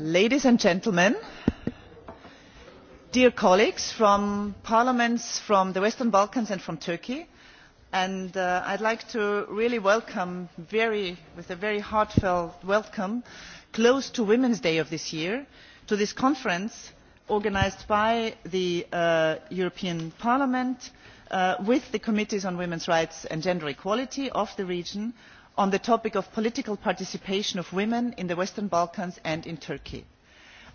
ladies and gentlemen dear colleagues from parliaments from the western balkans and from turkey I would like to really welcome with a very heartfelt welcome close to women's day of this year to this conference organised by the european parliament with the committees on women's rights and gender equality of the region on the topic of political participation of women in the western balkans and in turkey.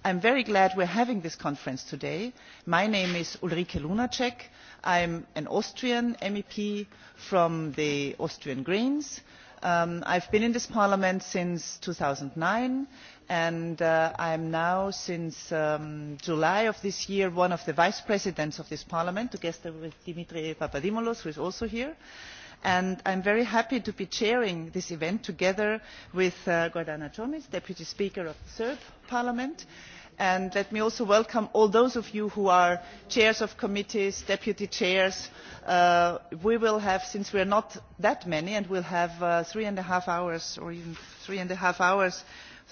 i am very glad we are having this conference today. my name is ulrike lunacek i am an austrian mep from the austrian greens. i have been in this parliament since 2009 and nine i am now since july of this year one of the vice presidents of this parliament together with dimitris papadimoulis who is also here and I am very happy to be chairing this event together with Gordana comi Deputy Speaker of the Serb Parliament. And let me also welcome all those of you who are chairs of committees, deputy chairs. We will have, since we are not that many, and we will have three and a half hours or even three and a half hours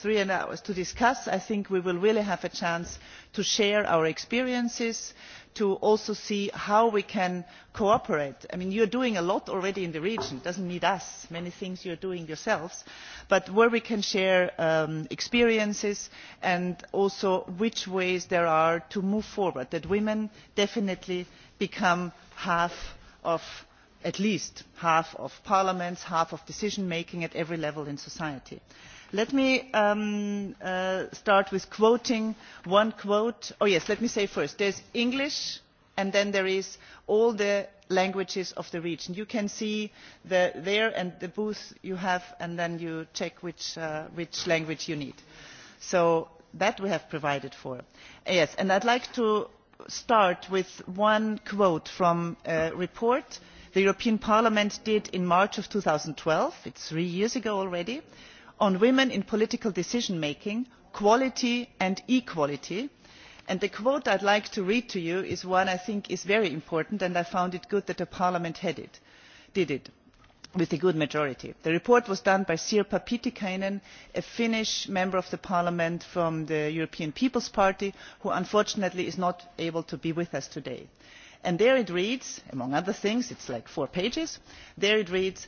three hours to discuss i think we will really have a chance to share our experiences to also see how we can cooperate. i mean you are doing a lot already in the region it does not need us many things you are doing yourselves but where we can share experiences and also which ways there are to move forward that women definitely become half of at least half of parliaments half of decision making at every level in society. Let me start with quoting one quote. Oh yes, let me say first, there is English and then there is all the languages of the region. You can see there and the booth you have and then you check which language you need. So that we have provided for. Yes, and I'd like to start with one quote from a report the European Parliament did in March of 2012. It's three years ago already on women in political decision making quality and equality and the quote i would like to read to you is one i think is very important and i found it good that parliament did it with a good majority. the report was done by sirpa pietikinen a finnish member of parliament from the european people's party who unfortunately is not able to be with us today. and there it reads among other things it is like four pages there it reads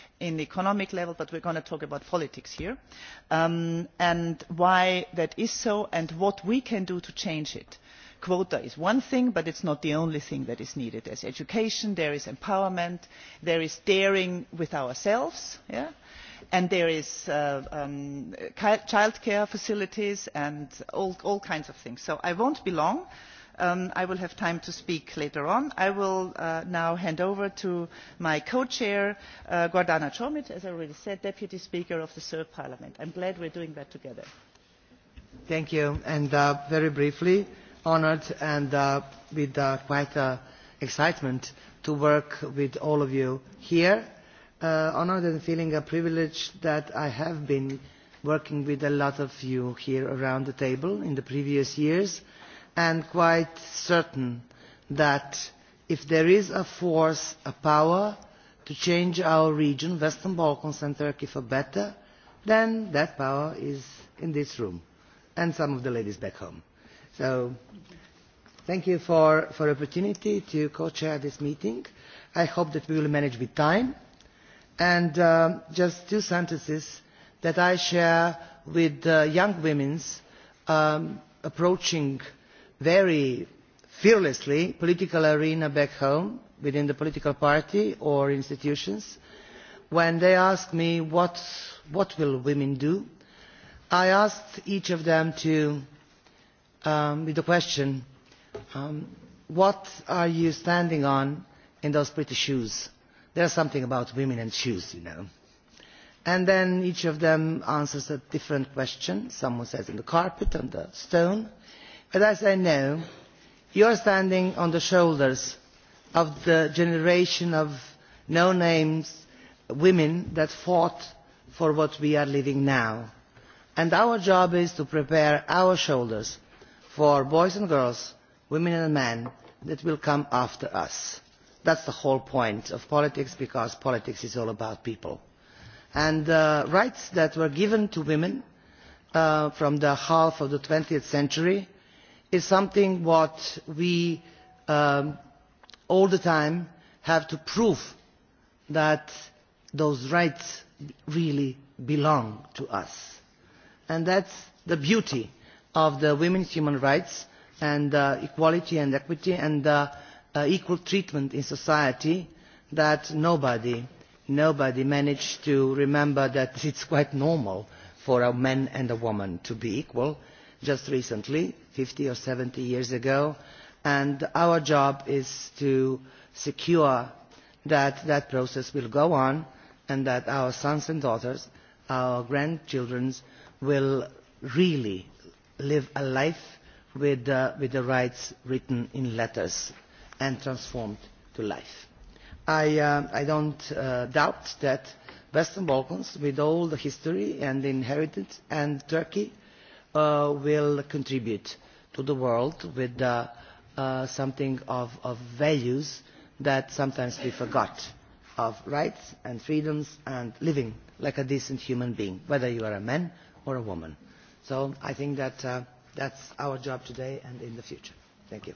in the economic level but we are going to talk about politics here and why that is so and what we can do to change it. quota is one thing but it is not the only thing that is needed. there is education there is empowerment there is daring with ourselves and there is childcare facilities and all kinds of things. so i will not be long I will have time to speak later on. I will now hand over to my co-chair, Gordana Chomit, as I already said, Deputy Speaker of the Serb Parliament. I'm glad we're doing that together. Thank you. And very briefly, honoured and with quite excitement to work with all of you here. Honoured and feeling a privilege that I have been working with a lot of you here around the table in the previous years and quite certain that if there is a force, a power to change our region, Western Balkans and Turkey for better, then that power is in this room and some of the ladies back home. So thank you for the opportunity to co-chair this meeting. I hope that we will manage with time. And just two sentences that I share with young women approaching very fearlessly political arena back home within the political party or institutions when they asked me what will women do i asked each of them to with the question what are you standing on in those pretty shoes is something about women and shoes you know and then each of them answers a different question someone says on the carpet on the stone but as i know you are standing on the shoulders of the generation of no names women that fought for what we are living now and our job is to prepare our shoulders for boys and girls women and men that will come after us. that is the whole point of politics because politics is all about people. and the rights that were given to women from the half of the twentieth century is something that we all the time have to prove that those rights really belong to us. And that's the beauty of the women's human rights and equality and equity and equal treatment in society that nobody nobody managed to remember that it's quite normal for a man and a woman to be equal. Just recently 50 or 70 years ago and our job is to secure that that process will go on and that our sons and daughters our grandchildren will really live a life with the rights written in letters and transformed to life. I don't doubt that Western Balkans, with all the history and inheritance, and Turkey will contribute to the world with something of values that sometimes we forgot of rights and freedoms and living like a decent human being, whether you are a man or a woman. So I think that that's our job today and in the future. Thank you.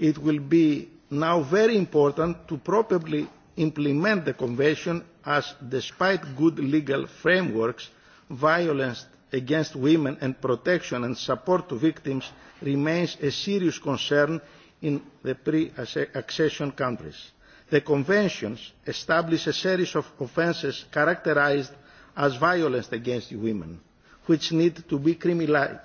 it will be now very important to properly implement the Convention as despite good legal frameworks, violence against women and protection and support to victims remains a serious concern in the pre-accession countries. The conventions establish a series of offences characterised as violence against women, which need to be criminalised.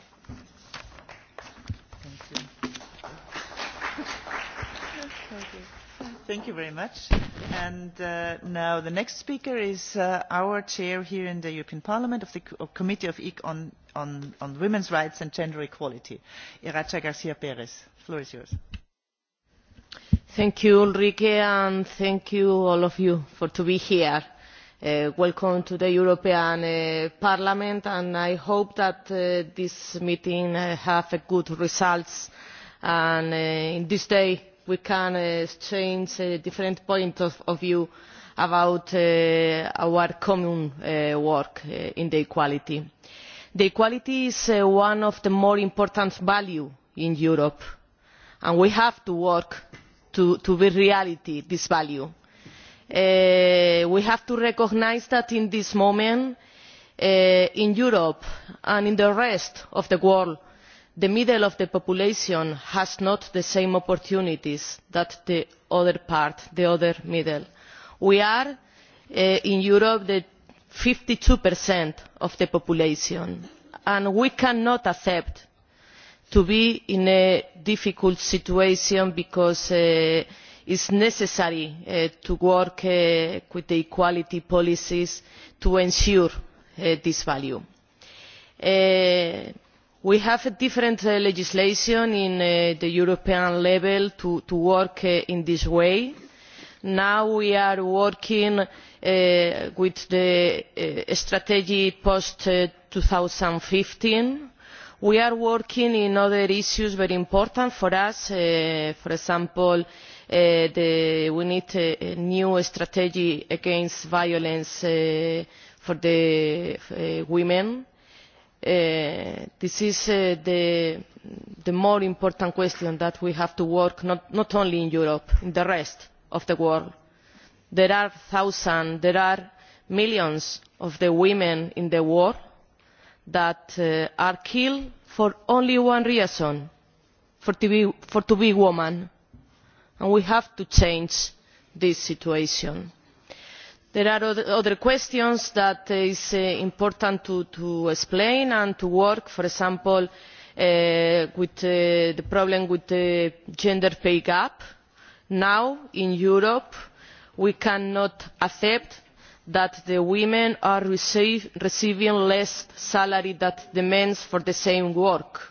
Thank you very much. And now the next speaker is our chair here in the European Parliament of the Committee of on on Women's Rights and Gender Equality, Iracha Garcia Perez. The floor is yours. Thank you, Ulrike, and thank you all of you for to be here. Welcome to the European Parliament, and I hope that this meeting has good results. And in this day we can exchange different points of view about our common work in the equality. The equality is one of the more important values in Europe and we have to work to be reality this value. We have to recognise that in this moment in Europe and in the rest of the world the middle of the population has not the same opportunities that the other part the other middle. we are in europe the fifty two of the population and we cannot accept to be in a difficult situation because it is necessary to work with the equality policies to ensure this value we have different legislation at the european level to work in this way. now we are working with the strategy post 2015. fifteen we are working on other issues very important for us for example we need a new strategy against violence against women this is the more important question that we have to work not only in Europe, in the rest of the world. There are thousands, there are millions of the women in the world that are killed for only one reason, for to be woman. And we have to change this situation there are other questions that is important to explain and to work for example with the problem with the gender pay gap. now in europe we cannot accept that women are receiving less salary than men for the same work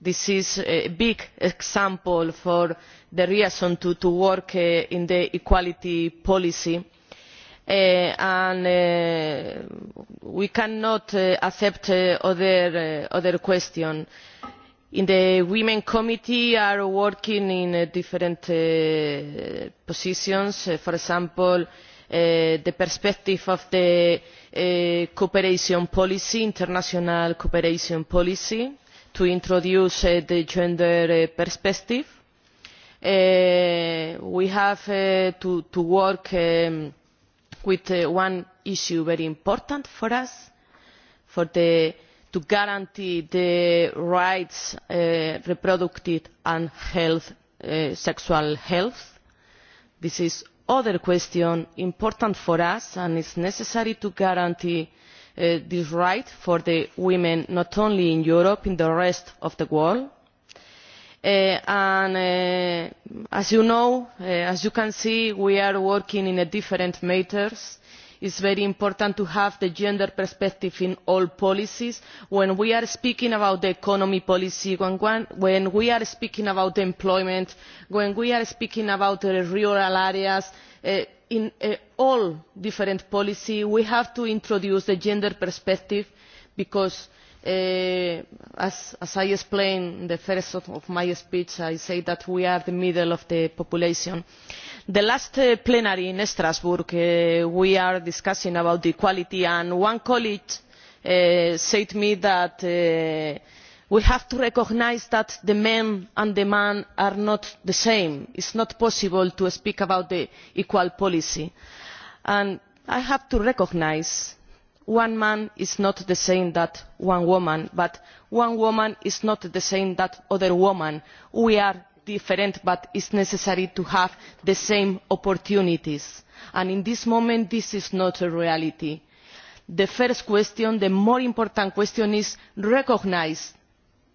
this is a big example for the reason to work in the equality policy and we cannot accept other questions. in the women committee are working in different positions for example the perspective of the cooperation policy international cooperation policy to introduce the gender perspective. We have to work with one issue very important for us, for the to guarantee the rights reproductive and health sexual health. This is other question important for us and is necessary to guarantee this right for the women not only in Europe, in the rest of the world. as you know, as you can see, we are working in different matters. It is very important to have the gender perspective in all policies. When we are speaking about the economy policy, when we are speaking about employment, when we are speaking about rural areas in all different policies we have to introduce the gender perspective because as i explained in the first of my speech i say that we are the middle of the population. the last plenary in strasbourg we are discussing about equality and one colleague said to me that we have to recognise that the men and the man are not the same. it is not possible to speak about the equal policy and i have to recognise one man is not the same as one woman but one woman is not the same as another woman. we are different but it is necessary to have the same opportunities and at this moment this is not a reality. the first question the more important question is recognise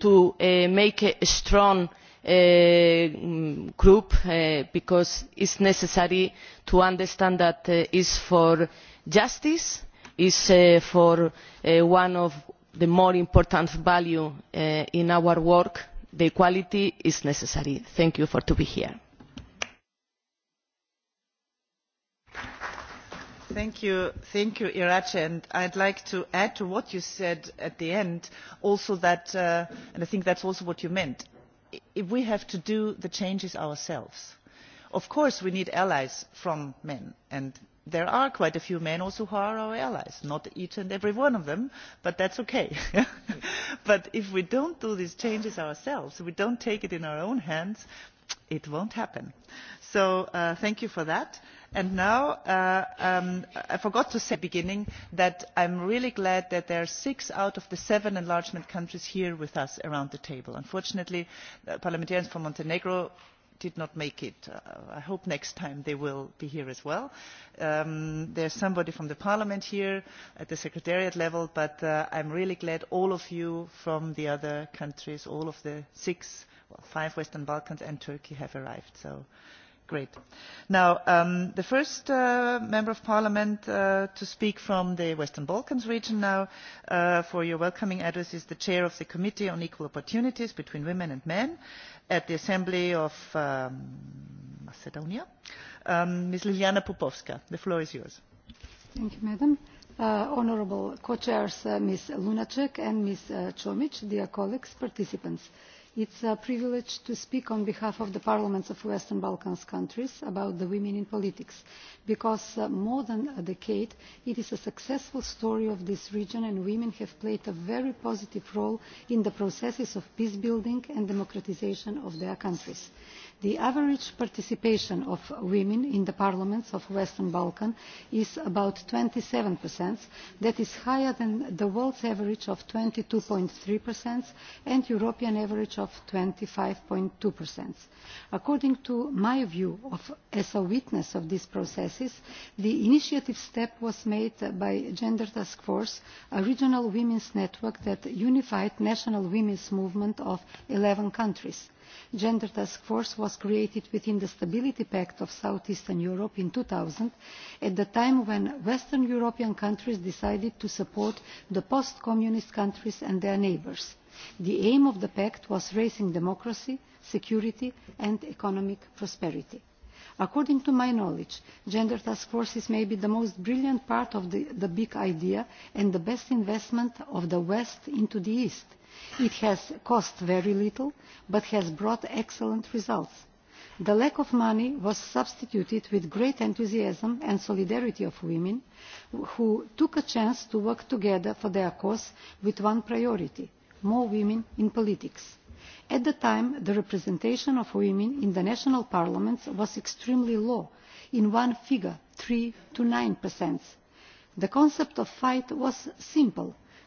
to make a strong group because it is necessary to understand that it is for justice is for one of the more important values in our work the equality is necessary. thank you for being here. Thank you, Irache. And I'd like to add to what you said at the end, also that, and I think that's also what you meant, if we have to do the changes ourselves. Of course, we need allies from men, and there are quite a few men also who are our allies, not each and every one of them, but that's okay. But if we don't do these changes ourselves, if we don't take it in our own hands, it won't happen. So thank you for that. And now I forgot to say at the beginning that I'm really glad that there are six out of the seven enlargement countries here with us around the table. Unfortunately, parliamentarians from Montenegro did not make it. I hope next time they will be here as well. There's somebody from the Parliament here at the Secretariat level, but I'm really glad all of you from the other countries, all of the six five Western Balkans and Turkey have arrived. So great. Now, the first member of parliament to speak from the Western Balkans region now for your welcoming address is the chair of the Committee on Equal Opportunities between Women and Men at the Assembly of Macedonia, Ms. Liliana Popovska. The floor is yours. Thank you, Madam. Honourable co-chairs, Ms. Lunacek and Ms. Chomic, dear colleagues, participants. It is a privilege to speak on behalf of the parliaments of Western Balkans countries about the women in politics, because more than a decade it is a successful story of this region and women have played a very positive role in the processes of peace building and democratisation of their countries. The average participation of women in the parliaments of Western Balkans is about twenty seven, that is higher than the world's average of twenty two three and European average of twenty five two. According to my view as a witness of these processes, the initiative step was made by Gender Task Force, a regional women's network that unified national women's movement of eleven countries. Gender Task Force was created within the Stability Pact of South Eastern Europe in 2000, at the time when Western European countries decided to support the post-communist countries and their neighbours. The aim of the pact was raising democracy, security and economic prosperity. According to my knowledge, gender task forces may be the most brilliant part of the big idea and the best investment of the West into the East. It has cost very little, but has brought excellent results. The lack of money was substituted with great enthusiasm and solidarity of women who took a chance to work together for their cause with one priority more women in politics. At the time, the representation of women in the national parliaments was extremely low, in one figure, 3 to 9%. The concept of fight was simple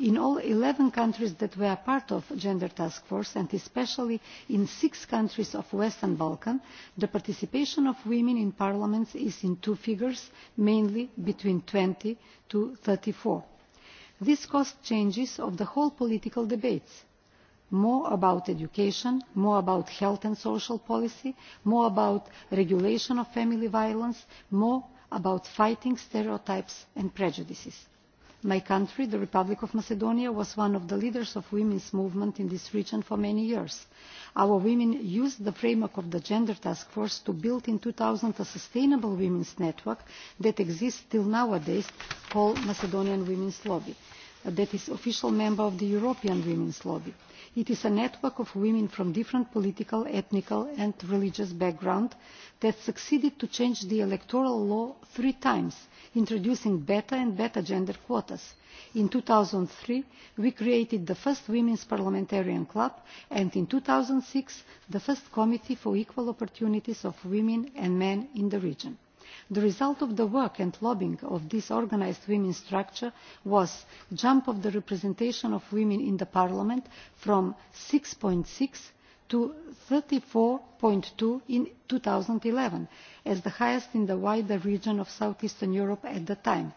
in all eleven countries that were part of the Gender Task Force and especially in six countries of the Western Balkans, the participation of women in parliaments is in two figures, mainly between 20 to four. This caused changes of the whole political debates more about education, more about health and social policy, more about regulation of family violence, more about fighting stereotypes and prejudices. My country, the Republic of Macedonia, was one of the leaders of women's movement in this region for many years. Our women used the framework of the Gender Task Force to build in 2000 a sustainable women's network that exists till nowadays, called Macedonian Women's Lobby, that is official member of the European Women's Lobby. It is a network of women from different political, ethnical and religious backgrounds that succeeded to change the electoral law three times, introducing better and better gender quotas. In 2003, we created the first Women's Parliamentarian Club and in 2006, the first Committee for Equal Opportunities of Women and Men in the region. The result of the work and lobbying of this organised women's structure was a jump of the representation of women in the Parliament from six six to thirty four two in 2011, as the highest in the wider region of South Eastern Europe at the time.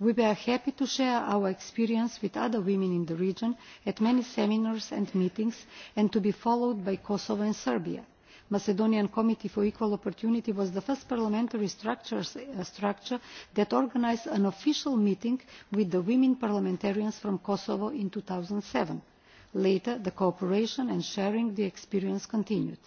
We were happy to share our experience with other women in the region at many seminars and meetings and to be followed by Kosovo and Serbia. Macedonian Committee for Equal Opportunity was the first parliamentary structure that organised an official meeting with the women parliamentarians from Kosovo in 2007. Later, the cooperation and sharing the experience continued.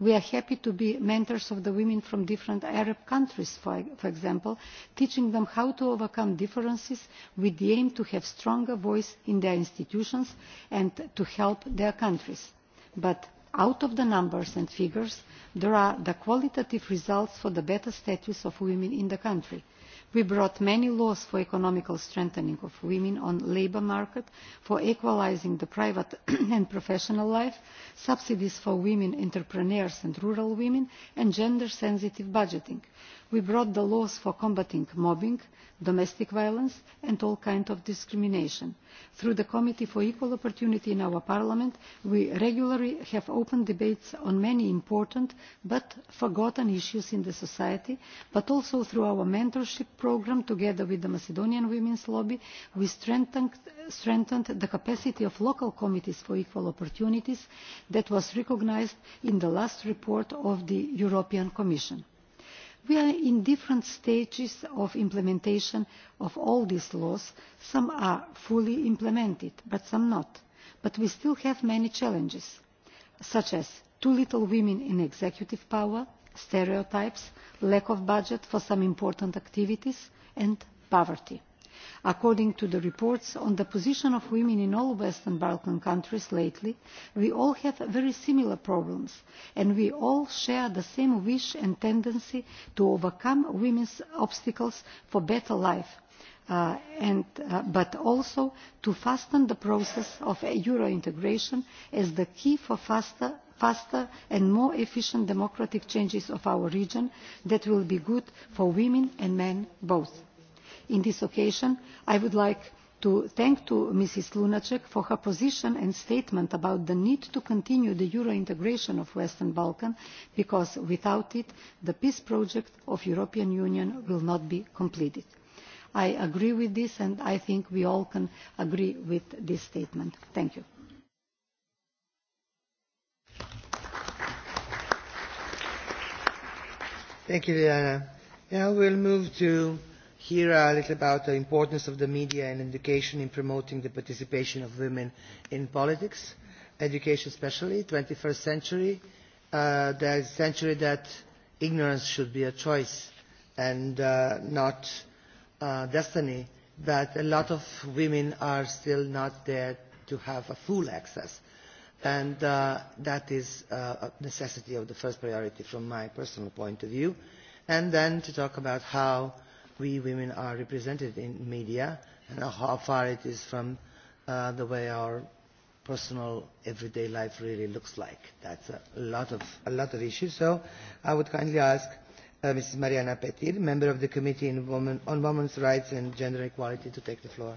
We are happy to be mentors of the women from different Arab countries, for example, teaching them how to overcome differences with the aim to have stronger voice in their institutions and to help their countries. But out of the numbers and figures there are the qualitative results for the better status of women in the country. We brought many laws for economical strengthening of women on the labour market, for equalising the private and professional life, subsidies for women entrepreneurs and rural women, and gender-sensitive budgeting we brought the laws for combating mobbing domestic violence and all kinds of discrimination. through the committee for equal opportunity in our parliament we regularly have open debates on many important but forgotten issues in society but also through our mentorship programme together with the macedonian women's lobby we strengthened the capacity of local committees for equal opportunities that was recognised in the last report of the european commission. We are in different stages of implementation of all these laws. Some are fully implemented, but some not. But we still have many challenges, such as too little women in executive power, stereotypes, lack of budget for some important activities, and poverty. According to the reports on the position of women in all Western Balkan countries lately, we all have very similar problems and we all share the same wish and tendency to overcome women's obstacles for better life but also to fasten the process of euro integration as the key for faster and more efficient democratic changes of our region that will be good for women and men both in this occasion i would like to thank Mrs. Lunacek for her position and statement about the need to continue the Euro integration of Western Balkan, because without it, the peace project of European Union will not be completed. I agree with this, and I think we all can agree with this statement. Thank you. Thank you, Now move to here a little about the importance of the media and education in promoting the participation of women in politics. Education especially, 21st century, the century that ignorance should be a choice and not destiny, that a lot of women are still not there to have a full access. And that is a necessity of the first priority from my personal point of view. And then to talk about how we women are represented in media and how far it is from the way our personal everyday life really looks like. That's a lot of a lot of issues. So I would kindly ask Mrs. Mariana Petir, member of the Committee on Women's Rights and Gender Equality, to take the floor.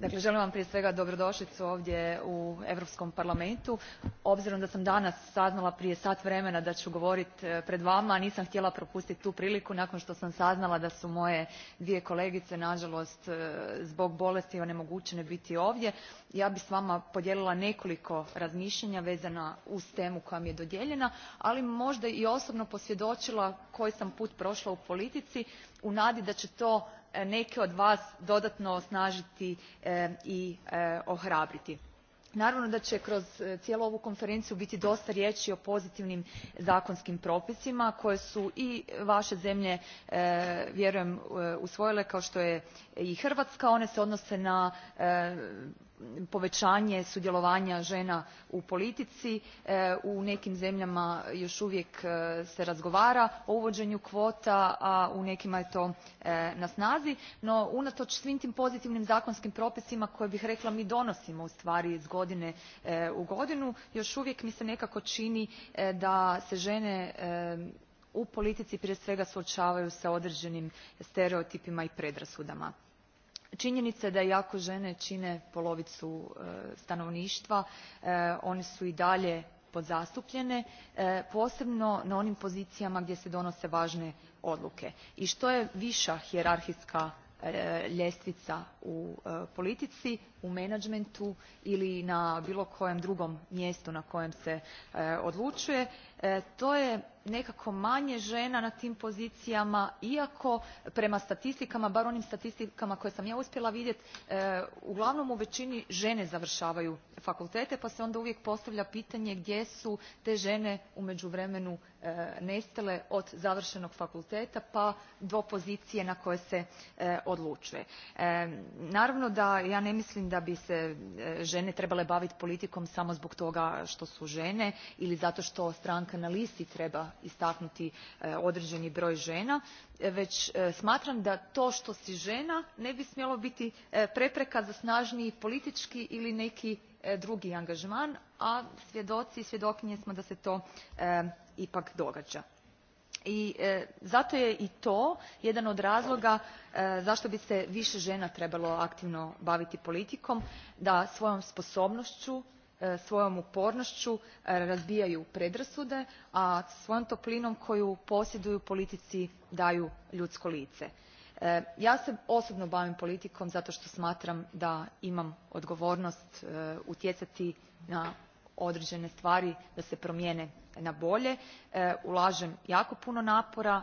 Dakle, želim vam prije svega dobrodošlicu ovdje u Europskom parlamentu. Obzirom da sam danas saznala prije sat vremena da ću govoriti pred vama, nisam htjela propustiti tu priliku nakon što sam saznala da su moje dvije kolegice, nažalost, zbog bolesti onemogućene biti ovdje. Ja bih s vama podijelila nekoliko razmišljanja vezana uz temu koja mi je dodijeljena, ali možda i osobno posvjedočila koji sam put prošla u politici u nadi da će to neke od vas dodatno osnažiti i ohrabriti. Naravno da će kroz cijelu ovu konferenciju biti dosta riječi o pozitivnim zakonskim propisima koje su i vaše zemlje vjerujem usvojile kao što je i Hrvatska. One se odnose na povećanje sudjelovanja žena u politici u nekim zemljama još uvijek se razgovara o uvođenju kvota a u nekima je to na snazi no unato svim tim pozitivnim zakonskim propisima koje bih rekla mi donosimo ustvari iz godine u godinu još uvijek mi se nekako čini da se žene u politici prije svega suočavaju s određenim stereotipima i predrasudama. Činjenica je da iako žene čine polovicu stanovništva, one su i dalje podzastupljene, posebno na onim pozicijama gdje se donose važne odluke. I što je viša hijerarhijska ljestvica u politici, u menadžmentu ili na bilo kojem drugom mjestu na kojem se odlučuje to je nekako manje žena na tim pozicijama iako prema statistikama bar onim statistikama koje sam ja uspjela vidjeti uglavnom u većini žene završavaju fakultete pa se onda uvijek postavlja pitanje gdje su te žene u međuvremenu nestale od završenog fakulteta pa do pozicije na koje se odlučuje. naravno da ja ne mislim da bi se žene trebale baviti politikom samo zbog toga što su žene ili zato što stranka na listi treba istaknuti određeni broj žena već smatram da to što si žena ne bi smjelo biti prepreka za snažniji politički ili neki drugi angažman a svjedoci i svjedokinje smo da se to ipak događa i zato je i to jedan od razloga zašto bi se više žena trebalo aktivno baviti politikom da svojom sposobnošću svojom upornošću razbijaju predrasude a svojom toplinom koju posjeduju politici daju ljudsko lice. ja se osobno bavim politikom zato što smatram da imam odgovornost utjecati na određene stvari da se promijene na bolje. Ulažem jako puno napora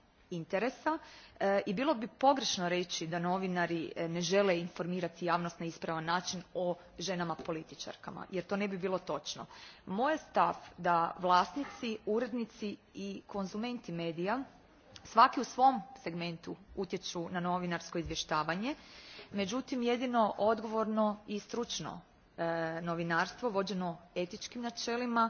interesa i bilo bi pogrešno reći da novinari ne žele informirati javnost na ispravan način o ženama političarkama jer to ne bi bilo tono. moj je stav da vlasnici urednici i konzumenti medija svaki u svom segmentu utječu na novinarsko izvještavanje međutim jedino odgovorno i stručno novinarstvo vođeno etičkim načelima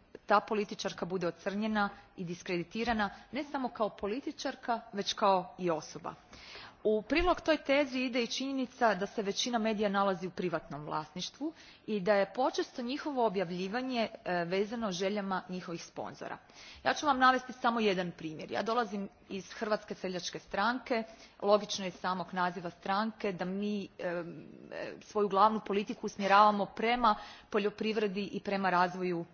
ta političarka bude ocrnjena i diskreditirana ne samo kao političarka već kao i osoba u prilog toj tezi ide i činjenica da se većina medija nalazi u privatnom vlasništvu i da je počesto njihovo objavljivanje vezano željama njihovih sponzora. ja ću vam navesti samo jedan primjer. ja dolazim iz hrvatske seljačke stranke logično je iz samog naziva stranke da mi svoju glavnu politiku usmjeravamo prema poljoprivredi i prema razvoju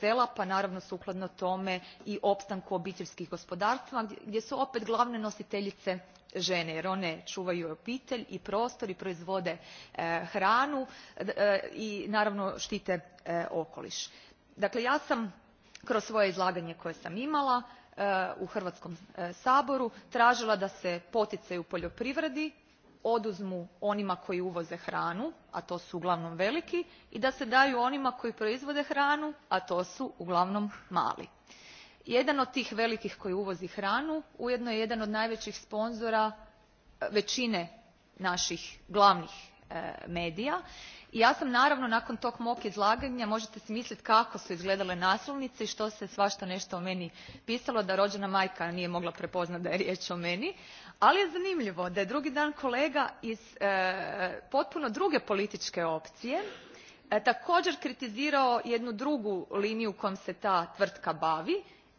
sela pa naravno sukladno tome i opstanku obiteljskih gospodarstava gdje su opet glavne nositeljice žene jer one čuvaju obitelj i prostor i proizvode hranu i naravno štite okoliš. Dakle, ja sam kroz svoje izlaganje koje sam imala u Hrvatskom saboru tražila da se poticaji u poljoprivredi oduzmu onima koji uvoze hranu, a to su uglavnom veliki, i da se daju onima koji proizvode hranu, a to su uglavnom mali jedan od tih velikih koji uvozi hranu ujedno je jedan od najvećih sponzora većine naših glavnih medija i ja sam naravno nakon tog mog izlaganja možete si misliti kako su izgledale naslovnice i što se svašta nešto o meni pisalo da rođena majka nije mogla prepoznati da je riječ o meni ali je zanimljivo da je drugi dan kolega iz potpuno druge političke opcije također kritizirao jednu drugu liniju kojom se ta tvrtka bavi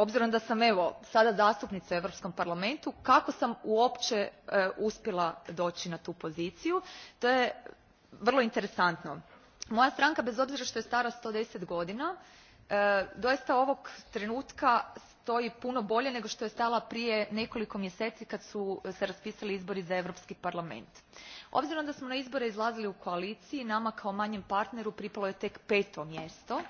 obzirom da sam evo sada zastupnica u europskom parlamentu kako sam uopće uspjela doći na tu poziciju to je vrlo interesantno. moja stranka bez obzira što je stara one hundred and ten godina doista ovog trenutka stoji puno bolje nego što je stajala prije nekoliko mjeseci kad su se raspisali izbori za europski parlament. obzirom da smo na izbore izlazili u koaliciji nama kao manjem partneru pripalo je tek peto mjesto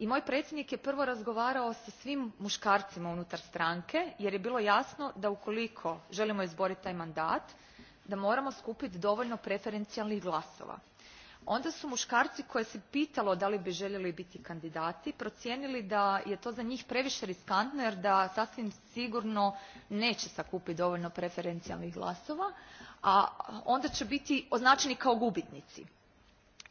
i moj predsjednik je prvo razgovarao sa svim muškarcima unutar stranke jer je bilo jasno da ukoliko želimo izboriti taj mandat da moramo skupiti dovoljno preferencijalnih glasova. Onda su muškarci koje se pitalo da li bi željeli biti kandidati procijenili da je to za njih previše riskantno jer da sasvim sigurno neće sakupiti dovoljno preferencijalnih glasova, a onda će biti označeni kao gubitnici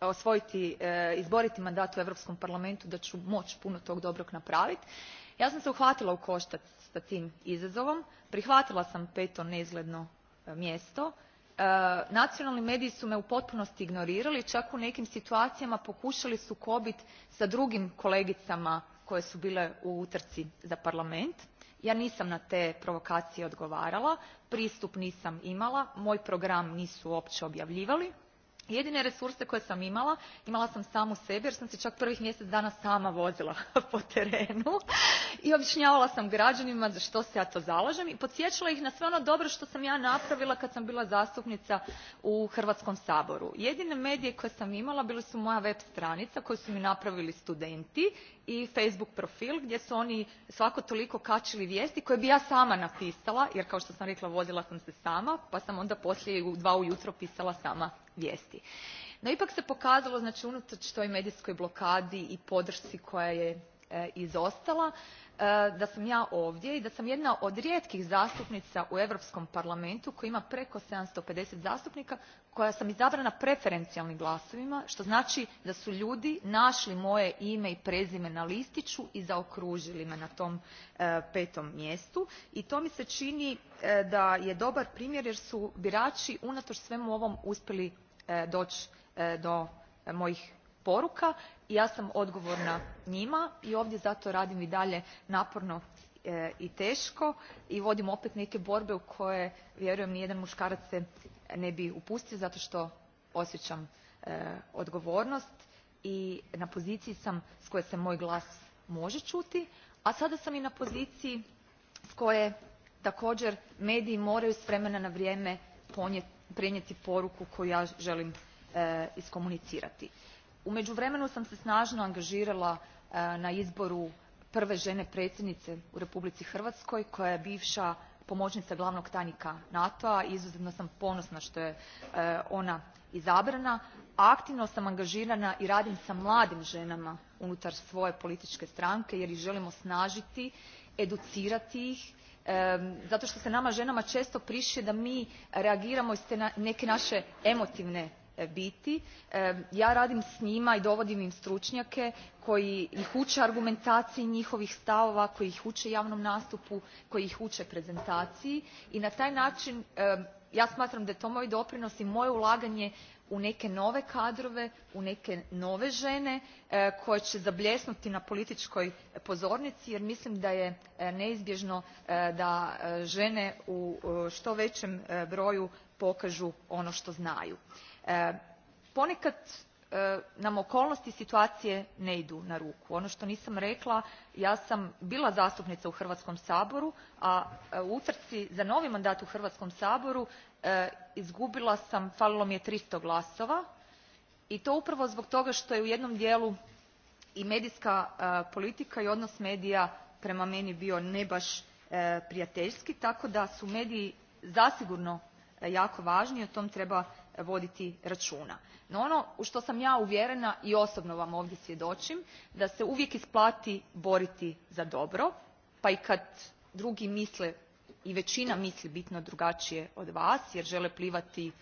osvojiti izboriti mandat u europskom parlamentu da ću moći puno tog dobrog napraviti ja sam se uhvatila u koštac sa tim izazovom prihvatila sam peto neizgledno mjesto nacionalni mediji su me u potpunosti ignorirali čak u nekim situacijama pokušali kobit sa drugim kolegicama koje su bile u utrci za parlament ja nisam na te provokacije odgovarala pristup nisam imala moj program nisu uopće objavljivali jedine resurse koje sam imala imala sam samu sebe jer sam se čak prvih mjesec dana sama vozila po terenu i objašnjavala sam građanima za što se ja to zalažem i podsjećala ih na sve ono dobro to sam ja napravila kad sam bila zastupnica u hrvatskom saboru. jedine medije koje sam imala bili su moja web stranica koju su mi napravili studenti i facebook profil gdje su oni svako toliko kačili vijesti koje bi ja sama napisala jer kao što sam rekla vozila sam se sama pa sam onda poslije u dva ujutro pisala sama vijesti. No ipak se pokazalo, znači unatoč toj medijskoj blokadi i podršci koja je izostala, da sam ja ovdje i da sam jedna od rijetkih zastupnica u Europskom parlamentu koji ima preko 750 zastupnika koja sam izabrana preferencijalnim glasovima, što znači da su ljudi našli moje ime i prezime na listiću i zaokružili me na tom petom mjestu. I to mi se čini da je dobar primjer jer su birači unatoč svemu ovom uspjeli doći do mojih poruka i ja sam odgovorna njima i ovdje zato radim i dalje naporno i teško i vodim opet neke borbe u koje vjerujem jedan muškarac se ne bi upustio zato što osjećam odgovornost i na poziciji sam s koje se moj glas može čuti a sada sam i na poziciji s koje također mediji moraju s vremena na vrijeme ponijeti prenijeti poruku koju ja želim iskomunicirati. U međuvremenu sam se snažno angažirala na izboru prve žene predsjednice u Republici Hrvatskoj koja je bivša pomoćnica glavnog tajnika NATO-a i izuzetno sam ponosna što je ona izabrana. Aktivno sam angažirana i radim sa mladim ženama unutar svoje političke stranke jer ih želimo snažiti, educirati ih zato što se nama ženama često priše da mi reagiramo iz te neke naše emotivne biti. Ja radim s njima i dovodim im stručnjake koji ih uče argumentaciji njihovih stavova, koji ih uče javnom nastupu, koji ih uče prezentaciji i na taj način ja smatram da je to moj doprinos i moje ulaganje u neke nove kadrove u neke nove žene koje će zabljesnuti na političkoj pozornici jer mislim da je neizbježno da žene u što većem broju pokažu ono što znaju. ponekad nam okolnosti situacije ne idu na ruku. Ono što nisam rekla, ja sam bila zastupnica u Hrvatskom saboru, a u utrci za novi mandat u Hrvatskom saboru izgubila sam, falilo mi je 300 glasova i to upravo zbog toga što je u jednom dijelu i medijska politika i odnos medija prema meni bio ne baš prijateljski, tako da su mediji zasigurno jako važni i o tom treba voditi računa. No ono u što sam ja uvjerena i osobno vam ovdje svjedočim, da se uvijek isplati boriti za dobro, pa i kad drugi misle i većina misli bitno drugačije od vas jer žele plivati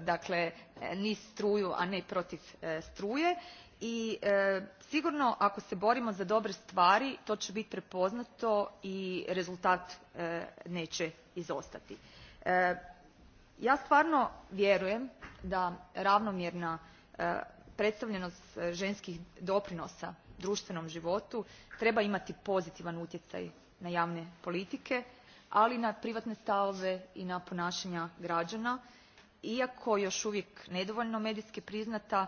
dakle niz struju a ne protiv struje i sigurno ako se borimo za dobre stvari to će biti prepoznato i rezultat neće izostati ja stvarno vjerujem da ravnomjerna predstavljenost ženskih doprinosa društvenom životu treba imati pozitivan utjecaj na javne politike ali i na privatne stavove i na ponašanja građana iako još uvijek nedovoljno medijski priznata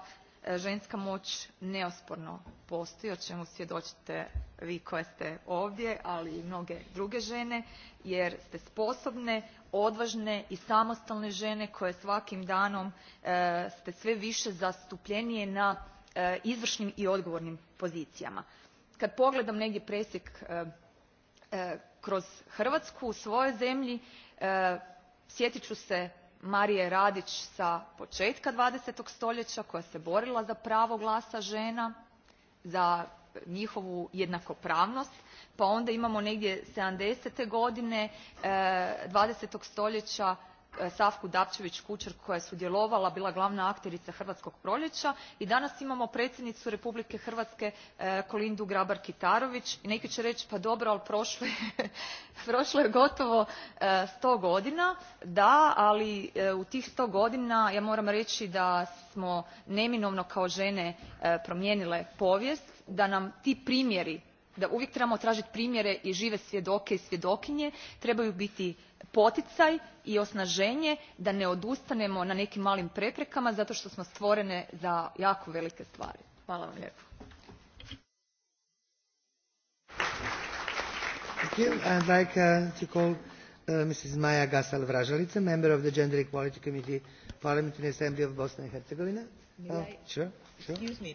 ženska moć neosporno postoji o čemu svjedočite vi koje ste ovdje ali i mnoge druge žene jer ste sposobne odvažne i samostalne žene koje svakim danom ste sve više zastupljenije na izvršnim i odgovornim pozicijama. kad pogledam negdje presjek kroz hrvatsku u svojoj zemlji sjetit ću se Marije Radić sa početka 20. stoljeća koja se borila za pravo glasa žena, za njihovu jednakopravnost, pa onda imamo negdje 70. godine 20. stoljeća savku dapčević kućer koja je sudjelovala bila glavna akterica hrvatskog proljeća i danas imamo predsjednicu republike hrvatske kolindu grabar kitarović i neki će reći pa dobro ali prošlo je gotovo sto godina da ali u tih sto godina ja moram reći da smo neminovno kao žene promijenile povijest da nam ti primjeri da uvijek trebamo tražiti primjere i žive svjedoke i svjedokinje trebaju biti poticaj i osnaženje da ne odustanemo na nekim malim preprekama zato što smo stvorene za jako velike stvari. Hvala vam lijepo. I'd like to call Mrs. Maja Gasal Vražalica, member of the Gender Equality Committee, Parliamentary Assembly of Bosnia and Herzegovina. Excuse me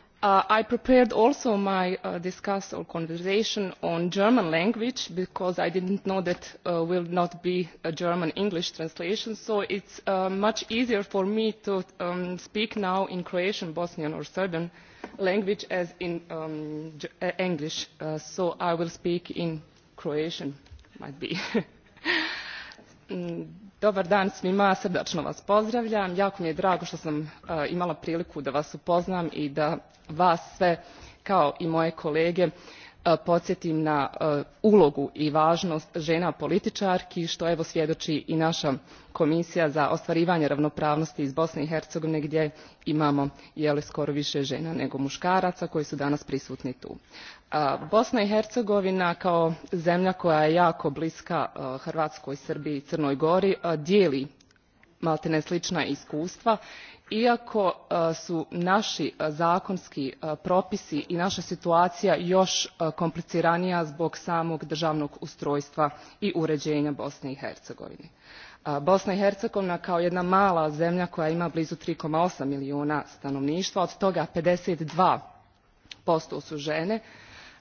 I prepared also my discussion or conversation on German language because I didn't know that will not be a German English translation, so it's much easier for me to speak now in Croatian, Bosnian or Serbian language as in English. So I will speak in Croatian, might be dobar dan svima srdačno vas pozdravljam jako mi je drago što sam imala priliku da vas upoznam i da vas sve kao i moje kolege podsjetim na ulogu i važnost žena političarki što evo svjedoči i naša komisija za ostvarivanje ravnopravnosti iz bosne i hercegovine gdje imamo skoro više žena nego muškaraca koji su danas prisutni tu. bosna i hercegovina kao zemlja koja je jako bliska hrvatskoj srbiji i crnoj gori dijeli maltene slična iskustva iako su naši zakonski propisi i naša situacija još kompliciranija zbog samog državnog ustrojstva i uređenja bosne i hercegovine. Bosna i Hercegovina kao jedna mala zemlja koja ima blizu 3,8 milijuna stanovništva, od toga 52% su žene,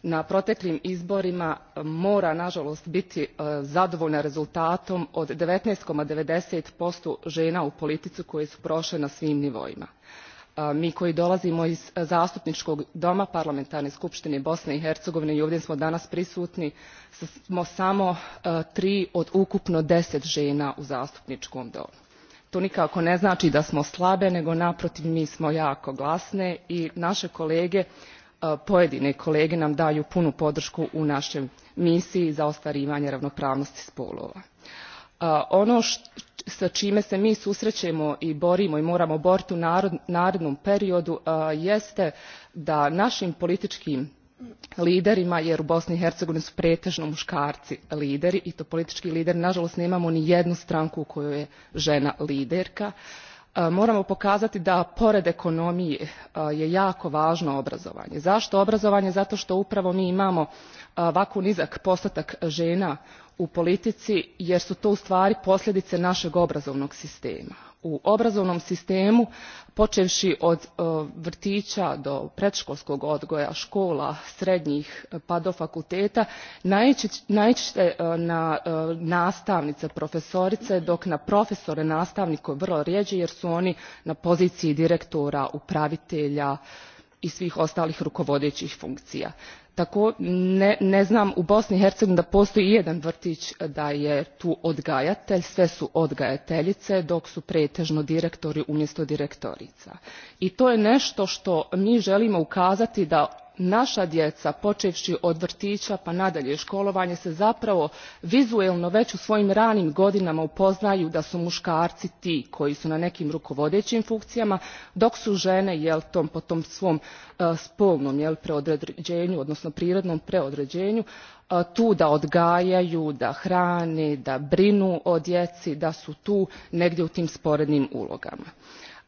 na proteklim izborima mora nažalost biti zadovoljna rezultatom od ninety žena u politici koje su prošle na svim nivoima. Mi koji dolazimo iz zastupničkog doma parlamentarne skupštine Bosne i Hercegovine i ovdje smo danas prisutni smo samo tri od ukupno deset žena u zastupničkom domu. To nikako ne znači da smo slabe, nego naprotiv mi smo jako glasne i naše kolege pojedine kolege nam daju punu podršku u našoj misiji za ostvarivanje ravnopravnosti spolova. ono sa čime se mi susrećemo i borimo i moramo boriti u narodnom periodu jeste da našim političkim liderima jer u bosni i hercegovini su pretežno muškarci lideri i to politički lider nažalost nemamo ni jednu stranku u kojoj je žena liderka moramo pokazati da pored ekonomije je jako važno obrazovanje. Zašto obrazovanje? Zato što upravo mi imamo ovako nizak postotak žena u politici jer su to u stvari posljedice našeg obrazovnog sistema u obrazovnom sistemu počevši od vrtića do predškolskog odgoja škola srednjih pa do fakulteta naići na nastavnice profesorice dok na profesore nastavnike vrlo rijeđe jer su oni na poziciji direktora upravitelja i svih ostalih rukovodećih funkcija tako ne znam u bosni i hercegovini da postoji ijedan vrti da je tu odgajatelj sve su odgajateljice dok su pretežno direktori umjesto direktorica i to je nešto što mi želimo ukazati da naša djeca počevši od vrtića pa nadalje školovanje se zapravo vizuelno već u svojim ranim godinama upoznaju da su muškarci ti koji su na nekim rukovodećim funkcijama dok su žene jel tom po tom svom spolnom jel preodređenju odnosno prirodnom preodređenju tu da odgajaju da hrane da brinu o djeci da su tu negdje u tim sporednim ulogama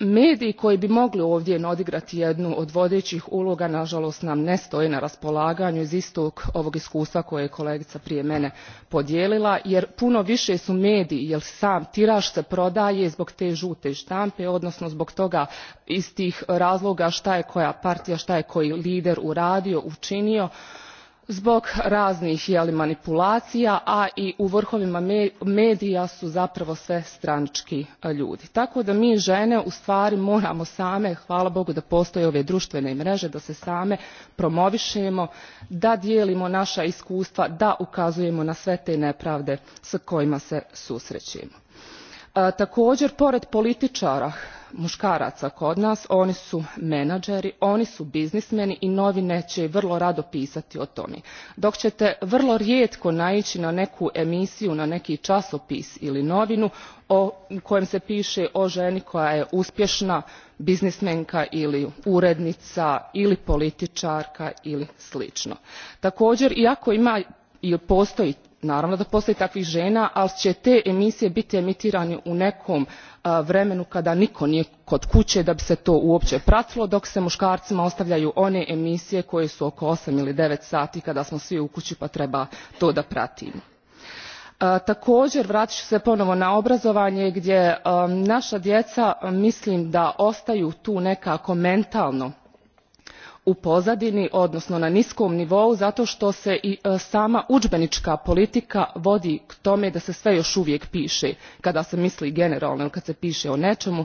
mediji koji bi mogli ovdje odigrati jednu od vodećih uloga nažalost nam ne stoje na raspolaganju iz istog ovog iskustva koje je kolegica prije mene podijelila jer puno više su mediji jer sam tiraž se prodaje zbog te žute štampe odnosno zbog toga iz tih razloga šta je koja partija šta je koji lider uradio učinio zbog raznih manipulacija a i u vrhovima medija su zapravo sve stranački ljudi tako da mi žene ustvari moramo same hvala bogu da postoje ove društvene mreže da se same promovišemo da dijelimo naša iskustva da ukazujemo na sve te nepravde s kojima se susrećemo također pored političara muškaraca kod nas oni su menadžeri oni su biznismeni i novine će vrlo rado pisati o tome dok ćete vrlo rijetko naići na neku emisiju na neki časopis ili novinu u kojem se piše o ženi koja je uspješna biznismenka ili urednica ili političarka ili slično. također iako ima i postoji naravno da postoji takvih žena ali će te emisije biti emitirane u nekom vremenu kada niko nije kod kuće da bi se to uopće pratilo dok se muškarcima ostavljaju one emisije koje su oko osam ili devet sati kada smo svi u kući pa treba to da pratimo. Također vratit ću se ponovo na obrazovanje gdje naša djeca mislim da ostaju tu nekako mentalno u pozadini odnosno na niskom nivou zato što se i sama udžbenička politika vodi k tome da se sve još uvijek piše kada se misli generalno kad se piše o nečemu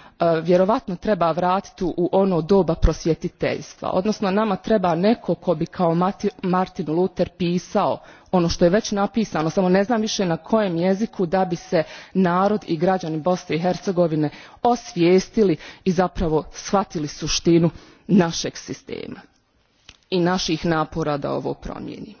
vjerojatno treba vratiti u ono doba prosvjetiteljstva odnosno nama treba netko tko bi kao martin luther pisao ono što je već napisano samo ne znam više na kojem jeziku da bi se narod i građani bosne i hercegovine osvijestili i zapravo shvatili suštinu našeg sistema i naših napora da ovo promijenimo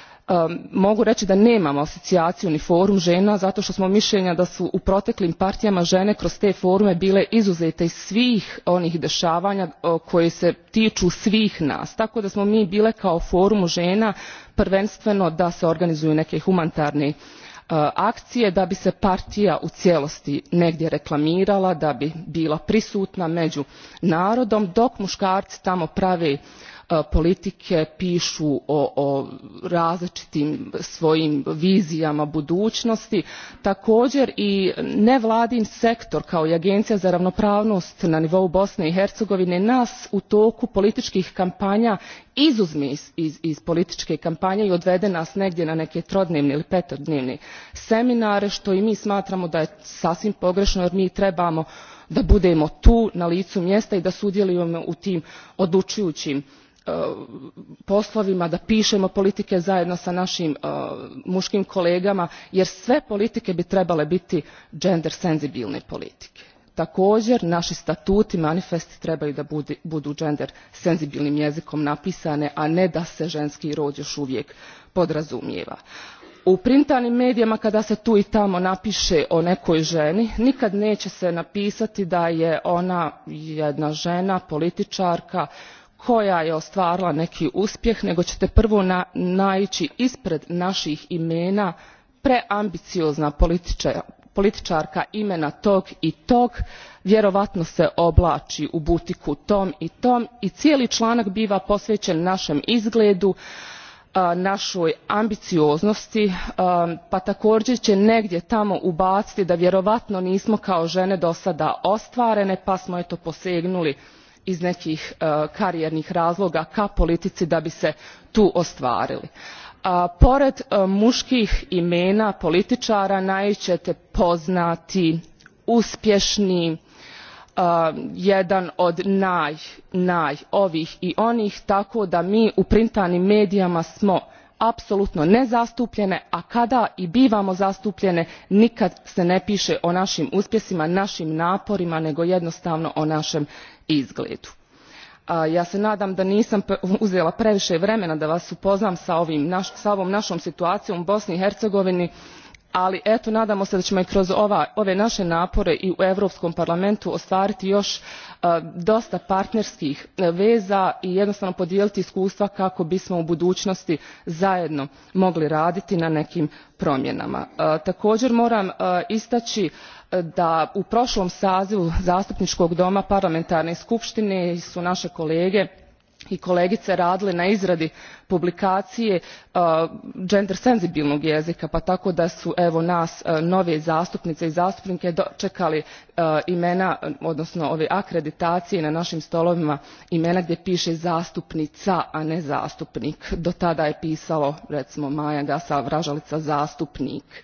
mogu reći da nemamo asocijaciju ni forum žena zato što smo mišljenja da su u proteklim partijama žene kroz te forume bile izuzete iz svih onih dešavanja koje se tiču svih nas tako da smo mi bile kao forum žena prvenstveno da se organizuju neke humanitarne akcije da bi se partija u cijelosti negdje reklamirala da bi bila prisutna među narodom dok muškarci tamo prave politike pišu o različitim svojim vizijama budućnosti također i nevladin sektor kao i agencija za ravnopravnost na nivou bosne i hercegovine nas u toku političkih kampanja izuzmi iz političke kampanje i odvede nas negdje na neke trodnevne ili petodnevne seminare što i mi smatramo da je sasvim pogrešno jer mi trebamo da budemo tu na licu mjesta i da sudjelujemo u tim odlučujućim poslovima da pišemo politike zajedno sa našim muškim kolegama jer sve politike bi trebale biti gender senzibilne politike. Također naši statuti, manifesti trebaju da budu gender senzibilnim jezikom napisane, a ne da se ženski rod još uvijek podrazumijeva. U printanim medijima kada se tu i tamo napiše o nekoj ženi, nikad neće se napisati da je ona jedna žena, političarka koja je ostvarila neki uspjeh nego ćete prvo naići ispred naših imena preambiciozna političarka imena tog i tog vjerojatno se oblači u butiku tom i tom i cijeli članak biva posvećen našem izgledu našoj ambicioznosti pa također će negdje tamo ubaciti da vjerojatno nismo kao žene do sada ostvarene pa smo eto posegnuli iz nekih karijernih razloga ka politici da bi se tu ostvarili. Pored muških imena političara najčete poznati, uspješni, jedan od naj, naj ovih i onih, tako da mi u printanim medijama smo apsolutno nezastupljene, a kada i bivamo zastupljene nikad se ne piše o našim uspjesima, našim naporima, nego jednostavno o našem izgledu. Ja se nadam da nisam uzela previše vremena da vas upoznam sa ovom našom situacijom u Bosni i Hercegovini, ali eto nadamo se da ćemo i kroz ove naše napore i u Europskom parlamentu ostvariti još dosta partnerskih veza i jednostavno podijeliti iskustva kako bismo u budućnosti zajedno mogli raditi na nekim promjenama. Također moram istaći da u prošlom sazivu zastupničkog doma parlamentarne skupštine su naše kolege i kolegice radile na izradi publikacije gender senzibilnog jezika pa tako da su evo nas nove zastupnice i zastupnike dočekali imena odnosno ove akreditacije na našim stolovima imena gdje piše zastupnica a ne zastupnik do tada je pisalo recimo maja gasa vražalica zastupnik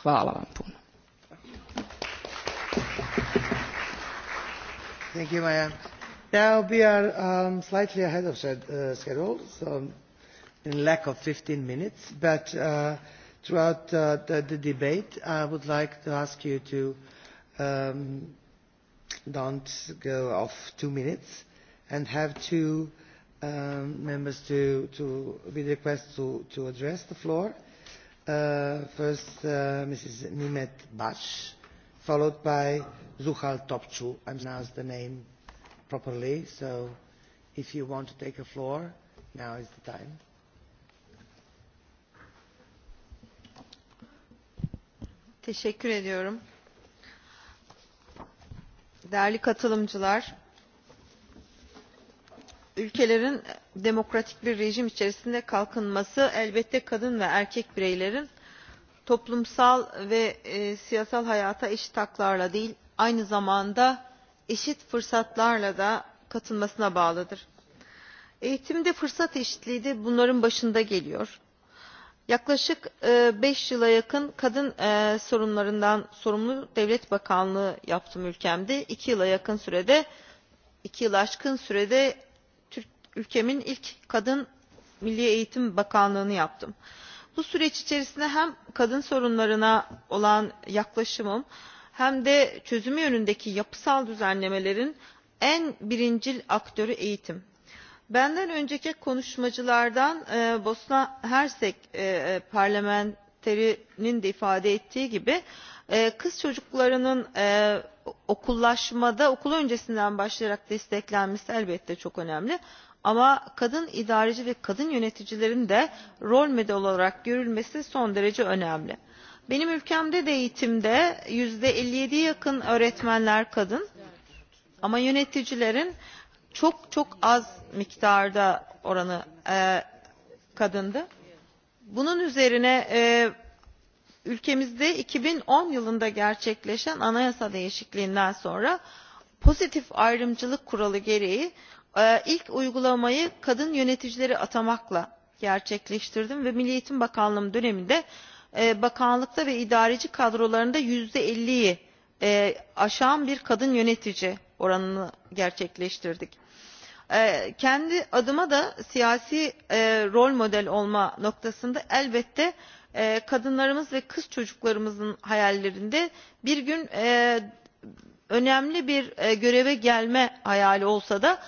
Hvala vam puno. Thank you, Now we are um, slightly ahead of schedule, so in lack of 15 minutes, but uh, throughout uh, the, the debate, I would like to ask you to um, don't go off two minutes and have two um, members to, to be requested to, to address the floor first Mrs. Nimet Baş, followed by Zuhal Topcu. I pronounced the name properly, so if you want to take a floor, now is the time. Teşekkür ediyorum. Değerli katılımcılar, ülkelerin demokratik bir rejim içerisinde kalkınması elbette kadın ve erkek bireylerin toplumsal ve siyasal hayata eşit haklarla değil aynı zamanda eşit fırsatlarla da katılmasına bağlıdır. Eğitimde fırsat eşitliği de bunların başında geliyor. Yaklaşık 5 yıla yakın kadın sorunlarından sorumlu devlet bakanlığı yaptım ülkemde. 2 yıla yakın sürede, 2 yıl aşkın sürede ülkemin ilk kadın milli eğitim bakanlığını yaptım. Bu süreç içerisinde hem kadın sorunlarına olan yaklaşımım hem de çözümü yönündeki yapısal düzenlemelerin en birincil aktörü eğitim. Benden önceki konuşmacılardan Bosna Hersek parlamenterinin de ifade ettiği gibi kız çocuklarının okullaşmada okul öncesinden başlayarak desteklenmesi elbette çok önemli ama kadın idareci ve kadın yöneticilerin de rol model olarak görülmesi son derece önemli. Benim ülkemde de eğitimde %57'ye yakın öğretmenler kadın ama yöneticilerin çok çok az miktarda oranı kadındı. Bunun üzerine ülkemizde 2010 yılında gerçekleşen anayasa değişikliğinden sonra pozitif ayrımcılık kuralı gereği ilk uygulamayı kadın yöneticileri atamakla gerçekleştirdim ve Milli Eğitim Bakanlığım döneminde bakanlıkta ve idareci kadrolarında yüzde elli'yi aşan bir kadın yönetici oranını gerçekleştirdik. Kendi adıma da siyasi rol model olma noktasında elbette kadınlarımız ve kız çocuklarımızın hayallerinde bir gün önemli bir göreve gelme hayali olsa da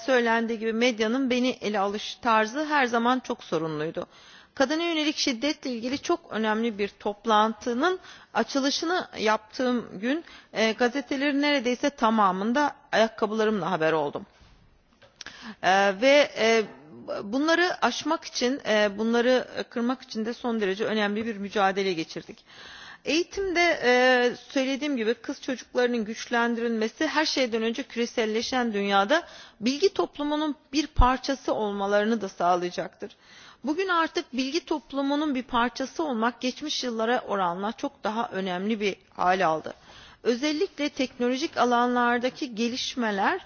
söylendiği gibi medyanın beni ele alış tarzı her zaman çok sorunluydu. Kadına yönelik şiddetle ilgili çok önemli bir toplantının açılışını yaptığım gün gazetelerin neredeyse tamamında ayakkabılarımla haber oldum. Ve bunları aşmak için, bunları kırmak için de son derece önemli bir mücadele geçirdik Eğitimde söylediğim gibi kız çocuklarının güçlendirilmesi her şeyden önce küreselleşen dünyada bilgi toplumunun bir parçası olmalarını da sağlayacaktır. Bugün artık bilgi toplumunun bir parçası olmak geçmiş yıllara oranla çok daha önemli bir hal aldı. Özellikle teknolojik alanlardaki gelişmeler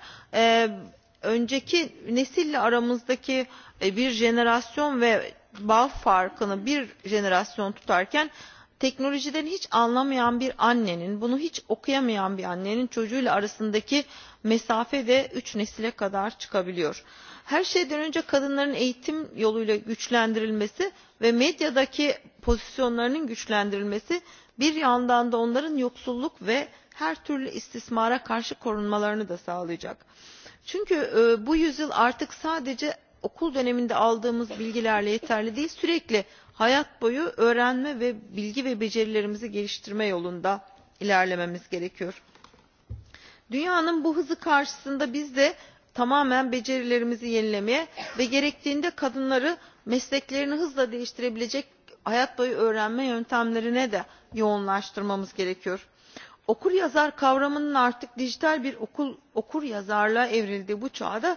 önceki nesille aramızdaki bir jenerasyon ve bağ farkını bir jenerasyon tutarken teknolojiden hiç anlamayan bir annenin bunu hiç okuyamayan bir annenin çocuğuyla arasındaki mesafe de üç nesile kadar çıkabiliyor. her şeyden önce kadınların eğitim yoluyla güçlendirilmesi ve medyadaki pozisyonlarının güçlendirilmesi bir yandan da onların yoksulluk ve her türlü istismara karşı korunmalarını da sağlayacak. çünkü bu yüzyıl artık sadece okul döneminde aldığımız bilgilerle yeterli değil sürekli hayat boyu öğrenme ve bilgi ve becerilerimizi geliştirme yolunda ilerlememiz gerekiyor. dünyanın bu hızı karşısında biz de tamamen becerilerimizi yenilemeye ve gerektiğinde kadınları mesleklerini hızla değiştirebilecek hayat boyu öğrenme yöntemlerine de yoğunlaştırmamız gerekiyor. okur yazar kavramının artık dijital bir okul okur yazarlığa evrildiği bu çağda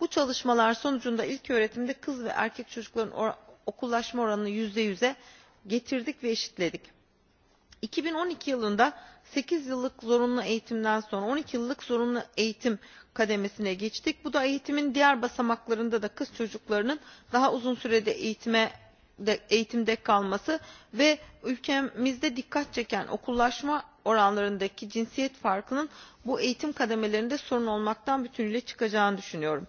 Bu çalışmalar sonucunda ilk öğretimde kız ve erkek çocukların okullaşma oranını %100'e getirdik ve eşitledik. 2012 yılında 8 yıllık zorunlu eğitimden sonra 12 yıllık zorunlu eğitim kademesine geçtik. Bu da eğitimin diğer basamaklarında da kız çocuklarının daha uzun sürede eğitime eğitimde kalması ve ülkemizde dikkat çeken okullaşma oranlarındaki cinsiyet farkının bu eğitim kademelerinde sorun olmaktan bütünüyle çıkacağını düşünüyorum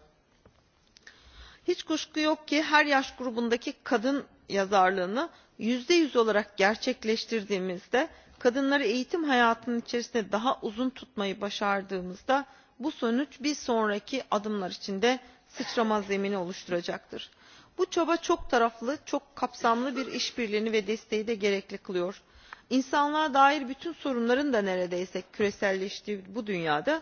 hiç kuşku yok ki her yaş grubundaki kadın yazarlığını yüzde yüz olarak gerçekleştirdiğimizde kadınları eğitim hayatının içerisinde daha uzun tutmayı başardığımızda bu sonuç bir sonraki adımlar içinde sıçrama zemini oluşturacaktır. Bu çaba çok taraflı, çok kapsamlı bir işbirliğini ve desteği de gerekli kılıyor. İnsanlığa dair bütün sorunların da neredeyse küreselleştiği bu dünyada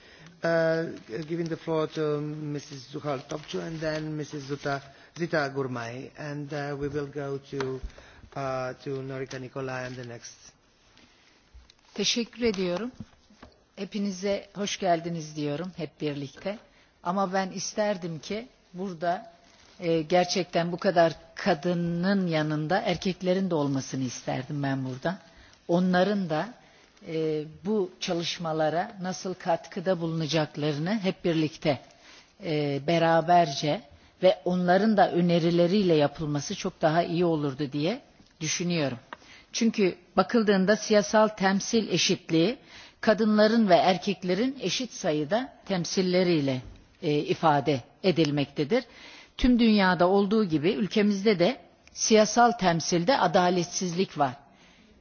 giving the floor to Mrs. Zuhal Topcu and then Mrs. Zita Gurmai. And we will go to to Norika Nikolai and the next. Teşekkür ediyorum. Hepinize hoş geldiniz diyorum hep birlikte. Ama ben isterdim ki burada gerçekten bu kadar kadının yanında erkeklerin de olmasını isterdim ben burada. Onların da bu çalışmalara nasıl katkıda bulunacaklarını hep birlikte beraberce ve onların da önerileriyle yapılması çok daha iyi olurdu diye düşünüyorum. Çünkü bakıldığında siyasal temsil eşitliği kadınların ve erkeklerin eşit sayıda temsilleriyle ifade edilmektedir. Tüm dünyada olduğu gibi ülkemizde de siyasal temsilde adaletsizlik var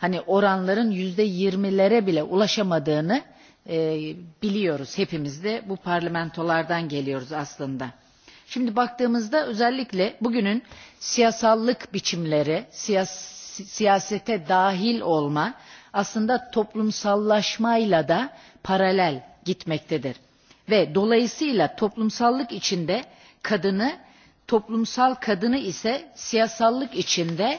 hani oranların yüzde yirmilere bile ulaşamadığını biliyoruz hepimiz de bu parlamentolardan geliyoruz aslında. Şimdi baktığımızda özellikle bugünün siyasallık biçimleri, siyasete dahil olma aslında toplumsallaşmayla da paralel gitmektedir. Ve dolayısıyla toplumsallık içinde kadını, toplumsal kadını ise siyasallık içinde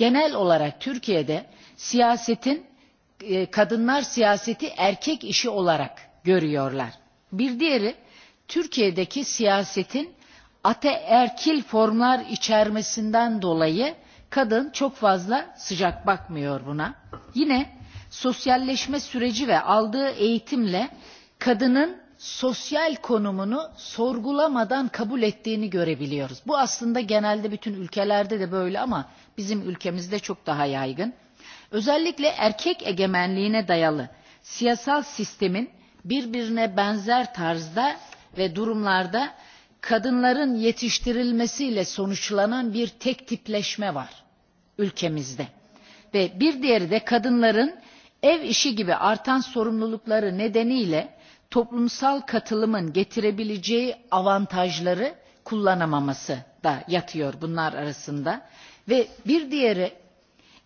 genel olarak Türkiye'de siyasetin kadınlar siyaseti erkek işi olarak görüyorlar. Bir diğeri Türkiye'deki siyasetin ateerkil formlar içermesinden dolayı kadın çok fazla sıcak bakmıyor buna. Yine sosyalleşme süreci ve aldığı eğitimle kadının sosyal konumunu sorgulamadan kabul ettiğini görebiliyoruz. Bu aslında genelde bütün ülkelerde de böyle ama bizim ülkemizde çok daha yaygın. Özellikle erkek egemenliğine dayalı siyasal sistemin birbirine benzer tarzda ve durumlarda kadınların yetiştirilmesiyle sonuçlanan bir tek tipleşme var ülkemizde. Ve bir diğeri de kadınların ev işi gibi artan sorumlulukları nedeniyle toplumsal katılımın getirebileceği avantajları kullanamaması da yatıyor bunlar arasında. Ve bir diğeri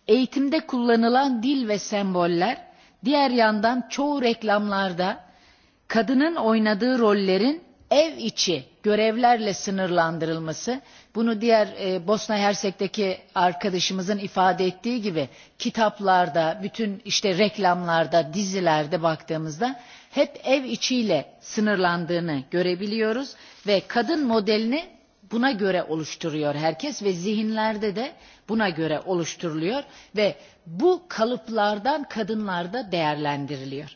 eğitimde kullanılan dil ve semboller diğer yandan çoğu reklamlarda kadının oynadığı rollerin ev içi görevlerle sınırlandırılması bunu diğer Bosna Hersek'teki arkadaşımızın ifade ettiği gibi kitaplarda, bütün işte reklamlarda, dizilerde baktığımızda hep ev içiyle sınırlandığını görebiliyoruz ve kadın modelini buna göre oluşturuyor herkes ve zihinlerde de buna göre oluşturuluyor ve bu kalıplardan kadınlarda değerlendiriliyor.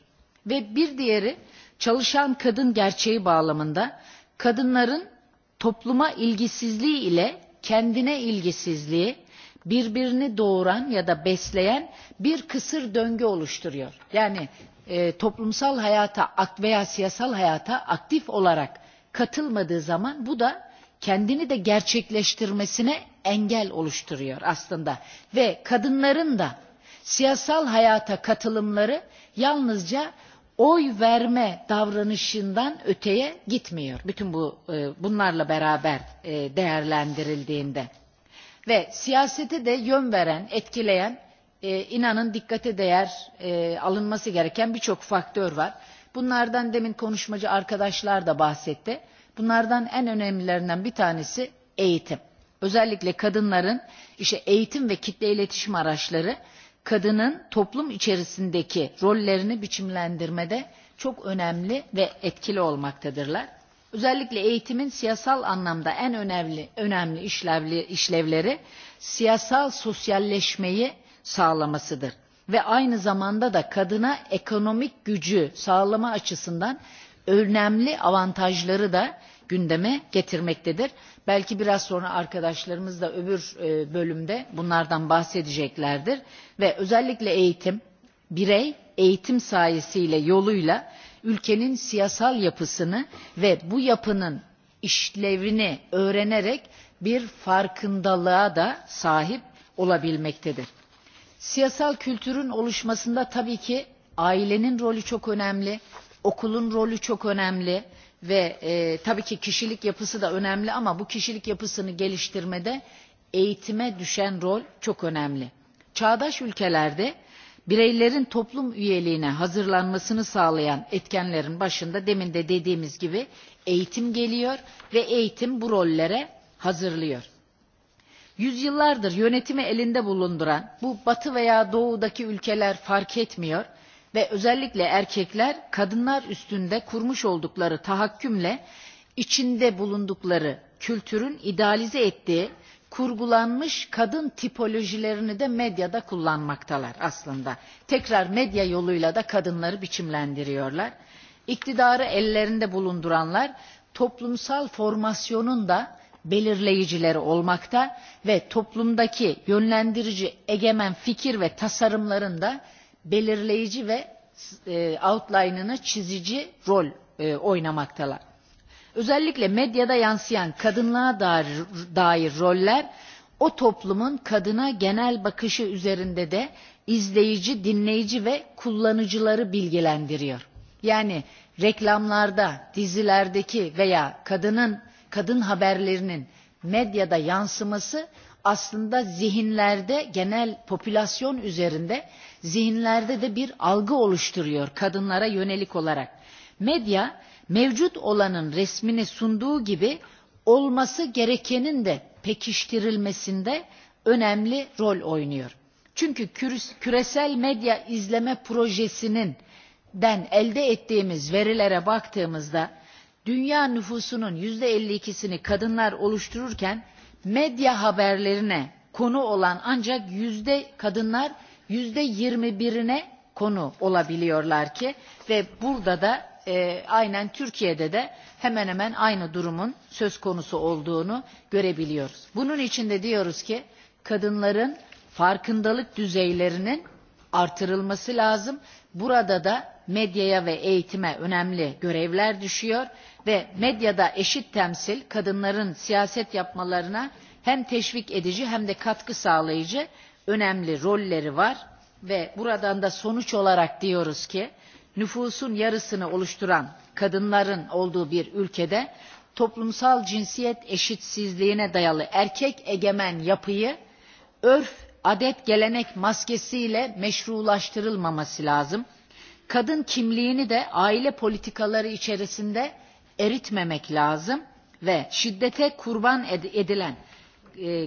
Ve bir diğeri çalışan kadın gerçeği bağlamında kadınların topluma ilgisizliği ile kendine ilgisizliği birbirini doğuran ya da besleyen bir kısır döngü oluşturuyor. Yani toplumsal hayata veya siyasal hayata aktif olarak katılmadığı zaman bu da kendini de gerçekleştirmesine engel oluşturuyor aslında. Ve kadınların da siyasal hayata katılımları yalnızca oy verme davranışından öteye gitmiyor. Bütün bu bunlarla beraber değerlendirildiğinde ve siyasete de yön veren, etkileyen, inanın dikkate değer alınması gereken birçok faktör var. Bunlardan demin konuşmacı arkadaşlar da bahsetti. Bunlardan en önemlilerinden bir tanesi eğitim. Özellikle kadınların işte eğitim ve kitle iletişim araçları kadının toplum içerisindeki rollerini biçimlendirmede çok önemli ve etkili olmaktadırlar. Özellikle eğitimin siyasal anlamda en önemli önemli işlevli, işlevleri siyasal sosyalleşmeyi sağlamasıdır ve aynı zamanda da kadına ekonomik gücü sağlama açısından önemli avantajları da gündeme getirmektedir. Belki biraz sonra arkadaşlarımız da öbür bölümde bunlardan bahsedeceklerdir. Ve özellikle eğitim, birey eğitim sayesiyle yoluyla ülkenin siyasal yapısını ve bu yapının işlevini öğrenerek bir farkındalığa da sahip olabilmektedir. Siyasal kültürün oluşmasında tabii ki ailenin rolü çok önemli, okulun rolü çok önemli ve tabii ki kişilik yapısı da önemli ama bu kişilik yapısını geliştirmede eğitime düşen rol çok önemli. Çağdaş ülkelerde bireylerin toplum üyeliğine hazırlanmasını sağlayan etkenlerin başında demin de dediğimiz gibi eğitim geliyor ve eğitim bu rollere hazırlıyor. Yüzyıllardır yönetimi elinde bulunduran bu batı veya doğudaki ülkeler fark etmiyor ve özellikle erkekler kadınlar üstünde kurmuş oldukları tahakkümle içinde bulundukları kültürün idealize ettiği kurgulanmış kadın tipolojilerini de medyada kullanmaktalar aslında. Tekrar medya yoluyla da kadınları biçimlendiriyorlar. İktidarı ellerinde bulunduranlar toplumsal formasyonun da belirleyicileri olmakta ve toplumdaki yönlendirici egemen fikir ve tasarımlarında da belirleyici ve outline'ını çizici rol oynamaktalar. Özellikle medyada yansıyan kadınlığa dair roller o toplumun kadına genel bakışı üzerinde de izleyici, dinleyici ve kullanıcıları bilgilendiriyor. Yani reklamlarda, dizilerdeki veya kadının kadın haberlerinin medyada yansıması aslında zihinlerde genel popülasyon üzerinde zihinlerde de bir algı oluşturuyor kadınlara yönelik olarak. Medya mevcut olanın resmini sunduğu gibi olması gerekenin de pekiştirilmesinde önemli rol oynuyor. Çünkü küresel medya izleme projesinin den elde ettiğimiz verilere baktığımızda dünya nüfusunun %52'sini kadınlar oluştururken medya haberlerine konu olan ancak yüzde kadınlar yüzde yirmi birine konu olabiliyorlar ki ve burada da aynen Türkiye'de de hemen hemen aynı durumun söz konusu olduğunu görebiliyoruz. Bunun için de diyoruz ki kadınların farkındalık düzeylerinin artırılması lazım. Burada da medyaya ve eğitime önemli görevler düşüyor ve medyada eşit temsil kadınların siyaset yapmalarına hem teşvik edici hem de katkı sağlayıcı önemli rolleri var ve buradan da sonuç olarak diyoruz ki nüfusun yarısını oluşturan kadınların olduğu bir ülkede toplumsal cinsiyet eşitsizliğine dayalı erkek egemen yapıyı örf adet gelenek maskesiyle meşrulaştırılmaması lazım kadın kimliğini de aile politikaları içerisinde eritmemek lazım ve şiddete kurban edilen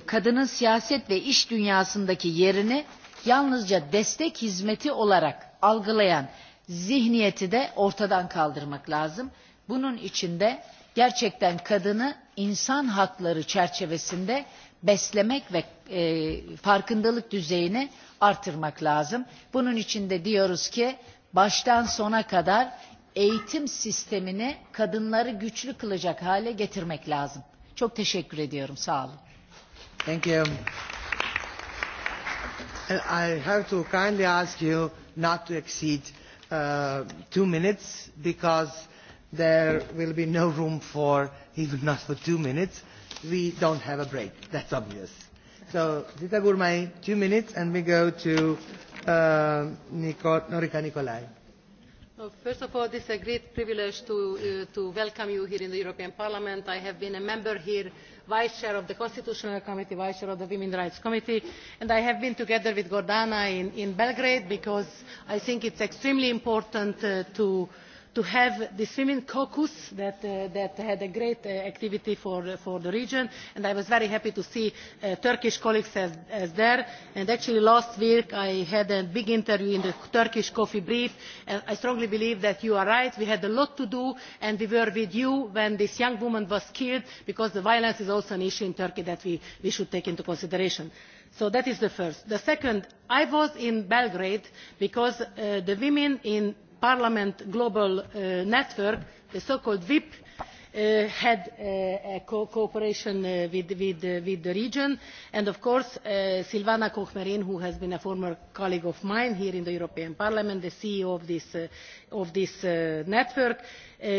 kadının siyaset ve iş dünyasındaki yerini yalnızca destek hizmeti olarak algılayan zihniyeti de ortadan kaldırmak lazım. Bunun içinde gerçekten kadını insan hakları çerçevesinde beslemek ve farkındalık düzeyini artırmak lazım. Bunun için diyoruz ki baştan sona kadar eğitim sistemini kadınları güçlü kılacak hale getirmek lazım. Çok teşekkür ediyorum. Sağ olun. Thank you. I have to kindly ask you not to exceed uh, two minutes because there will be no room for even not for two minutes. We don't have a break. That's obvious. So, Zita Gurmai, two minutes, and we go to Norica First of all, it is a great privilege to welcome you here in the European Parliament. I have been a member here, Vice Chair of the Constitutional Committee, Vice Chair of the Women's Rights Committee, and I have been together with Gordana in Belgrade because I think it is extremely important to to have this women caucus that had a great activity for the region and I was very happy to see Turkish colleagues as there and actually last week I had a big interview in the Turkish coffee brief and I strongly believe that you are right we had a lot to do and we were with you when this young woman was killed because the violence is also an issue in Turkey that we should take into consideration. So that is the first. The second, I was in Belgrade because the women in Parliament Global Network, the so-called VIP, had a cooperation with the region and of course silvana kohmarin who has been a former colleague of mine here in the european parliament the ceo of this network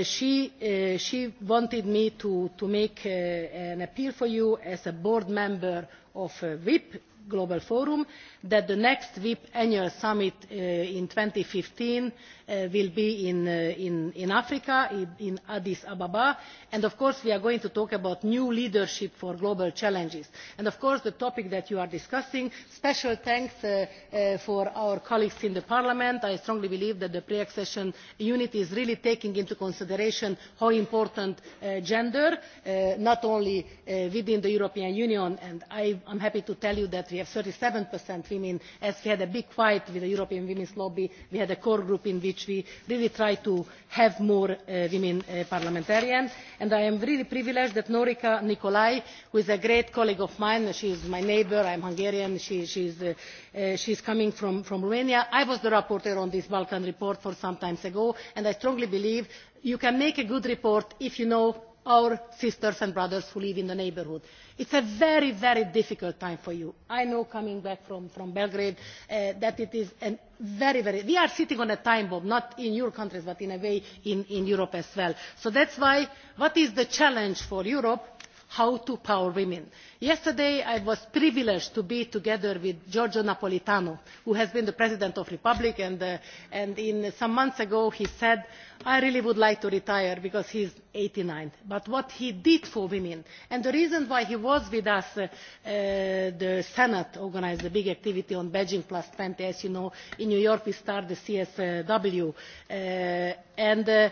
she wanted me to make an appeal for you as a board member of vip global forum that the next vip annual summit in two fifteen will be in Africa, in Addis Ababa, and of course we are going to talk about new leadership for global challenges. And of course the topic that you are discussing, special thanks for our colleagues in the Parliament. I strongly believe that the pre-accession unit is really taking into consideration how important gender, not only within the European Union, and I am happy to tell you that we have 37% women, as we had a big fight with the European Women's Lobby, we had a core group in which we really try to have more women parliamentarians and i am really privileged that norica nicolai who is a great colleague of mine she is my neighbour i am hungarian she is coming from romania i was the rapporteur on this balkan report some time ago and i strongly believe you can make a good report if you know our sisters and brothers who live in the neighbourhood. It is a very, very difficult time for you. I know coming back from Belgrade that it is a very, very. We are sitting on a time bomb, not in your countries, but in a way in Europe as well. So that's why what is the challenge for Europe? how to power women. Yesterday I was privileged to be together with Giorgio Napolitano, who has been the President of the Republic, and some months ago he said, I really would like to retire because he is nine. But what he did for women, and the reason why he was with us, the Senate organised a big activity on Beijing Plus 20, as you know, in New York we started the CSW, and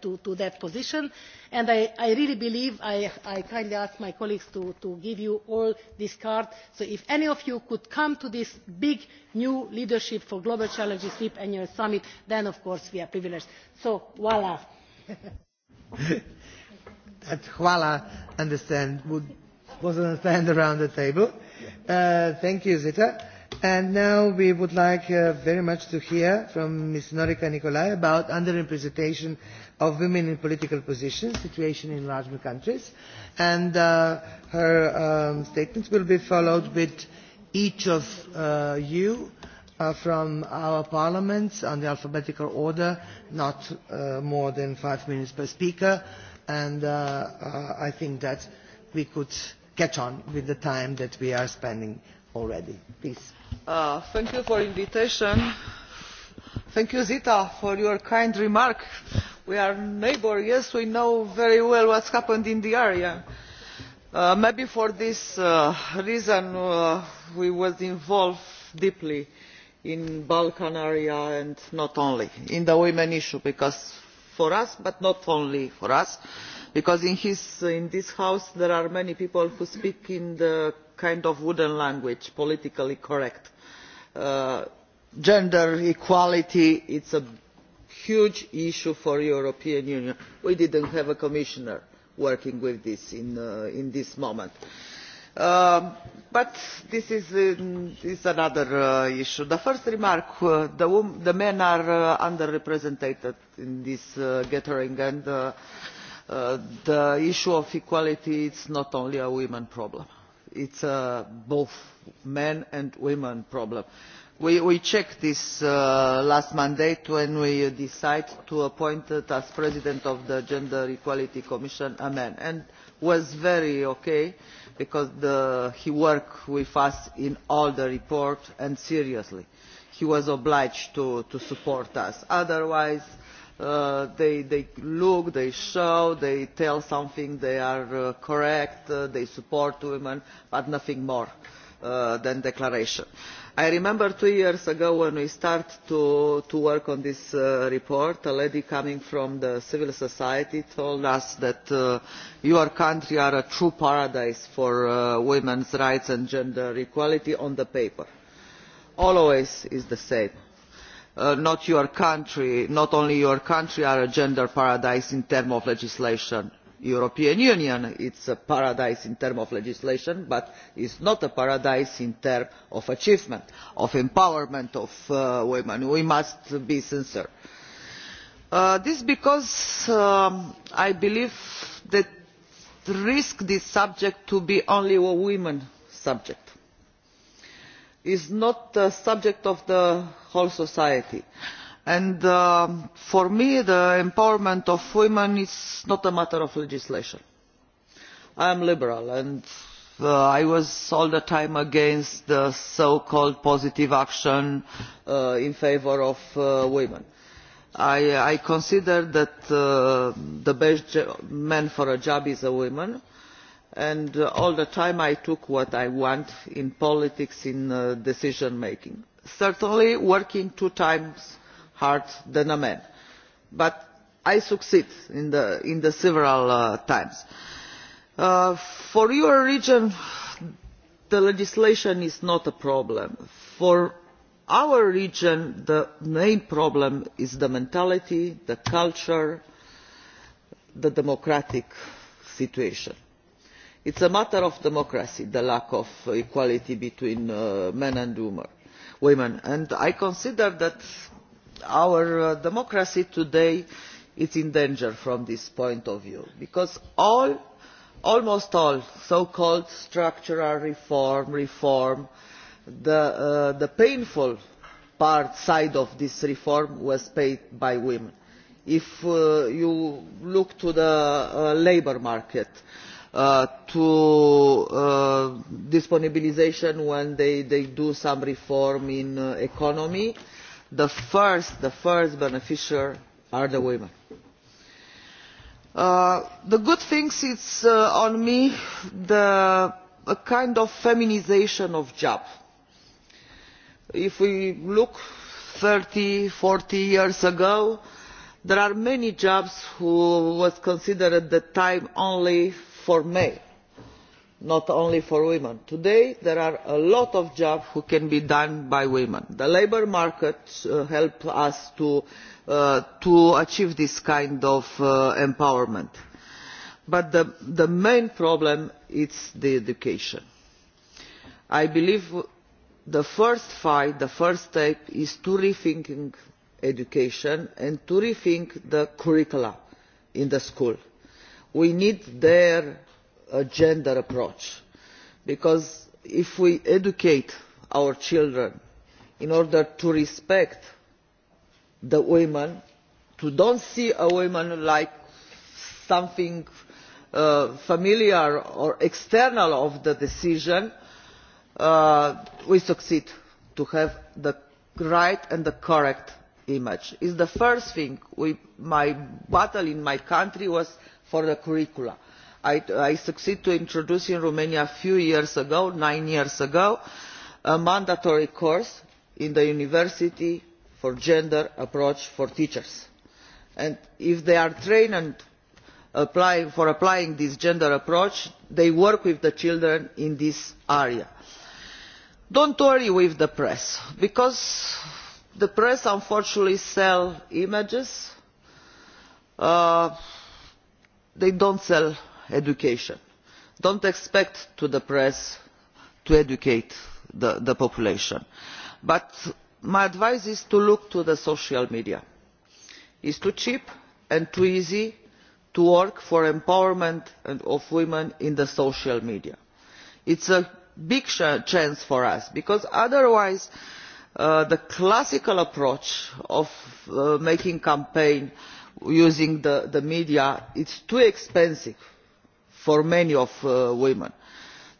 to that position and i really believe i kindly ask my colleagues to give you all this card so if any of you could come to this big new leadership for global challenges leap annual summit then of course we are privileged. so voila that voila understand would was around the table. thank you zita. And now we would like very much to hear from Ms. Norika Nicolai about underrepresentation of women in political positions, situation in larger countries. And her statements will be followed with each of you from our parliaments on the alphabetical order, not more than five minutes per speaker. And I think that we could catch on with the time that we are spending already. Please. Thank you for invitation. Thank you, Zita, for your kind remark. We are neighbours, yes, we know very well what's happened in the area. Maybe for this reason we were involved deeply in the Balkan area and not only in the women issue, because for us, but not only for us, because in this house there are many people who speak in the kind of wooden language politically correct. gender equality is a huge issue for the european union. we didn't have a commissioner working with this in this moment but this is another issue. the first remark the men are under represented in this gathering and the issue of equality is not only a women problem it's a both men and women problem. We checked this last mandate when we decided to appoint as President of the Gender Equality Commission a man, and was very okay because he worked with us in all the reports and seriously, he was obliged to support us. Otherwise they look they show they tell something they are correct they support women but nothing more than declaration i remember two years ago when we started to work on this report a lady coming from the civil society told us that your country are a true paradise for women's rights and gender equality on the paper always is the same not your country not only your country are a gender paradise in terms of legislation. the european union is a paradise in terms of legislation but it is not a paradise in terms of achievement of empowerment of women. we must be sincere. this is because i believe that risk this subject to be only a women's subject is not the subject of the whole society. And for me, the empowerment of women is not a matter of legislation. I am liberal and I was all the time against the so-called positive action in favour of women. I consider that the best man for a job is a woman and all the time i took what i want in politics in decision making certainly working two times harder than a man but i succeed in the several times. for your region the legislation is not a problem. for our region the main problem is the mentality the culture the democratic situation it is a matter of democracy the lack of equality between men and women and i consider that our democracy today is in danger from this point of view because almost all so called structural reform reform the painful side of this reform was paid by women. if you look to the labour market to disponibilisation when they do some reform in economy, the first the first beneficiary are the women. The good things it's on me the a kind of feminization of job. If we look 30, 40 years ago, there are many jobs who was considered at the time only for men not only for women. today there are a lot of jobs that can be done by women. the labour market helps us to achieve this kind of empowerment but the main problem is education. i believe the first fight the first step is to rethink education and to rethink the curricula in the school we need their gender approach because if we educate our children in order to respect the women to not see a woman like something familiar or external to the decision we succeed to have the right and the correct image. the first thing my battle in my country was for the curricula. I succeeded to introduce in Romania a few years ago, nine years ago, a mandatory course in the university for gender approach for teachers. And if they are trained for applying this gender approach, they work with the children in this area. Don't worry with the press, because the press unfortunately sells images they do not sell education. do not expect the press to educate the population but my advice is to look to the social media. it is too cheap and too easy to work for empowerment of women in the social media. it is a big chance for us because otherwise the classical approach of making campaigns campaign using the media is too expensive for many of women.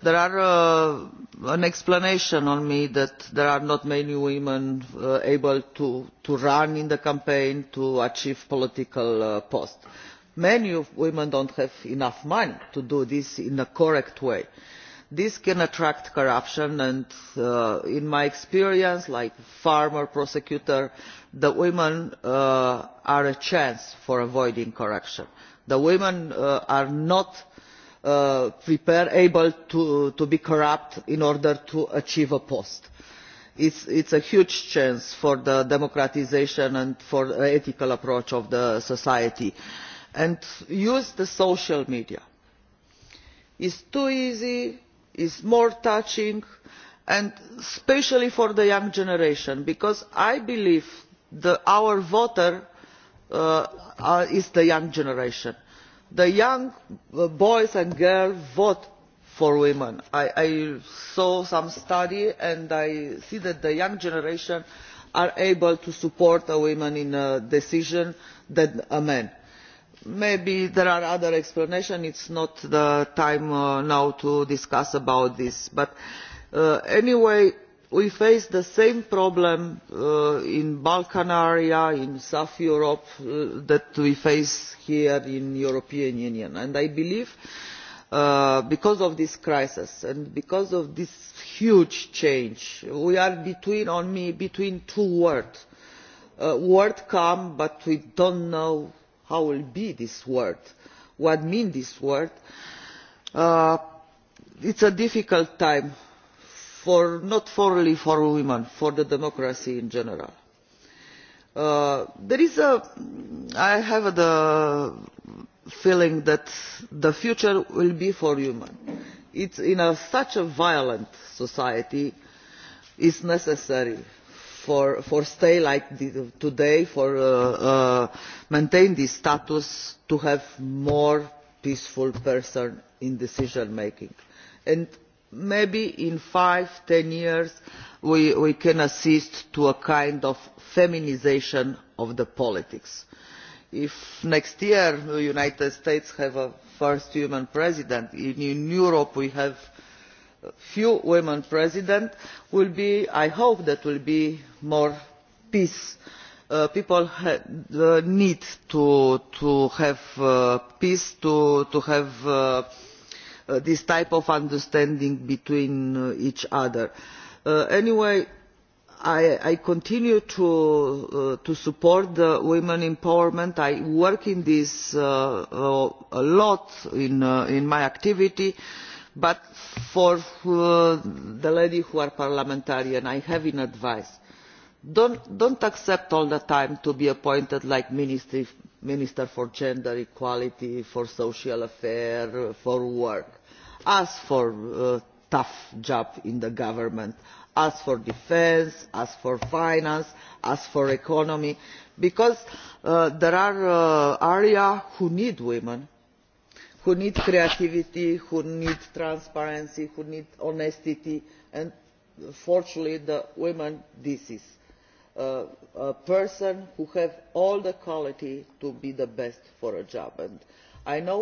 There is an explanation on me that there are not many women able to run in the campaign to achieve political post. Many women do not have enough money to do this in a correct way this can attract corruption and in my experience like farmer prosecutor the women are a chance for avoiding corruption. the women are not able to be corrupt in order to achieve a post. it is a huge chance for the democratisation and for the ethical approach of the society. and use the social media. it is too easy is more touching and especially for the young generation because i believe our voter is the young generation. the young boys and girls vote for women. i saw some study and i see that the young generation are able to support a woman in a decision than a man. Maybe there are other explanations. It's not the time now to discuss about this. But anyway, we face the same problem in Balkan area, in South Europe, that we face here in the European Union. And I believe, because of this crisis and because of this huge change, we are between, on me, between two words. come, but we do not know how will be this word what mean this word it's a difficult time for not only for women for the democracy in general there is a i have the feeling that the future will be for women it's in such a violent society is necessary for stay like today for maintain this status to have more peaceful person in decision making and maybe in five ten years we can assist to a kind of feminisation of the politics if next year the united states have a first human president in europe we have few women president will be i hope that will be more peace. people need to have peace to have this type of understanding between each other. anyway i continue to support women empowerment. i work in this a lot in my activity. But for the lady who are parliamentarian, I have an advice. Don't accept all the time to be appointed like Minister for Gender Equality, for Social Affairs, for work. Ask for a tough job in the government. Ask for defence, ask for finance, ask for economy, because there are areas who need women who need creativity who need transparency who need honesty and fortunately the women this is a person who has all the quality to be the best for a job i know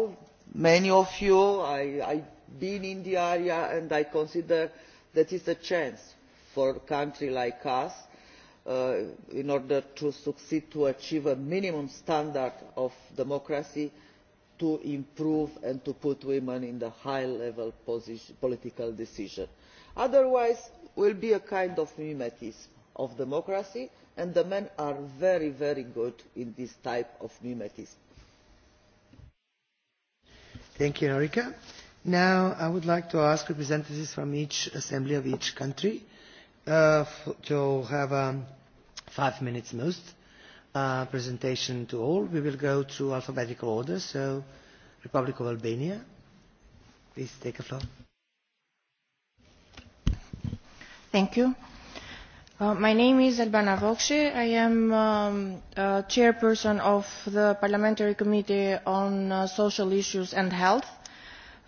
many of you i have been in the area and i consider that it is a chance for a country like us in order to succeed to achieve a minimum standard of democracy to improve and to put women in the high level political decision. Otherwise there will be a kind of mimetism of democracy and the men are very, very good in this type of mimetism. Thank you, Norika. Now I would like to ask representatives from each assembly of each country to have five minutes most presentation to all. We will go to alphabetical order, so Republic of Albania. Please take the floor. Thank you. My name is Albana Vokshi. I am chairperson of the Parliamentary Committee on Social Issues and Health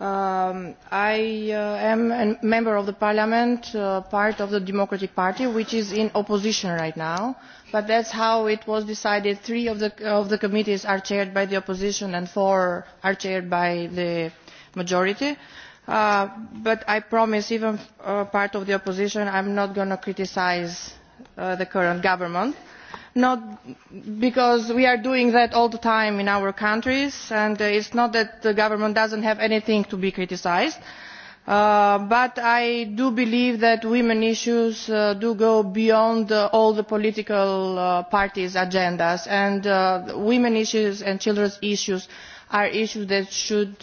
I am a member of Parliament, part of the Democratic Party, which is in opposition right now, but that is how it was decided. Three of the committees are chaired by the opposition and four are chaired by the majority. But I promise, even part of the opposition, I am not going to criticise the current government not because we are doing that all the time in our countries and it is not that the government does not have anything to be criticised but i do believe that women's issues do go beyond all the political parties' agendas and women's issues and children's issues are issues that should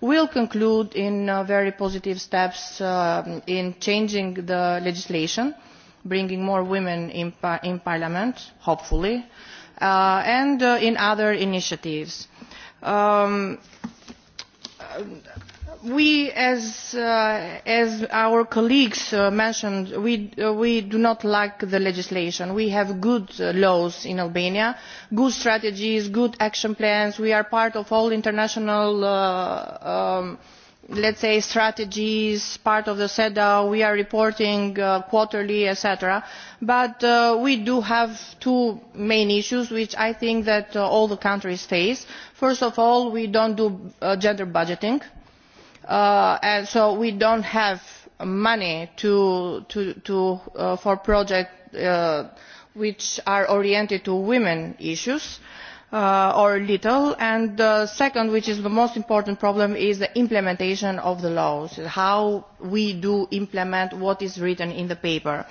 will conclude in very positive steps in changing the legislation, bringing more women in Parliament, hopefully, and in other initiatives we as our colleagues mentioned we do not lack the legislation we have good laws in albania good strategies good action plans we are part of all international let's say strategies part of the cedaw we are reporting quarterly etc but we do have two main issues which i think that all the countries face first of all we don't do gender budgeting and so we don't have money for projects which are oriented to women issues or little and the second which is the most important problem is the implementation of the laws how we do implement what is written in the paper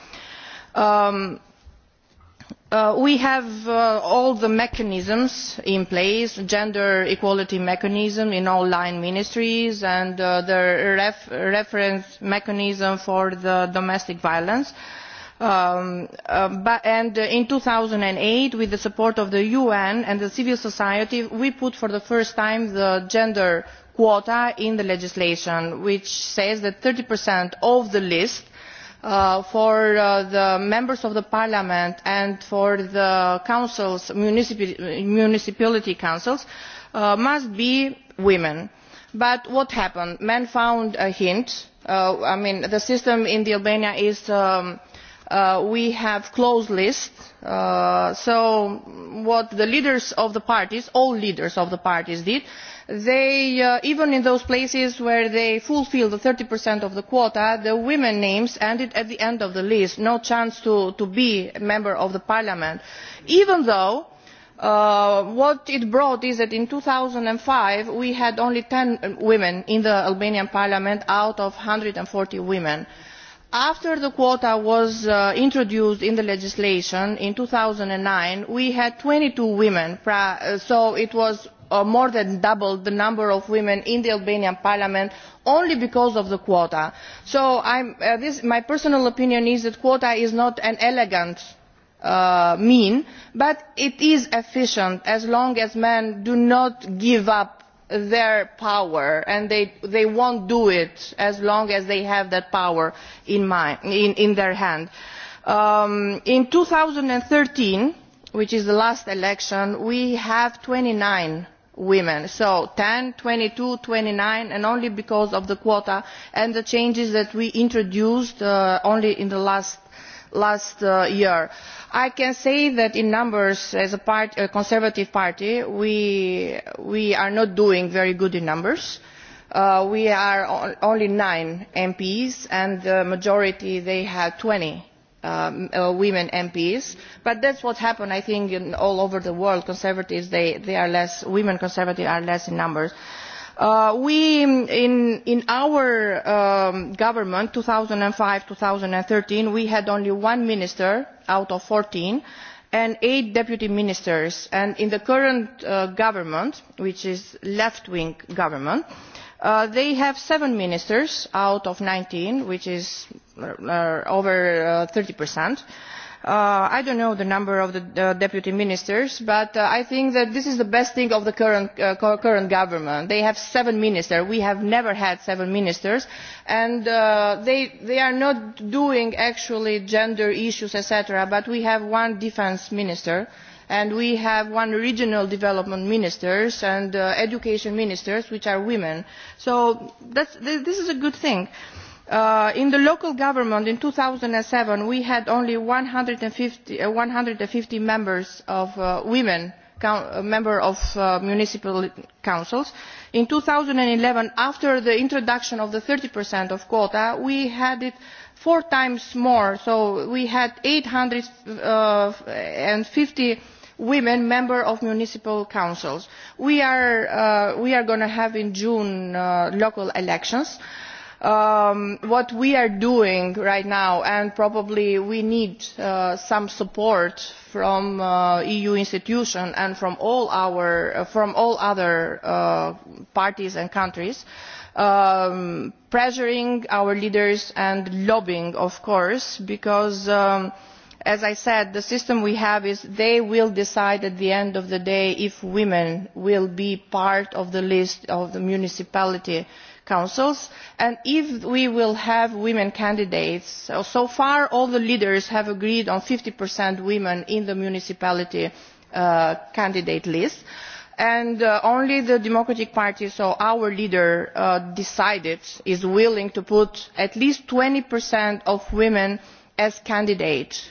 we have all the mechanisms in place gender equality mechanism in all line ministries and the reference mechanism for domestic violence and in two thousand eight with the support of the un and civil society we put for the first time the gender quota in the legislation which says that thirty of the list for the members of the parliament and for the councils municipality councils must be women. but what happened? men found a hint. the system in albania is we have closed lists so what the leaders of the parties all leaders of the parties did they even in those places where they fulfilled the 30% of the quota the women names ended at the end of the list no chance to be a member of the parliament even though what it brought is that in 2005 we had only 10 women in the Albanian parliament out of 140 women after the quota was introduced in the legislation in two thousand nine, we had twenty two women so it was more than double the number of women in the albanian parliament only because of the quota so my personal opinion is that quota is not an elegant mean but it is efficient as long as men do not give up their power and they won't do it as long as they have that power in their hand. in two thousand and thirteen which is the last election we had twenty nine women so ten twenty two twenty nine and only because of the quota and the changes that we introduced only in the last last year. I can say that in numbers, as a Conservative Party, we are not doing very good in numbers. We are only nine MPs and the majority they have 20 women MPs. But that is what happened, I think, all over the world. Conservatives, they are less, women conservatives are less in numbers we in our government 2005 2013 we had only one minister out of 14 and eight deputy ministers and in the current government which is left wing government they have seven ministers out of 19 which is over 30% I don't know the number of the deputy ministers, but I think that this is the best thing of the current government. They have seven ministers. We have never had seven ministers, and they are not doing actually gender issues, etc. But we have one defence minister, and we have one regional development minister and education ministers, which are women. So this is a good thing in the local government in 2007 we had only 150 members of women members of municipal councils. in 2011 after the introduction of the 30% quota we had it four times more so we had 850 women members of municipal councils. we are going to have in june local elections what we are doing right now and probably we need some support from eu institutions and from all other parties and countries pressuring our leaders and lobbying of course because as i said the system we have is that they will decide at the end of the day if women will be part of the list of the municipality councils and if we will have women candidates so far all the leaders have agreed on 50% women in the municipality candidate list and only the democratic party so our leader decided is willing to put at least 20% of women as candidates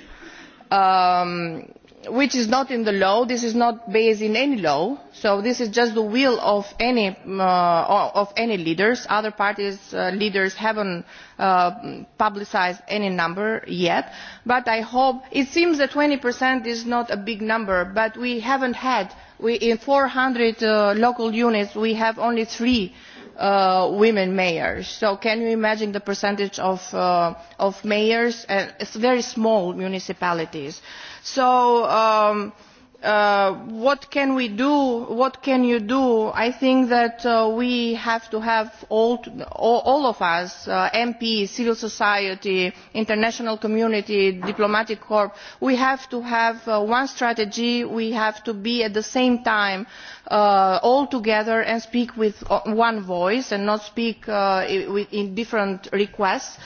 which is not in the law this is not based in any law so this is just the will of any leaders other parties' leaders haven't publicised any number yet but i hope it seems that 20% is not a big number but we haven't had in 400 local units we have only three women mayors so can you imagine the percentage of mayors in very small municipalities? So what can we do? What can you do? I think that we have to have all of us, MPs, civil society, international community, diplomatic corps, we have to have one strategy. We have to be at the same time all together and speak with one voice and not speak in different requests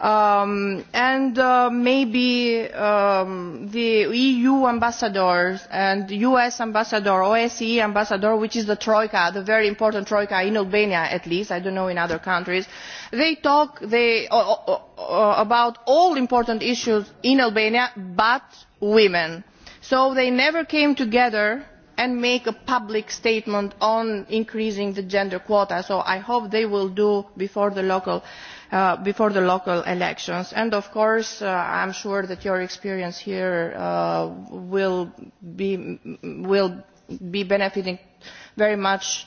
and maybe the EU ambassadors and US ambassador, OSCE ambassador, which is the troika, the very important troika in Albania at least, I don't know in other countries, they talk about all important issues in Albania but women. So they never came together and make a public statement on increasing the gender quota. So I hope they will do before the local before the local elections. And of course, I'm sure that your experience here will be will be benefiting very much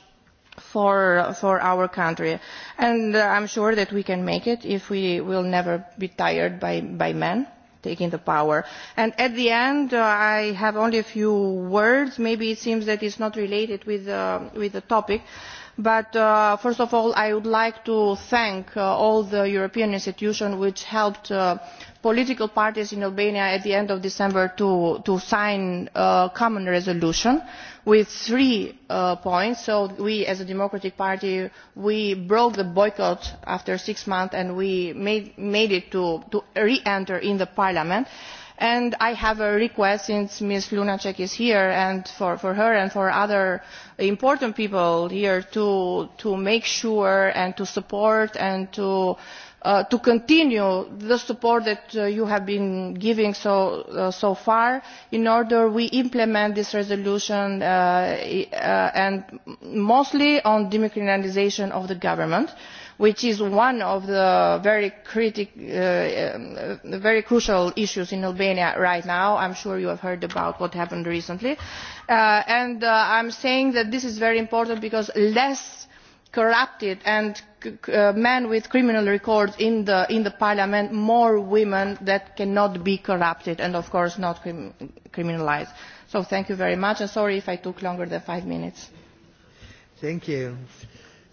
for for our country. And I'm sure that we can make it if we will never be tired by by men taking the power. And at the end, I have only a few words. Maybe it seems that it's not related with with the topic But first of all, I would like to thank all the European institutions which helped political parties in Albania at the end of December to sign a common resolution with three points. So we, as a Democratic Party, we broke the boycott after six months and we made it to re-enter in the Parliament and i have a request since ms lunacek is here and for her and for other important people here to make sure and to support and to continue the support that you have been giving so far in order we implement this resolution and mostly on decriminalisation of the government which is one of the very crucial issues in albania right now i am sure you have heard about what happened recently and i am saying that this is very important because less corrupted and men with criminal records in the parliament more women that cannot be corrupted and of course not criminalised. so thank you very much and sorry if i took longer than five minutes. thank you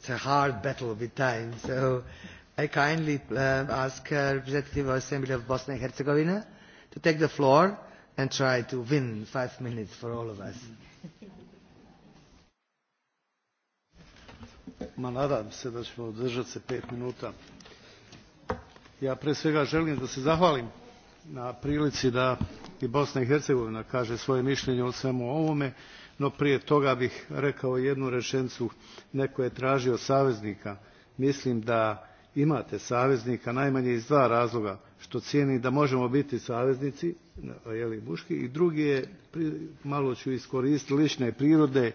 it's a hard battle with time. So I kindly ask Representative of Assembly of Bosnia and Herzegovina to take the floor and try to win five minutes for all of us. Ma nadam se da ćemo održati se pet minuta. Ja pre svega želim da se zahvalim na prilici da i Bosna i Hercegovina kaže svoje mišljenje o svemu ovome no prije toga bih rekao jednu rečenicu neko je tražio saveznika mislim da imate saveznika najmanje iz dva razloga što cijenim da možemo biti saveznici jeli muški i drugi je malo ću iskoristiti lične prirode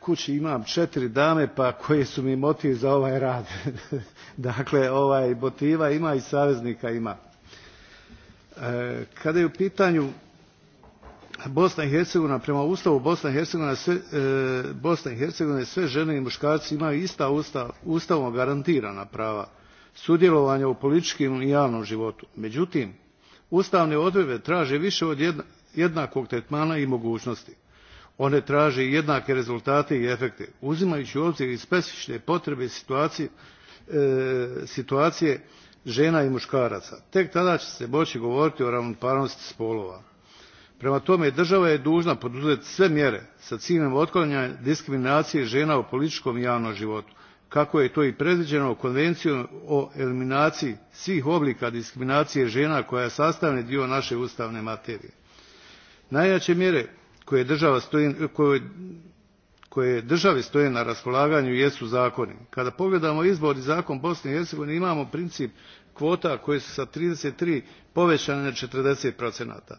kući imam četiri dame pa koje su mi motiv za ovaj rad dakle ovaj motiva ima i saveznika ima kada je u pitanju Bosna i Hercegovina, prema Ustavu Bosna i Hercegovina, sve, Bosna i Hercegovina sve žene i muškarci imaju ista ustav, ustavom garantirana prava sudjelovanja u političkim i javnom životu. Međutim, ustavne odredbe traže više od jednakog tretmana i mogućnosti. One traže jednake rezultate i efekte, uzimajući u obzir i specifične potrebe situacije, situacije žena i muškaraca. Tek tada će se moći govoriti o ravnopravnosti spolova. Prema tome, država je dužna poduzeti sve mjere sa ciljem otklanjanja diskriminacije žena u političkom i javnom životu, kako je to i predviđeno Konvencijom o eliminaciji svih oblika diskriminacije žena koja je sastavni dio naše ustavne materije. Najjače mjere koje država stoji, koje, koje državi stoje na raspolaganju jesu zakoni. Kada pogledamo izbor i zakon Bosne i Hercegovine imamo princip kvota koje su sa 33 povećane na 40 procenata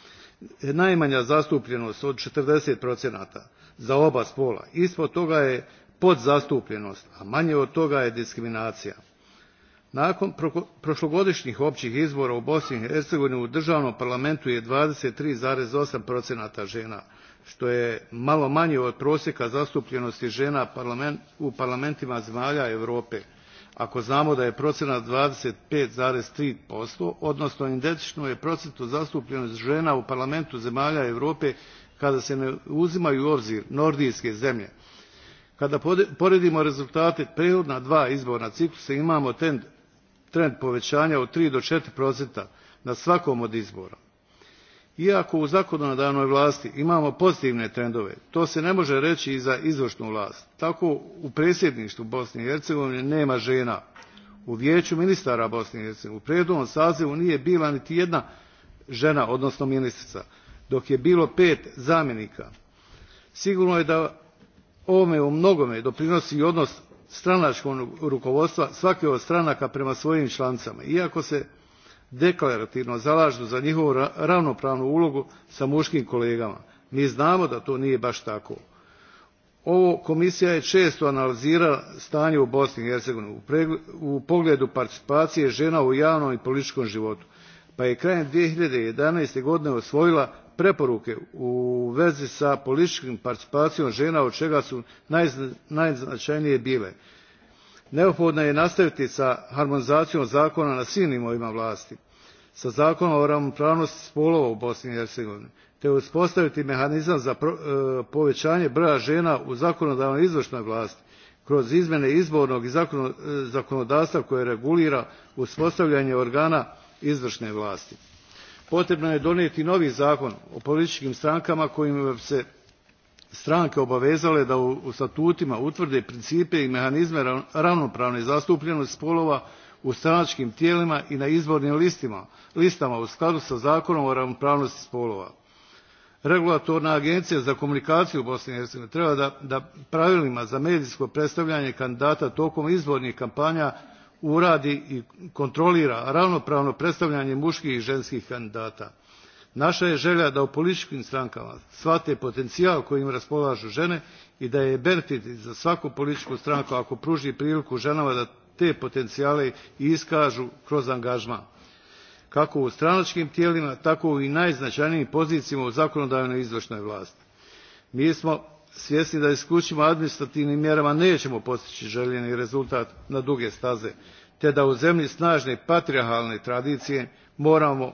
najmanja zastupljenost od forty za oba spola ispod toga je podzastupljenost a manje od toga je diskriminacija. nakon prošlogodišnjih općih izbora u bosni i hercegovini u dravnom parlamentu je twenty three eight ena to je malo manje od prosjeka zastupljenosti žena u parlamentima zemalja europe ako znamo da je procenat 25,3%, odnosno identino je procentu zastupljenosti žena u parlamentu zemalja Europe kada se ne uzimaju u obzir nordijske zemlje. Kada poredimo rezultate prethodna dva izborna ciklusa imamo trend povećanja od 3 do 4 na svakom od izbora. Iako u zakonodavnoj vlasti imamo pozitivne trendove, to se ne može reći i za izvršnu vlast. Tako u predsjedništvu Bosne i Hercegovine nema žena. U vijeću ministara Bosne i Hercegovine u prethodnom sazivu nije bila niti jedna žena, odnosno ministrica, dok je bilo pet zamjenika. Sigurno je da ovome u mnogome doprinosi i odnos stranačkog rukovodstva svake od stranaka prema svojim lanicama iako se deklarativno zalažu za njihovu ravnopravnu ulogu sa muškim kolegama. Mi znamo da to nije baš tako. Ovo komisija je često analizirala stanje u Bosni i Hercegovini u pogledu participacije žena u javnom i političkom životu, pa je krajem 2011. godine osvojila preporuke u vezi sa političkom participacijom žena od čega su najznačajnije bile neophodno je nastaviti sa harmonizacijom zakona na svim nivoima vlasti sa zakonom o ravnopravnosti spolova u bosni i hercegovini te uspostaviti mehanizam za povećanje broja žena u zakonodavnoj i izvršnoj vlasti kroz izmjene izbornog i zakonodavstva koje regulira uspostavljanje organa izvršne vlasti. potrebno je donijeti novi zakon o političkim strankama kojim bi se stranke obavezale da u statutima utvrde principe i mehanizme ravnopravne zastupljenosti spolova u stranačkim tijelima i na izbornim listama u skladu sa zakonom o ravnopravnosti spolova. regulatorna agencija za komunikaciju u bosni i hercegovini treba da pravilima za medijsko predstavljanje kandidata tokom izbornih kampanja uradi i kontrolira ravnopravno predstavljanje muških i ženskih kandidata. Naša je želja da u političkim strankama shvate potencijal kojim raspolažu žene i da je benefit za svaku političku stranku ako pruži priliku ženama da te potencijale i iskažu kroz angažman. Kako u stranačkim tijelima, tako i najznačajnijim pozicijama u zakonodavnoj izvršnoj vlasti. Mi smo svjesni da isključimo administrativnim mjerama nećemo postići željeni rezultat na duge staze, te da u zemlji snažne patriarhalne tradicije moramo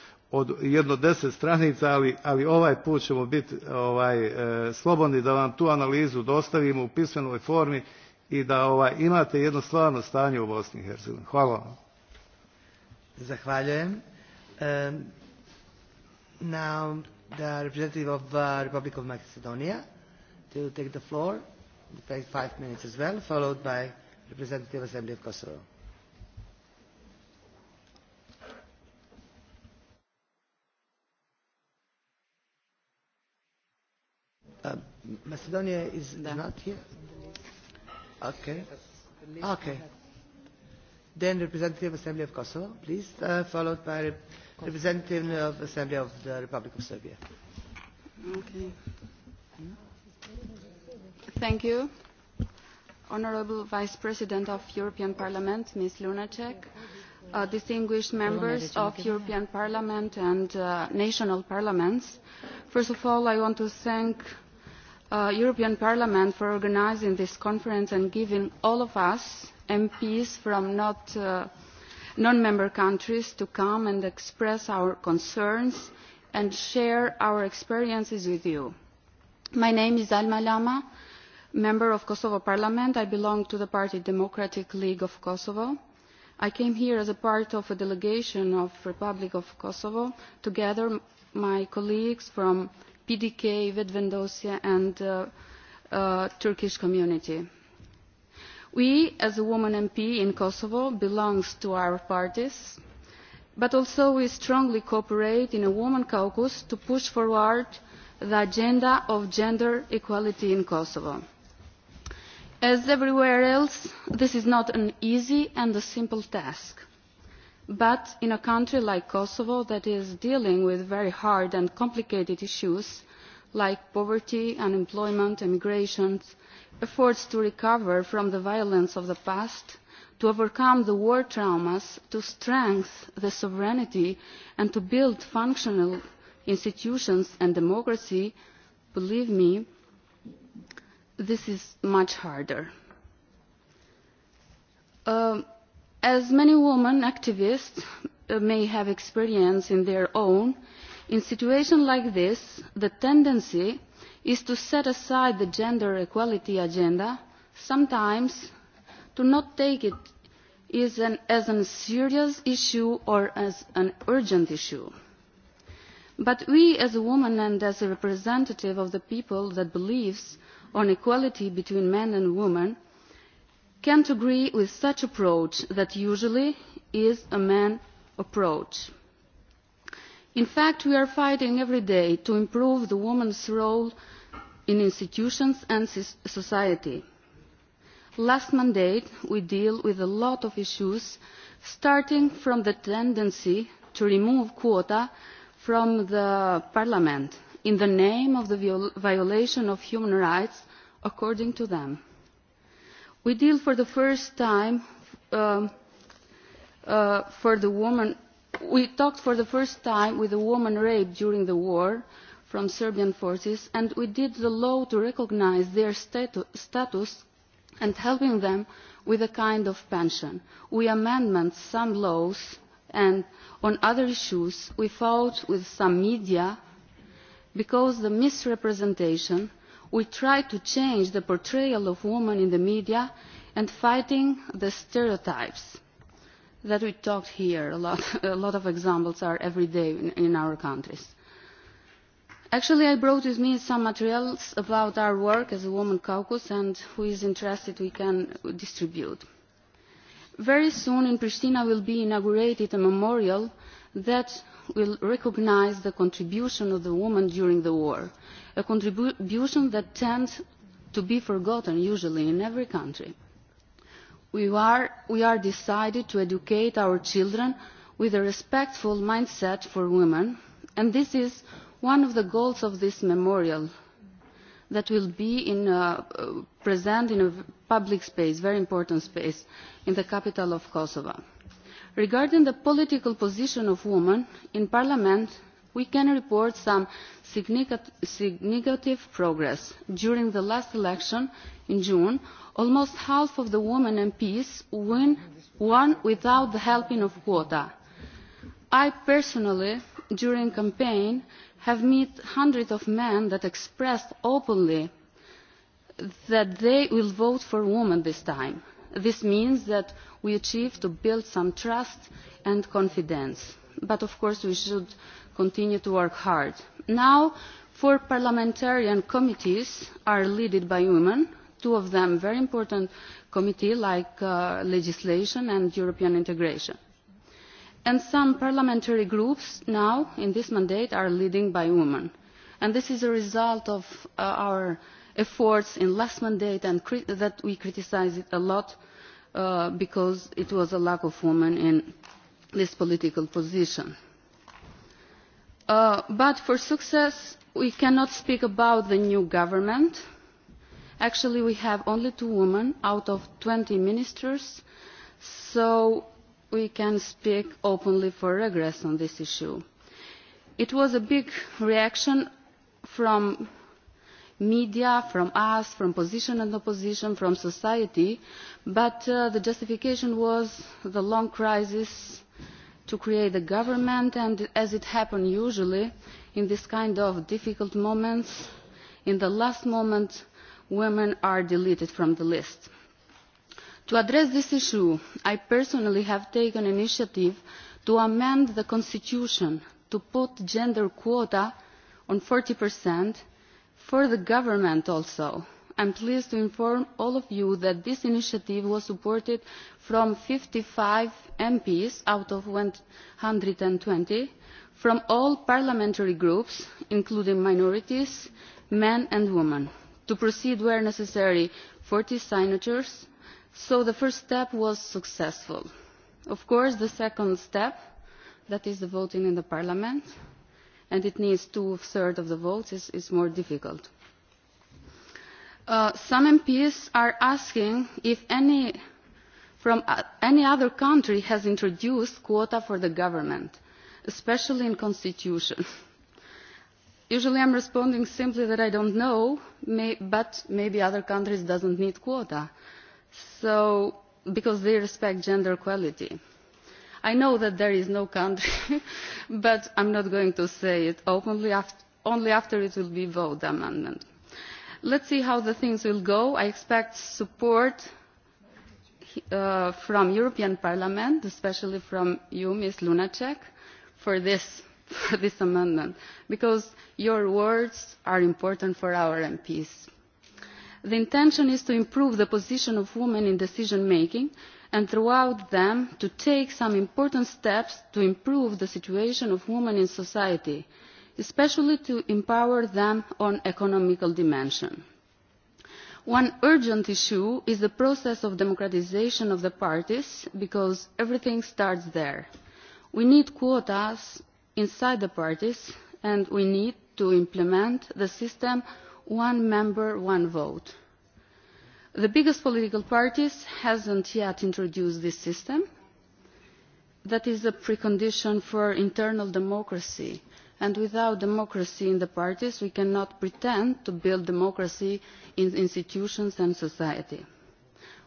od jedno deset stranica, ali, ali ovaj put ćemo biti ovaj, slobodni da vam tu analizu dostavimo u pismenoj formi i da ovaj, imate jedno stvarno stanje u Bosni i Hercegovini. Hvala vam. Zahvaljujem. Um, now the representative of the Republic of Macedonia to take the floor, five minutes as well, followed by representative Assembly of Kosovo. Macedonia is not here? Okay. Okay. Then representative Assembly of Kosovo, please, followed by representative of Assembly of the Republic of Serbia. Okay. Thank you. Honorable Vice President of European Parliament, Ms. Lunacek, distinguished members of European Parliament and national parliaments, first of all, I want to thank European Parliament for organising this conference and giving all of us MPs from non-member countries to come and express our concerns and share our experiences with you. My name is Alma Lama, member of Kosovo Parliament. I belong to the party Democratic League of Kosovo. I came here as a part of a delegation of the Republic of Kosovo, together with my colleagues from PDK, Vedvendosya and Turkish community. We, as a woman MP in Kosovo, belong to our parties, but also we strongly cooperate in a woman caucus to push forward the agenda of gender equality in Kosovo. As everywhere else, this is not an easy and a simple task But in a country like Kosovo that is dealing with very hard and complicated issues like poverty, unemployment, and efforts to recover from the violence of the past, to overcome the war traumas, to strengthen the sovereignty and to build functional institutions and democracy, believe me, this is much harder. As many women activists may have experience in their own, in situations like this, the tendency is to set aside the gender equality agenda, sometimes to not take it as a serious issue or as an urgent issue. But we as a woman and as a representative of the people that believes on equality between men and women can't agree with such approach that usually is a man approach. In fact, we are fighting every day to improve the woman's role in institutions and society. Last mandate, we deal with a lot of issues, starting from the tendency to remove quotas from the parliament in the name of the violation of human rights, according to them. We deal for the first time for the woman. We talked for the first time with a woman raped during the war from Serbian forces, and we did the law to recognise their status and helping them with a kind of pension. We amended some laws, and on other issues we fought with some media because the misrepresentation we try to change the portrayal of women in the media and fighting the stereotypes that we talked here. A lot of examples are every day in our countries. Actually, I brought with me some materials about our work as a woman Caucus and who is interested we can distribute. Very soon in Pristina will be inaugurated a memorial that will recognise the contribution of the woman during the war, a contribution that tends to be forgotten usually in every country. We are decided to educate our children with a respectful mindset for women, and this is one of the goals of this memorial that will be present in a public space, very important space, in the capital of Kosovo. Regarding the political position of women in Parliament, we can report some significant progress. During the last election in June, almost half of the women MPs won without the helping of quota. I personally, during the campaign, have met hundreds of men that expressed openly that they will vote for women this time. This means that we achieve to build some trust and confidence. But of course we should continue to work hard. Now four parliamentarian committees are led by women, two of them very important committees like legislation and European integration. And some parliamentary groups now in this mandate are leading by women. And this is a result of our efforts in last mandate and that we criticised it a lot because it was a lack of women in this political position. But for success we cannot speak about the new government. Actually we have only two women out of 20 ministers so we can speak openly for regress on this issue. It was a big reaction from media, from us, from position and opposition, from society, but the justification was the long crisis to create a government and, as it happens usually in this kind of difficult moments, in the last moment women are deleted from the list. To address this issue, I personally have taken initiative to amend the Constitution to put gender quota on 40% For the government also, I am pleased to inform all of you that this initiative was supported from 55 MPs out of 120 from all parliamentary groups, including minorities, men and women, to proceed where necessary forty signatures, so the first step was successful. Of course, the second step, that is the voting in the parliament, and it needs two-thirds of the votes is more difficult. Some MPs are asking if any from any other country has introduced quota for the government, especially in constitution. Usually I am responding simply that I don't know, but maybe other countries doesn't need quota, so because they respect gender equality. I know that there is no country, but I'm not going to say it openly. Only after it will be voted amendment. Let's see how the things will go. I expect support from European Parliament, especially from you, Ms. Lunacek, for this for this amendment, because your words are important for our MPs. The intention is to improve the position of women in decision making and throughout them to take some important steps to improve the situation of women in society, especially to empower them on economical dimension. One urgent issue is the process of democratisation of the parties, because everything starts there. We need quotas inside the parties and we need to implement the system one member, one vote. The biggest political parties hasn't yet introduced this system. That is a precondition for internal democracy, and without democracy in the parties we cannot pretend to build democracy in institutions and society.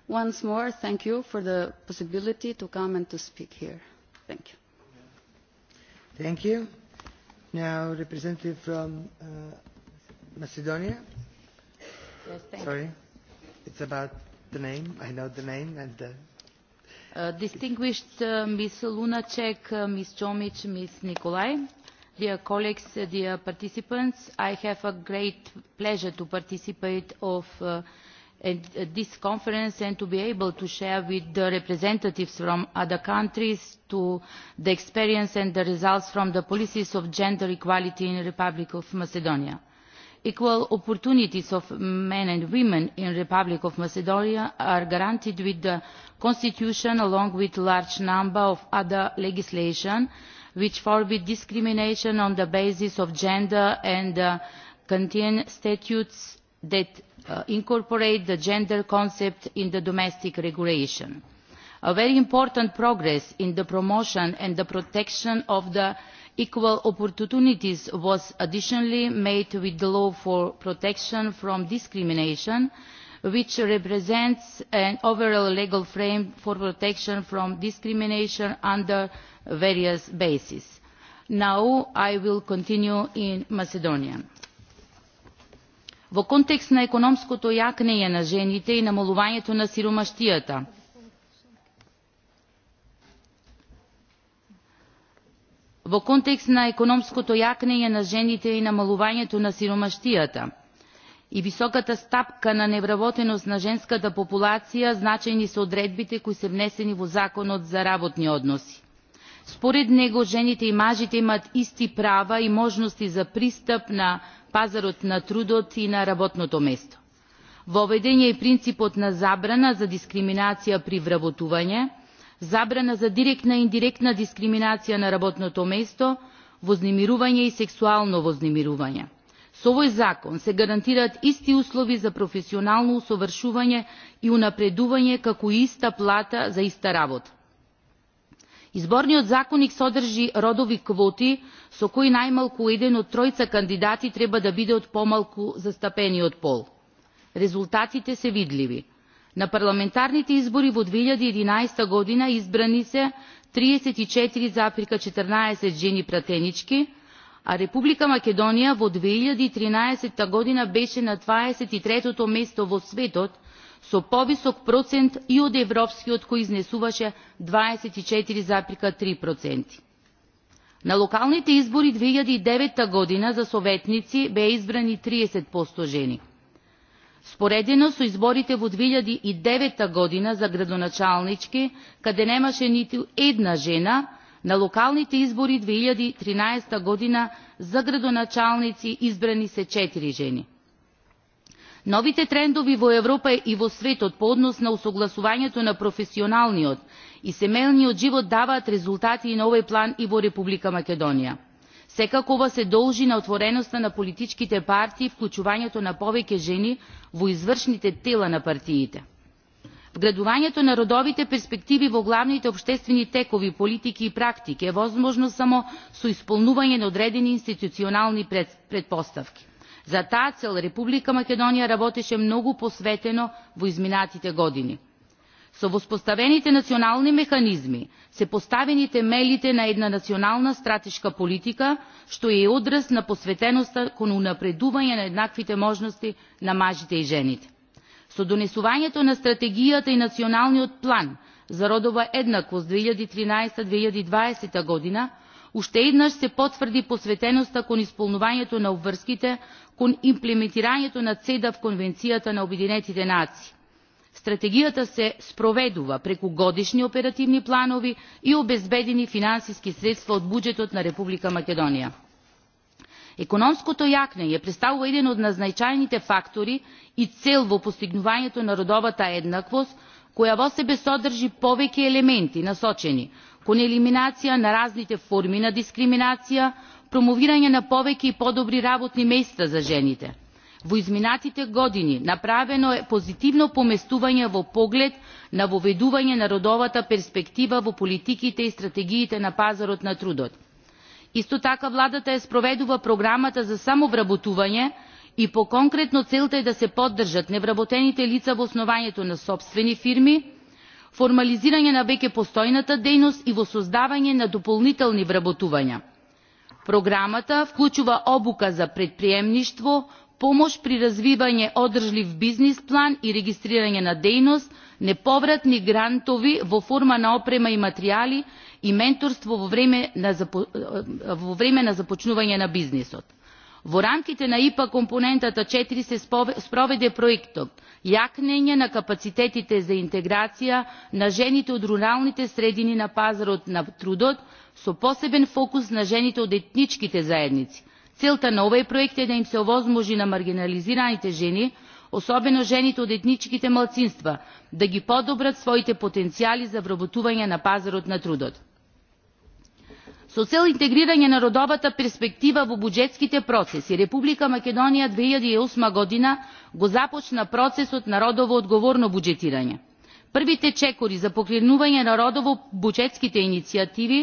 Once more, thank you for the possibility to come and to speak here. Thank you. Thank you. Now, representative from Macedonia. Sorry. It's about the name. I know the name and distinguished ms lunacek ms Chomich, ms Nikolai, dear colleagues dear participants i have a great pleasure to participate in this conference and to be able to share with the representatives from other countries to the experience and the results from the policies of gender equality in the republic of macedonia equal opportunities of men and women in the republic of macedonia are guaranteed with the constitution along with a large number of other legislation which forbid discrimination on the basis of gender and contain statutes that incorporate the gender concept in the domestic regulation. a very important progress in the promotion and the protection of the Equal opportunities was additionally made with the law for protection from discrimination, which represents an overall legal frame for protection from discrimination under various bases. Now I will continue in Macedonian. Во контекст на економското јакнење на жените и намалувањето на сиромаштијата, Во контекст на економското јакнење на жените и намалувањето на сиромаштијата и високата стапка на невработеност на женската популација, значајни се одредбите кои се внесени во Законот за работни односи. Според него, жените и мажите имаат исти права и можности за пристап на пазарот на трудот и на работното место. Воведен е и принципот на забрана за дискриминација при вработување, забрана за директна и индиректна дискриминација на работното место, вознемирување и сексуално вознемирување. Со овој закон се гарантираат исти услови за професионално усовршување и унапредување како и иста плата за иста работа. Изборниот законник содржи родови квоти со кои најмалку еден од тројца кандидати треба да биде од помалку застапениот пол. Резултатите се видливи На парламентарните избори во 2011. година избрани се 34,14 жени пратенички, а Република Македонија во 2013 година беше на 23-то место во светот со повисок процент и од европскиот кој изнесуваше 24,3%. На локалните избори 2009 година за советници бе избрани 30% жени. Споредено со изборите во 2009 година за градоначалнички, каде немаше ниту една жена, на локалните избори 2013 година за градоначалници избрани се 4 жени. Новите трендови во Европа и во светот по однос на усогласувањето на професионалниот и семејниот живот даваат резултати и на овој план и во Република Македонија. Секакова се должи на отвореността на политичките партии и вклучувањето на повеќе жени во извршните тела на партиите. Вградувањето на родовите перспективи во главните обштествени текови, политики и практики е возможно само со исполнување на одредени институционални предпоставки. За таа цел Република Македонија работеше многу посветено во изминатите години со воспоставените национални механизми се поставени темелите на една национална стратешка политика, што е и одраз на посветеността кон унапредување на еднаквите можности на мажите и жените. Со донесувањето на стратегијата и националниот план за родова еднаквост 2013-2020 година, уште еднаш се потврди посветеността кон исполнувањето на обврските кон имплементирањето на цеда в Конвенцијата на Обединетите нации. Стратегијата се спроведува преку годишни оперативни планови и обезбедени финансиски средства од буџетот на Република Македонија. Економското јакнење представува еден од најзначајните фактори и цел во постигнувањето на родовата еднаквост, која во себе содржи повеќе елементи насочени кон елиминација на разните форми на дискриминација, промовирање на повеќе и подобри работни места за жените во изминатите години направено е позитивно поместување во поглед на воведување на родовата перспектива во политиките и стратегиите на пазарот на трудот. исто така владата ја спроведува програмата за самовработување и по конкретно целта е да се поддржат невработените лица во основањето на собствени фирми формализирање на веќе постојната дејност и во создавање на дополнителни вработувања. програмата вклучува обука за предприемништво помош при развивање одржлив бизнис план и регистрирање на дејност, неповратни грантови во форма на опрема и материјали и менторство во време на, во време на започнување на бизнисот. Во рамките на ИПА компонентата 4 се спроведе проектот јакнење на капацитетите за интеграција на жените од руралните средини на пазарот на трудот со посебен фокус на жените од етничките заедници Целта на овој проект е да им се овозможи на маргинализираните жени, особено жените од етничките малцинства, да ги подобрат своите потенцијали за вработување на пазарот на трудот. Со цел интегрирање на родовата перспектива во буџетските процеси, Република Македонија 2008 година го започна процесот на родово одговорно буџетирање. Првите чекори за покренување на родово буџетските иницијативи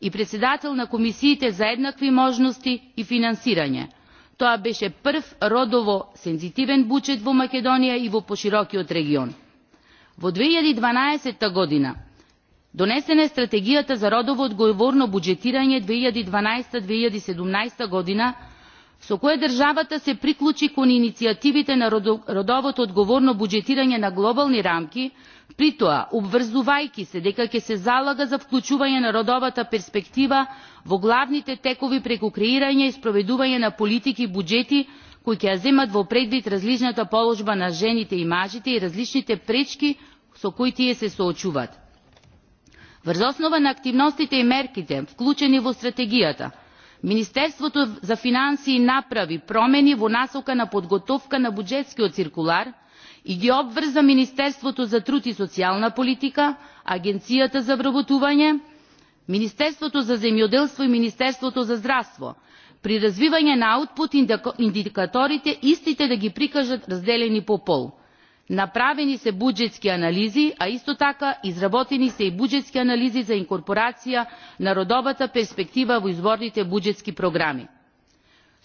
и председател на комисиите за еднакви можности и финансирање. Тоа беше прв родово сензитивен буџет во Македонија и во поширокиот регион. Во 2012 година донесена е стратегијата за родово одговорно буџетирање 2012-2017 година со кое државата се приклучи кон иницијативите на родовото одговорно буџетирање на глобални рамки, притоа обврзувајќи се дека ќе се залага за вклучување на родовата перспектива во главните текови преку креирање и спроведување на политики и буџети кои ќе ја земат во предвид различната положба на жените и мажите и различните пречки со кои тие се соочуваат. Врз основа на активностите и мерките вклучени во стратегијата, Министерството за финансии направи промени во насока на подготовка на буџетскиот циркулар и ги обврза Министерството за труд и социјална политика, Агенцијата за вработување, Министерството за земјоделство и Министерството за здравство, при развивање на аутпут индикаторите истите да ги прикажат разделени по пол. Направени се буџетски анализи, а исто така изработени се и буџетски анализи за инкорпорација на родовата перспектива во изворните буџетски програми.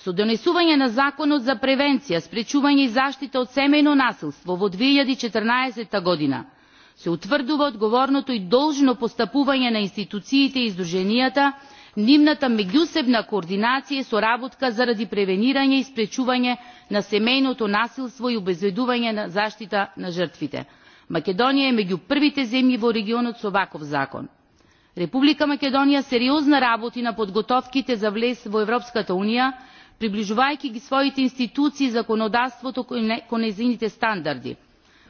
Со донесување на Законот за превенција, спречување и заштита од семејно насилство во 2014 година се утврдува одговорното и должно постапување на институциите и издруженијата нивната меѓусебна координација и соработка заради превенирање и спречување на семејното насилство и обезбедување на заштита на жртвите. македонија е меѓу првите земји во регионот со ваков закон. република македонија сериозно работи на подготовките за влез во европската унија приближувајќи ги своите институции и законодавството кон нејзините стандарди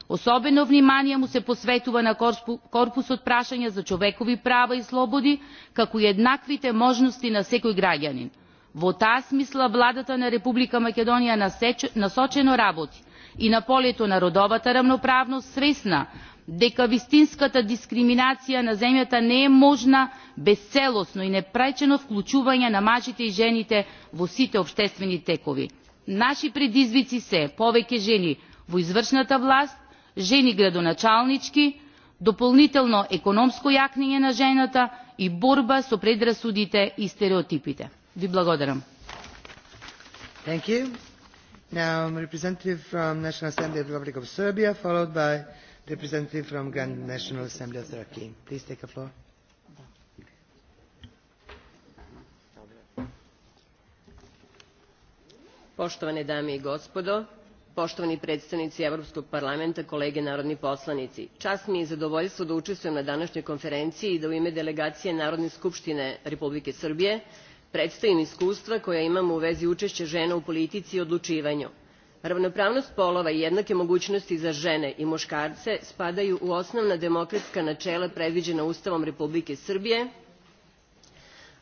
Особено внимание му се посветува на корпус прашања за човекови права и слободи, како и еднаквите можности на секој граѓанин. Во таа смисла владата на Република Македонија насочено работи и на полето на родовата рамноправност свесна дека вистинската дискриминација на земјата не е можна без целосно и непречено вклучување на мажите и жените во сите обштествени текови. Наши предизвици се повеќе жени во извршната власт, жени градоначалнички, дополнително економско јакнење на жената и борба со предрасудите и стереотипите. Ви благодарам. Thank you. Now, representative from National Assembly of the Republic of Serbia, followed by representative from Grand National Assembly of Turkey. Please take the floor. Poštovane dame i gospodo, poštovani predstavnici Evropskog parlamenta, kolege narodni poslanici. Čast mi je i zadovoljstvo da učestvujem na današnjoj konferenciji i da u ime delegacije Narodne skupštine Republike Srbije predstavim iskustva koja imamo u vezi učešća žena u politici i odlučivanju. Ravnopravnost polova i jednake mogućnosti za žene i muškarce spadaju u osnovna demokratska načela predviđena Ustavom Republike Srbije,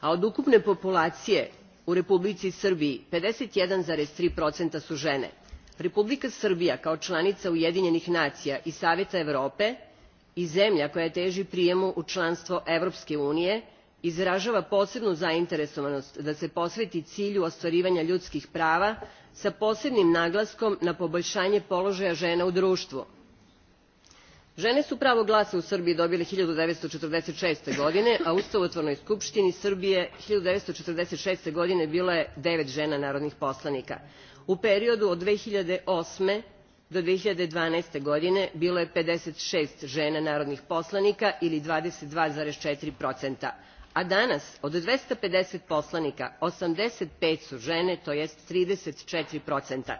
a od ukupne populacije u Republici Srbiji three su žene republika srbija kao članica ujedinjenih nacija i saveta evrope i zemlja koja teži prijemu u članstvo evropske unije izražava posebnu zainteresovanost da se posveti cilju ostvarivanja ljudskih prava sa posebnim naglaskom na poboljšanje položaja žena u društvu. žene su pravo glasa u srbiji dobile 1946. godine a u ustavotvornoj skupštini srbije 1946. godine bilo je devet žena narodnih poslanika. U periodu od 2008. do 2012. godine bilo je 56 žena narodnih poslanika ili 22,4%, a danas od 250 poslanika 85 su žene, to jest 34%.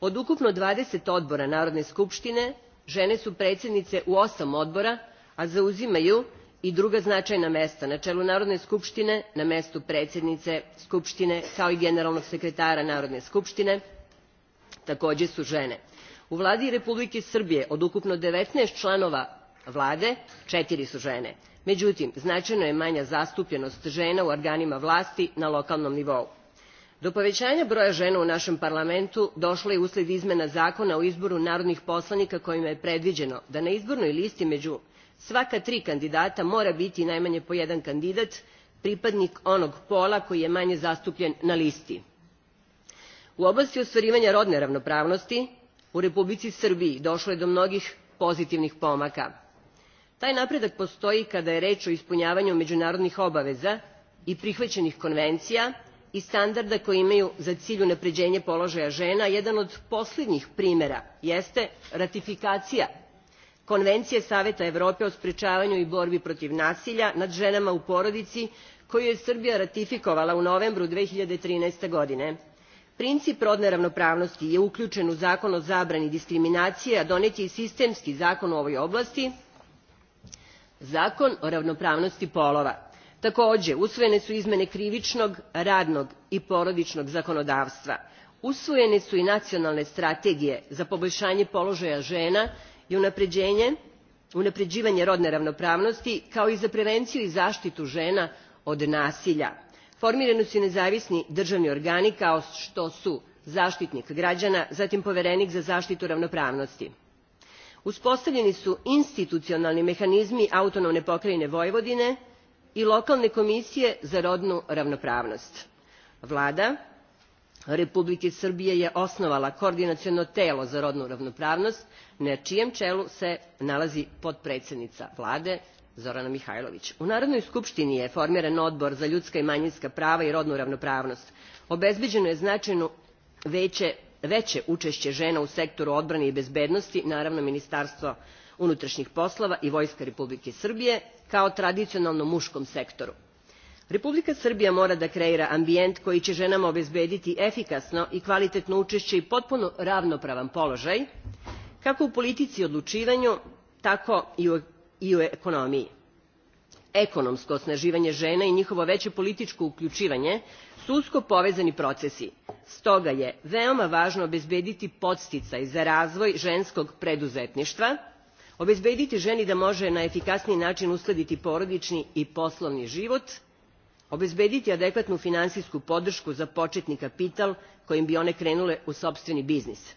Od ukupno 20 odbora Narodne skupštine žene su predsednice u osam odbora, a zauzimaju i druga značajna mesta na čelu Narodne skupštine, na mestu predsjednice Skupštine, kao i generalnog sekretara Narodne skupštine, takođe su žene. U vladi Republike Srbije od ukupno 19 članova vlade, četiri su žene. Međutim, značajno je manja zastupljenost žena u organima vlasti na lokalnom nivou. Do povećanja broja žena u našem parlamentu došlo je usled izmena zakona o izboru narodnih poslanika kojima je predviđeno da na izbornoj listi među svaka tri kandidata mora biti najmanje po jedan kandidat pripadnik onog pola koji je manje zastupljen na listi. u oblasti ostvarivanja rodne ravnopravnosti u republici srbiji došlo je do mnogih pozitivnih pomaka. taj napredak postoji kada je reč o ispunjavanju međunarodnih obaveza i prihvaćenih konvencija i standarda koji imaju za cilj unapređenje položaja žena jedan od posljednjih primera jeste ratifikacija konvencije saveta europe o sprječavanju i borbi protiv nasilja nad ženama u porodici koju je srbija ratifikovala u novembru. two thousand and thirteen godine princip rodne ravnopravnosti je uključen u zakon o zabrani diskriminacije a donet je i sistemski zakon u ovoj oblasti zakon o ravnopravnosti polova. takođe usvojene su izmene krivičnog radnog i porodičnog zakonodavstva. usvojene su i nacionalne strategije za poboljšanje položaja žena je unapređivanje rodne ravnopravnosti kao i za prevenciju i zaštitu žena od nasilja. formirani su nezavisni državni organi kao što su zaštitnik građana zatim poverenik za zaštitu ravnopravnosti. uspostavljeni su institucionalni mehanizmi autonomne pokrajine vojvodine i lokalne komisije za rodnu ravnopravnost. vlada Republike Srbije je osnovala koordinaciono telo za rodnu ravnopravnost, na čijem čelu se nalazi potpredsednica vlade Zorana Mihajlović. U Narodnoj skupštini je formiran odbor za ljudska i manjinska prava i rodnu ravnopravnost. Obezbeđeno je značajno veće učešće žena u sektoru odbrane i bezbednosti, naravno Ministarstvo unutrašnjih poslova i Vojska Republike Srbije, kao tradicionalno muškom sektoru. Republika Srbija mora da kreira ambijent koji će ženama obezbediti efikasno i kvalitetno učešće i potpuno ravnopravan položaj, kako u politici i odlučivanju, tako i u ekonomiji. Ekonomsko osnaživanje žena i njihovo veće političko uključivanje su usko povezani procesi. Stoga je veoma važno obezbediti podsticaj za razvoj ženskog preduzetništva, obezbediti ženi da može na efikasniji način uskladiti porodični i poslovni život, obezbediti adekvatnu finansijsku podršku za početni kapital kojim bi one krenule u sopstveni biznis.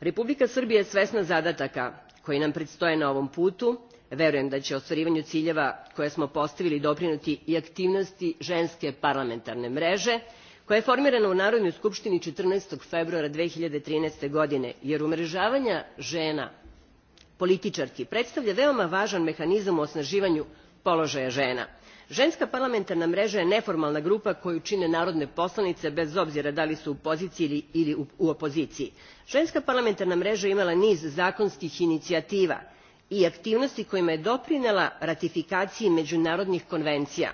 Republika Srbija je svesna zadataka koji nam predstoje na ovom putu. Verujem da će ostvarivanju ciljeva koje smo postavili doprinuti i aktivnosti ženske parlamentarne mreže, koja je formirana u Narodnoj skupštini 14. februara 2013. godine, jer umrežavanja žena političarki predstavlja veoma važan mehanizam u osnaživanju položaja žena. Ženska parlamentarna mreža je neformalna grupa koju čine narodne poslanice bez obzira da li su u poziciji ili u opoziciji. Ženska parlamentarna mreža imala niz zakonskih inicijativa i aktivnosti kojima je doprinela ratifikaciji međunarodnih konvencija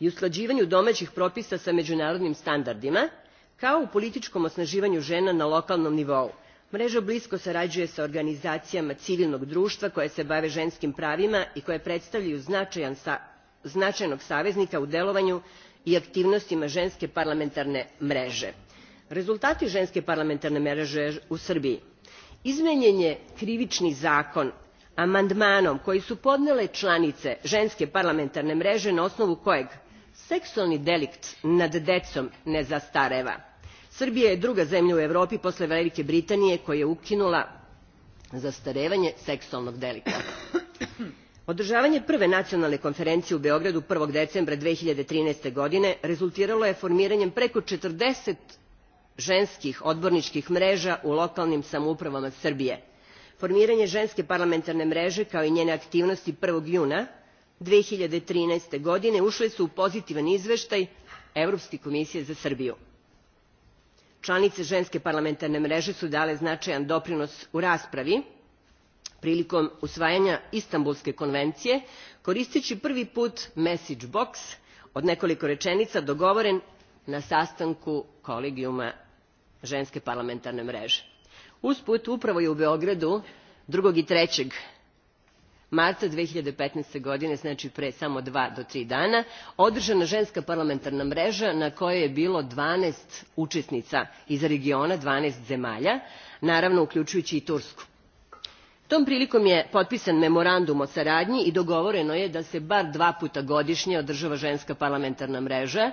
i usklađivanju domaćih propisa sa međunarodnim standardima, kao u političkom osnaživanju žena na lokalnom nivou. Mreža blisko sarađuje sa organizacijama civilnog društva koje se bave ženskim pravima i koje predstavljaju značajnog saveznika u delovanju i aktivnostima ženske parlamentarne mreže. Rezultati ženske parlamentarne mreže u Srbiji. Izmenjen je krivični zakon amandmanom koji su podnele članice ženske parlamentarne mreže na osnovu kojeg seksualni delikt nad decom ne zastareva. Srbija je druga zemlja u Evropi posle Velike Britanije koja je ukinula zastarevanje seksualnog delika. Održavanje prve nacionalne konferencije u Beogradu 1. decembra 2013. godine rezultiralo je formiranjem preko 40 ženskih odborničkih mreža u lokalnim samoupravama Srbije. Formiranje ženske parlamentarne mreže kao i njene aktivnosti 1. juna 2013. godine ušle su u pozitivan izveštaj Evropske komisije za Srbiju. Članice ženske parlamentarne mreže su dale značajan doprinos u raspravi prilikom usvajanja Istanbulske konvencije, koristeći prvi put message box od nekoliko rečenica dogovoren na sastanku kolegijuma ženske parlamentarne mreže. Usput, upravo je u Beogradu two i marca. 2015. godine znači pre samo dva do tri dana održana ženska parlamentarna mreža na kojoj je bilo dvanaest učesnica iz regiona 12 zemalja naravno uključujući i tursku. Tom prilikom je potpisan memorandum o saradnji i dogovoreno je da se bar dva puta godišnje održava ženska parlamentarna mreža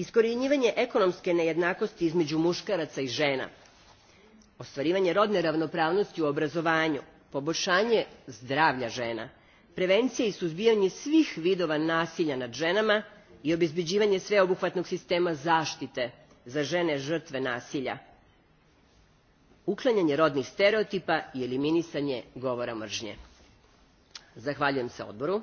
iskorjenjivanje ekonomske nejednakosti između muškaraca i žena ostvarivanje rodne ravnopravnosti u obrazovanju poboljšanje zdravlja žena prevencija i suzbijanje svih vidova nasilja nad ženama i obezbeđivanje sveobuhvatnog sistema zaštite za žene žrtve nasilja uklanjanje rodnih stereotipa i eliminisanje govora mržnje. Zahvaljujem se odboru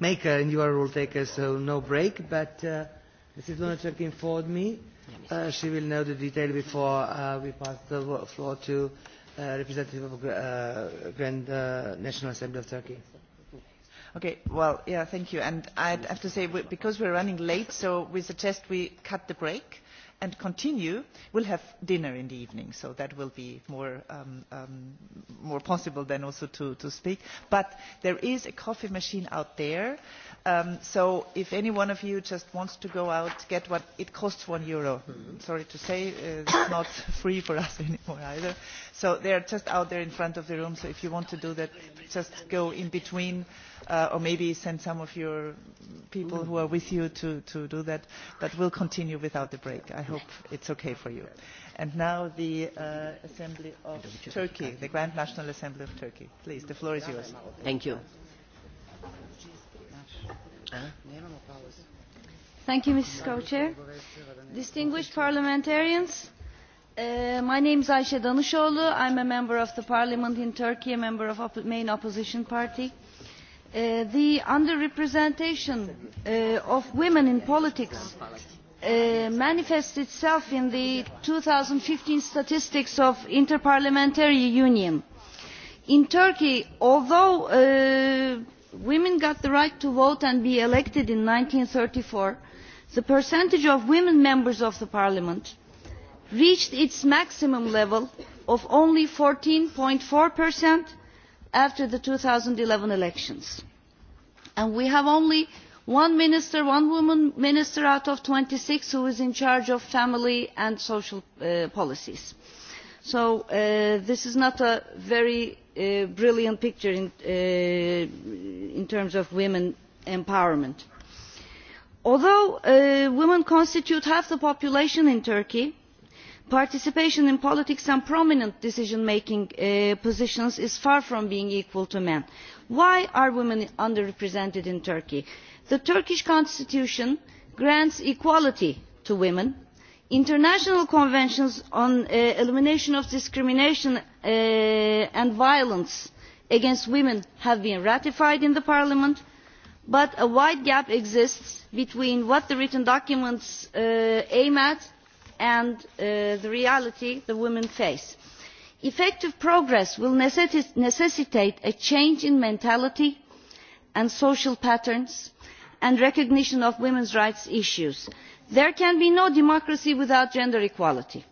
Maker are a rule taker, so no break, but Mrs. Lunacek informed me. She will know the detail before we pass the floor to representative of the Grand National Assembly of Turkey. Okay, well, yeah, thank you. And I have to say, because we're running late, so we suggest we cut the break and continue, we'll have dinner in the evening, so that will be more possible then also to speak. But there is a coffee machine out there, so if any one of you just wants to go out, get what it costs one euro. Sorry to say, it's not free for us anymore either. So they are just out there in front of the room, so if you want to do that, just go in between or maybe send some of your people who are with you to, to do that. But we'll continue without the break. I hope it's okay for you. And now the Assembly of Turkey, the Grand National Assembly of Turkey. Please, the floor is yours. Thank you. Thank you, Mrs. Co-Chair. Distinguished parliamentarians, My name is Ayşe Danışoğlu. am a member of the Parliament in Turkey, a member of the main opposition party. The underrepresentation of women in politics manifests itself in the 2015 statistics of Interparliamentary Union. In Turkey, although women got the right to vote and be elected in 1934, the percentage of women members of the Parliament reached its maximum level of only 14.4% after the 2011 elections. And we have only one minister, one woman minister out of 26 who is in charge of family and social policies. So this is not a very brilliant picture in terms of women empowerment. Although women constitute half the population in Turkey, participation in politics and prominent decision making positions is far from being equal to men. why are women under represented in turkey? the turkish constitution grants equality to women international conventions on the elimination of discrimination and violence against women have been ratified in parliament but a wide gap exists between what the written documents aim at and the reality that women face. effective progress will necessitate a change in mentality and social patterns and recognition of women's rights issues. there can be no democracy without gender equality.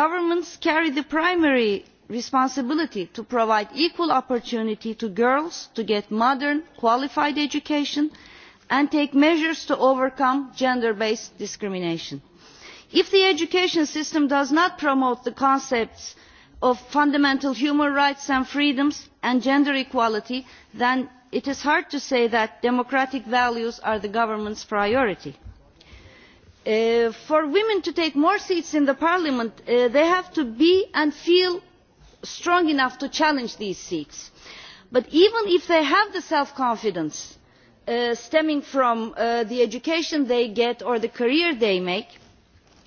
governments carry the primary responsibility to provide equal opportunity to girls to get modern qualified education and take measures to overcome gender based discrimination if the education system does not promote the concepts of fundamental human rights and freedoms and gender equality then it is hard to say that democratic values are the government's priority. for women to take more seats in parliament they have to be and feel strong enough to challenge these seats but even if they have the self confidence stemming from the education they get or the career they make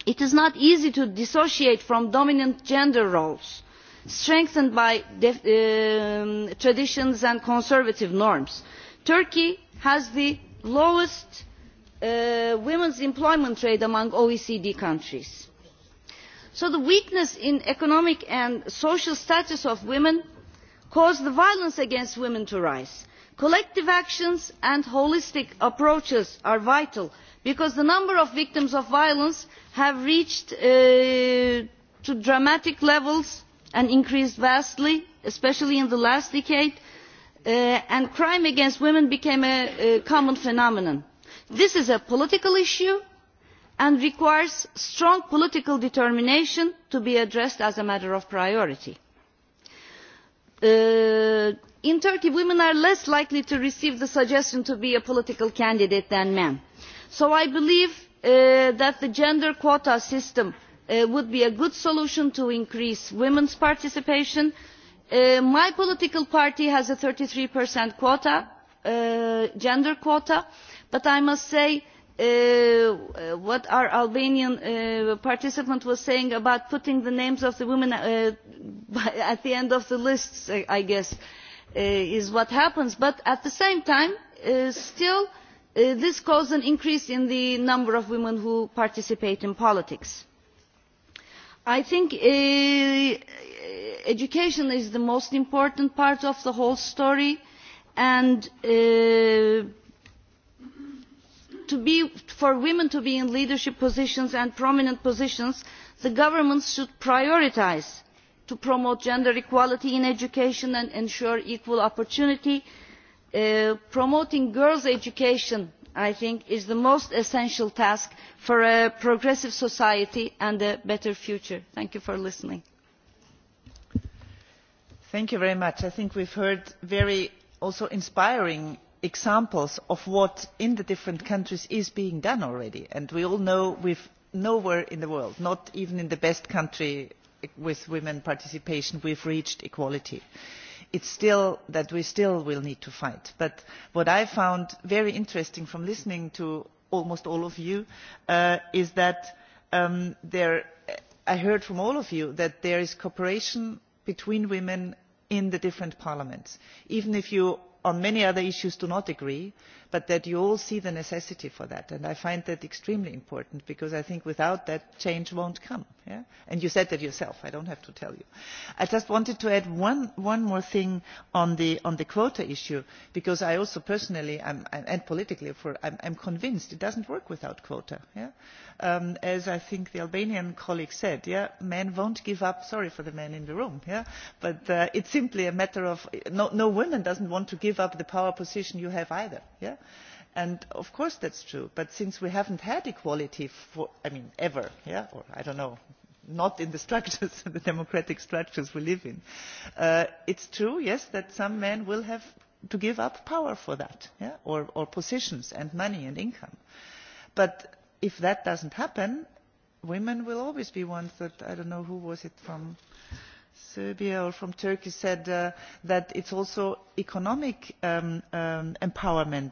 it is not easy to dissociate from dominant gender roles strengthened by traditions and conservative norms. turkey has the lowest women's employment rate among oecd countries. so the weakness in the economic and social status of women caused the violence against women to rise collective actions and holistic approaches are vital because the number of victims of violence has reached dramatic levels and increased vastly especially in the last decade and crime against women became a common phenomenon. this is a political issue and requires strong political determination to be addressed as a matter of priority in turkey women are less likely to receive the suggestion to be a political candidate than men so i believe that the gender quota system would be a good solution to increase women's participation. my political party has a thirty three quota gender quota but i must say what our Albanian participant was saying about putting the names of the women at the end of the lists, I guess, is what happens. But at the same time, still, this caused an increase in the number of women who participate in politics. I think education is the most important part of the whole story, and for women to be in leadership positions and prominent positions the governments should prioritise to promote gender equality in education and ensure equal opportunity. promoting girls' education i think is the most essential task for a progressive society and a better future. thank you for listening. thank you very much. i think we have heard very also inspiring examples of what in the different countries is being done already and we all know we've nowhere in the world not even in the best country with women participation we've reached equality it's still that we still will need to fight but what i found very interesting from listening to almost all of you is that there i heard from all of you that there is cooperation between women in the different parliaments even if you on many other issues do not agree but that you all see the necessity for that and i find that extremely important because i think without that change won't come and you said that yourself i don't have to tell you i just wanted to add one more thing on the quota issue because i also personally and politically am convinced it doesn't work without quota as i think the albanian colleague said men won't give up sorry for the men in the room but it's simply a matter of no woman doesn't want to give up the power position you have either. And of course that's true. But since we haven't had equality I mean, ever, yeah, or I don't know, not in the structures, the democratic structures we live in, it's true, yes, that some men will have to give up power for that, yeah, or, or positions and money and income. But if that doesn't happen, women will always be ones that, I don't know who was it from, Serbia or from Turkey said that it's also economic empowerment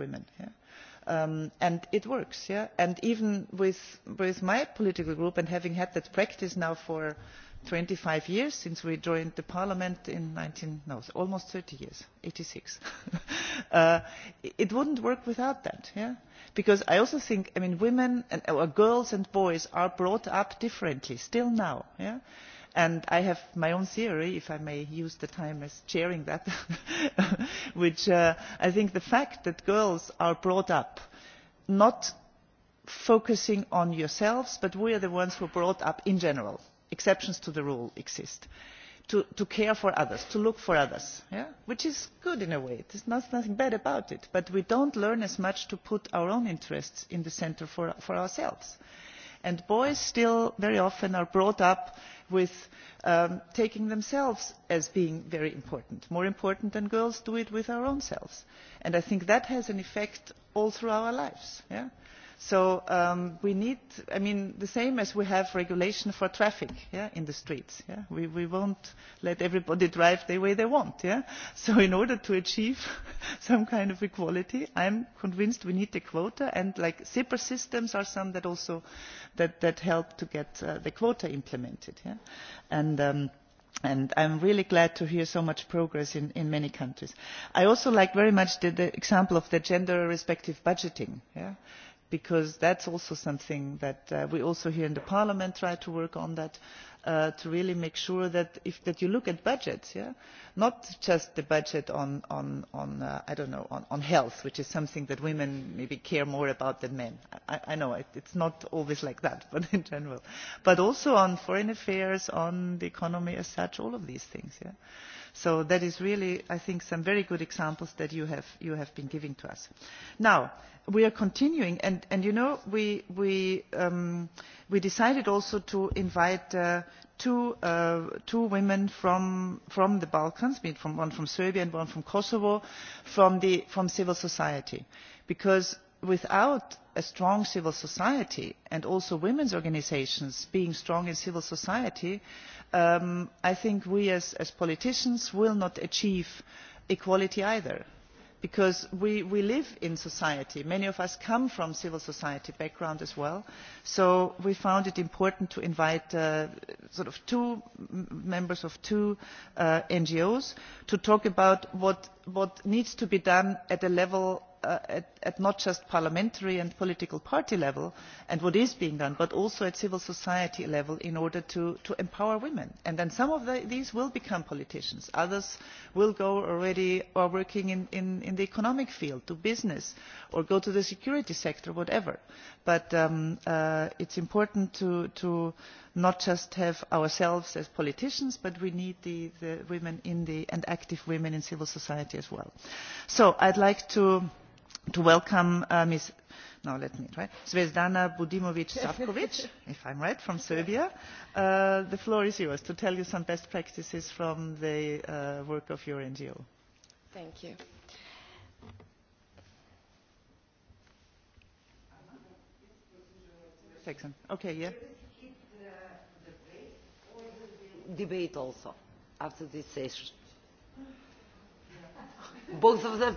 women. And it works. And even with my political group and having had that practice now for 25 years since we joined the parliament in 19, no, almost 30 years, 86. It wouldn't work without that, yeah? Because I also think, I mean, women and girls and boys are brought up differently, still now, yeah? and i have my own theory if i may use the time as chairing that which i think the fact that girls are brought up not focusing on yourselves but we are the ones who are brought up in general exceptions to the rule exist to care for others to look for others which is good in a way There is nothing bad about it but we don't learn as much to put our own interests in the centre for ourselves and boys still very often are brought up with taking themselves as being very important. More important than girls do it with our own selves. And I think that has an effect all through our lives. So we need, I mean, the same as we have regulation for traffic in the streets. We we won't let everybody drive the way they want. So in order to achieve some kind of equality, I'm convinced we need a quota and like zipper systems are some that also that help to get the quota implemented. And and i'm really glad to hear so much progress in many countries i also like very much the example of the gender respective budgeting because that's also something that we also here in the parliament try to work on that to really make sure that if that you look at budgets yeah not just the budget on on i don't know on health which is something that women maybe care more about than men i i know it's not always like that but in general but also on foreign affairs on the economy as such all of these things yeah So that is really, I think, some very good examples that you have you have been giving to us. Now we are continuing, and you know we we we decided also to invite two two women from from the Balkans, from one from Serbia and one from Kosovo, from the from civil society, because without a strong civil society and also women's organisations being strong in civil society i think we as politicians will not achieve equality either because we live in society many of us come from civil society background as well so we found it important to invite two members of two ngos to talk about what needs to be done at a level at not just parliamentary and political party level and what is being done but also at civil society level in order to empower women and then some of these will become politicians others will go already or working in the economic field do business or go to the security sector whatever but it's important to not just have ourselves as politicians but we need the women in the and active women in civil society as well so i'd like to to welcome Ms. No, let me try. Svezdana Budimovic-Savkovic, if I'm right, from Serbia. The floor is yours to tell you some best practices from the work of your NGO. Thank you. Okay, yeah. Debate also after this session. Both of them.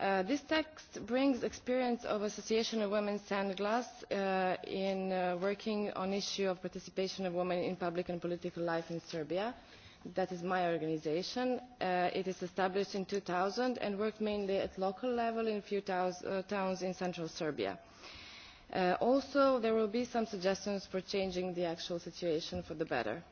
This text brings experience of Association of Women Sandglass in working on the issue of participation of women in public and political life in Serbia. That is my organisation. It is established in 2000 and worked mainly at local level in a few towns in central Serbia. Also, there will be some suggestions for changing the actual situation for the better.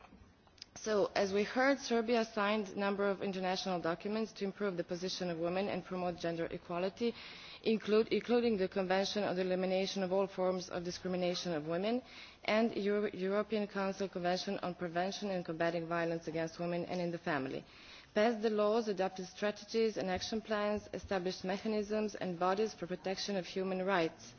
So, as we heard, Serbia signed a number of international documents to improve the position of women and promote gender equality, including the Convention on the Elimination of All Forms of Discrimination of Women and the European Council Convention on Prevention and Combating Violence Against Women and in the Family. Passed the laws, adopted strategies and action plans, established mechanisms and bodies for protection of human rights.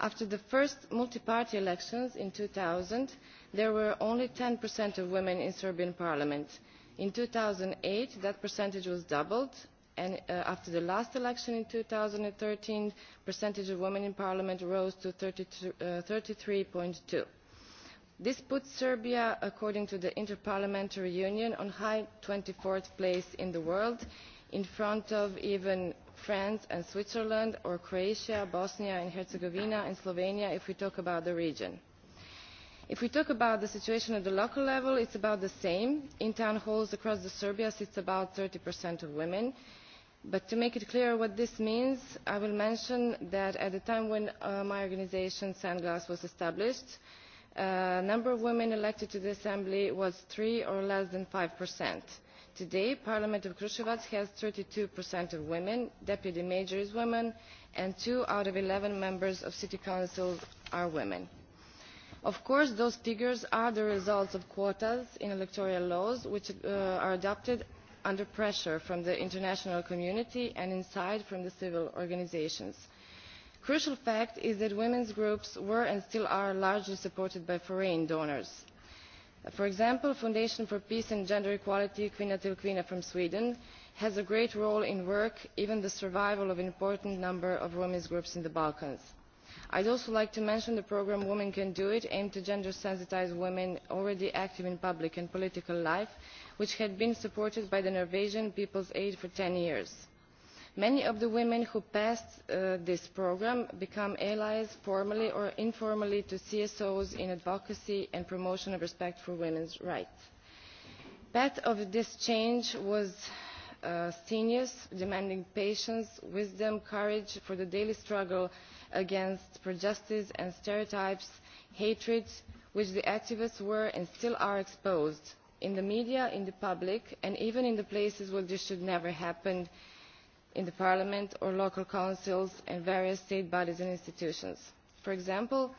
After the first multi-party elections in 2000, there were only 10% of women in Serbian parliament. In 2008, that percentage was doubled, and after the last election in 2013, percentage of women in parliament rose to 33.2. This puts Serbia, according to the Interparliamentary Union, on high 24th place in the world, in front of even France and Switzerland, or Croatia, Bosnia and Herzegovina, and Slovenia, if we talk about the region. If we talk about the situation at the local level, it's about the same. In town halls across the it it's about thirty of women. But to make it clear what this means, I will mention that at the time when my organisation, Sandglass, was established, the number of women elected to the Assembly was three or less than 5%. Today, Parliament of Kruševac has thirty 32% of women, Deputy Major is women, and two out of eleven members of City Council are women Of course, those figures are the results of quotas in electoral laws, which are adopted under pressure from the international community and inside from the civil organisations. crucial fact is that women's groups were and still are largely supported by foreign donors. For example, the Foundation for Peace and Gender Equality, Kvinna till from Sweden, has a great role in work, even the survival of an important number of women's groups in the Balkans would also like to mention the programme Women Can Do It, aimed to gender sensitize women already active in public and political life, which had been supported by the Norwegian People's Aid for ten years. Many of the women who passed this programme become allies formally or informally to CSOs in advocacy and promotion of respect for women's rights. Part of this change was seniors demanding patience, wisdom, courage for the daily struggle against prejudice and stereotypes, hatred, which the activists were and still are exposed in the media, in the public, and even in the places where this should never happen, in the parliament or local councils and various state bodies and institutions. For example,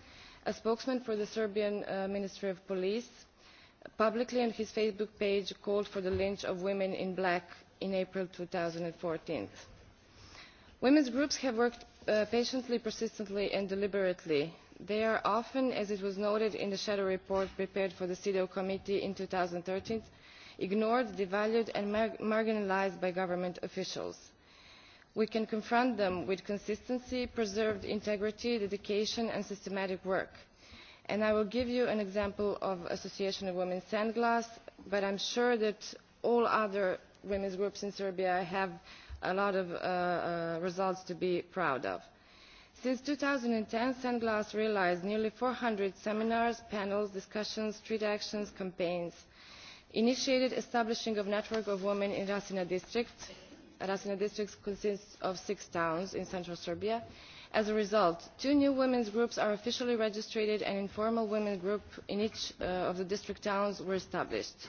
a spokesman for the Serbian Ministry of Police publicly on his Facebook page called for the lynch of women in black in April 2014. Women's groups have worked patiently, persistently and deliberately. They are often, as it was noted in the shadow report prepared for the CEDAW committee in 2013, ignored, devalued and marginalised by government officials. We can confront them with consistency, preserved integrity, dedication and systematic work. I will give you an example of Association of Women's Sandglass, but I am sure that all other women's groups in Serbia have a lot of results to be proud of. Since 2010, Sandglass realized nearly 400 seminars, panels, discussions, street actions, campaigns, initiated establishing of network of women in Rasina district. Rasina district consists of six towns in central Serbia. As a result, two new women's groups are officially registered and informal women's groups in each of the district towns were established.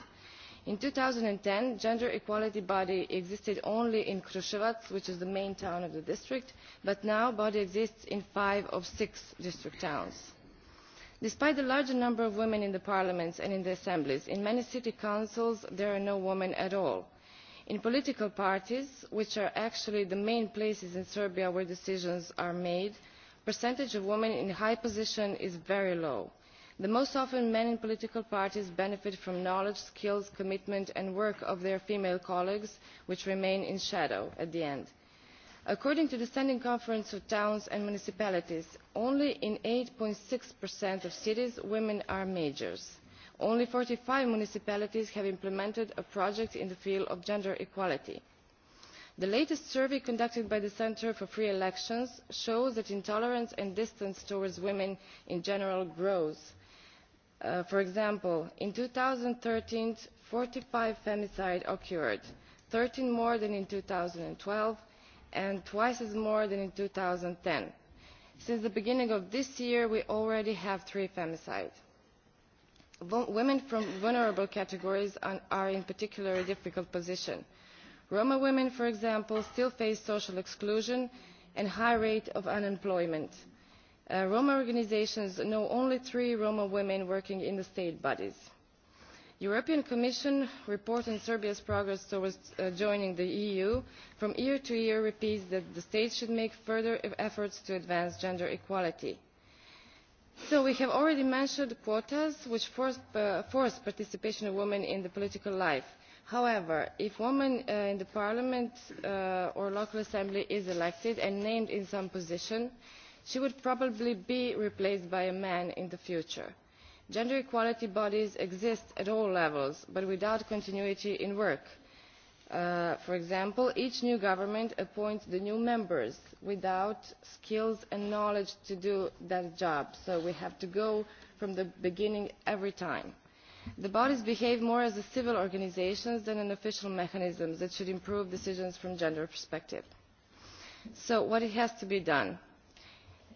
In 2010, gender equality body existed only in Kruševac, which is the main town of the district, but now body exists in five of six district towns. Despite the larger number of women in the parliaments and in the assemblies, in many city councils there are no women at all. In political parties, which are actually the main places in Serbia where decisions are made, the percentage of women in high position is very low The most often men in political parties benefit from knowledge, skills, commitment and work of their female colleagues, which remain in shadow at the end. According to the Standing Conference of Towns and Municipalities, only in 8.6% of cities women are majors. Only 45 municipalities have implemented a project in the field of gender equality. The latest survey conducted by the Centre for Free Elections shows that intolerance and distance towards women in general grows For example, in thirteen forty five femicides occurred, thirteen more than in 2012 and twice as more than in ten. Since the beginning of this year, we already have three femicides. Women from vulnerable categories are in particularly difficult position. Roma women, for example, still face social exclusion and high rate of unemployment. Roma organisations know only three Roma women working in the state bodies. The European Commission report on Serbia's progress towards joining the EU from year to year repeats that the state should make further efforts to advance gender equality. So we have already mentioned quotas which force participation of women in the political life. However, if woman in the Parliament or local assembly is elected and named in some position, she would probably be replaced by a man in the future. Gender equality bodies exist at all levels, but without continuity in work. For example, each new government appoints the new members without skills and knowledge to do that job, so we have to go from the beginning every time. The bodies behave more as civil organisations than an official mechanism that should improve decisions from gender perspective. So what has to be done?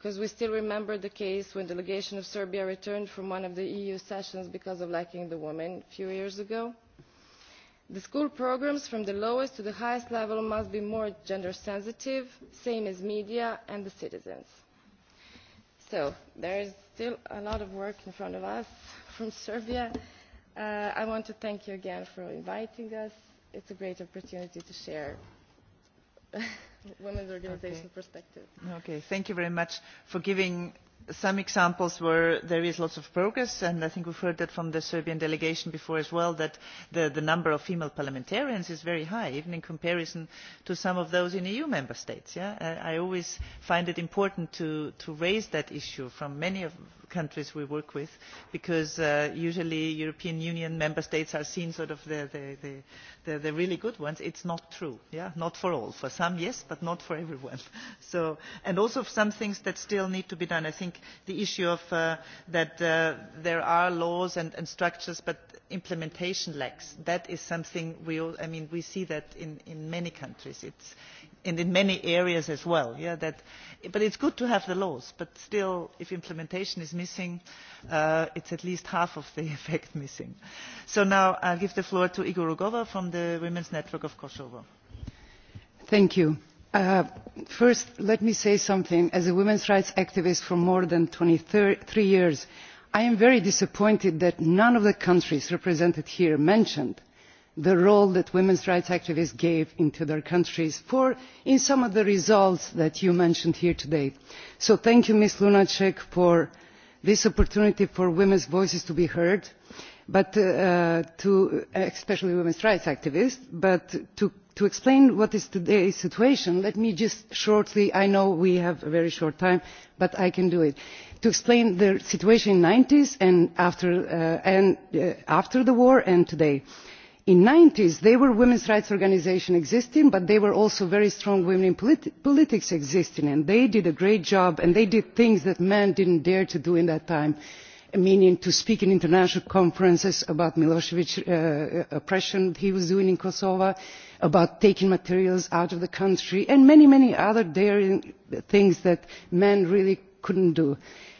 because we still remember the case when the delegation of Serbia returned from one of the EU sessions because of lacking the woman a few years ago. The school programmes from the lowest to the highest level must be more gender sensitive, same as media and the citizens. So there is still a lot of work in front of us from Serbia. I want to thank you again for inviting us. It's a great opportunity to share women's perspective. Okay, thank you very much for giving some examples where there is lots of progress and i think we've heard that from the serbian delegation before as well that the number of female parliamentarians is very high even in comparison to some of those in eu member states. i always find it important to raise that issue from many of countries we work with because usually European Union member states are seen sort of the really good ones. It's not true. Not for all. For some, yes, but not for everyone. And also some things that still need to be done. I think the issue of that there are laws and structures, but implementation lacks. That is something we I mean we see that in many countries and in many areas as well. But it is good to have the laws, but still, if implementation is missing, it is at least half of the effect missing. So now I'll give the floor to Igor from the Women's Network of Kosovo. First, let me say something. As a women's rights activist for more than twenty three years, I am very disappointed that none of the countries represented here mentioned the role that women's rights activists gave into their countries for in some of the results that you mentioned here today. so thank you ms lunacek for this opportunity for women's voices to be heard but especially women's rights activists. but to explain what is today's situation let me just shortly i know we have a very short time but i can do it to explain the situation in the 90s and after the war and today in the 90s there were women's rights organisations existing but there were also very strong women in politics existing and they did a great job and they did things that men did not dare to do in that time meaning to speak in international conferences about Milosevic's oppression he was doing in Kosovo, about taking materials out of the country and many, many other daring things that men really could not do.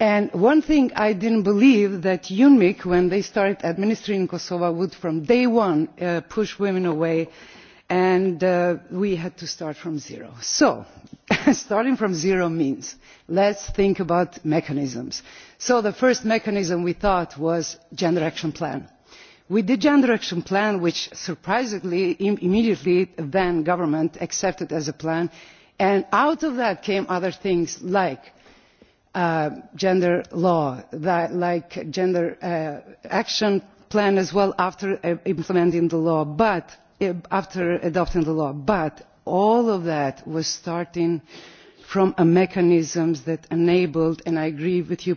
And one thing I did not believe that UNMIC, when they started administering Kosovo, would from day one push women away, and we had to start from zero. So, starting from zero means let's think about mechanisms. So the first mechanism we thought was gender action plan. We did gender action plan, which surprisingly immediately then government accepted as a plan, and out of that came other things like gender law, like gender action plan as well after implementing the law, but after adopting the law. But all of that was starting from mechanisms that enabled, and I agree with you,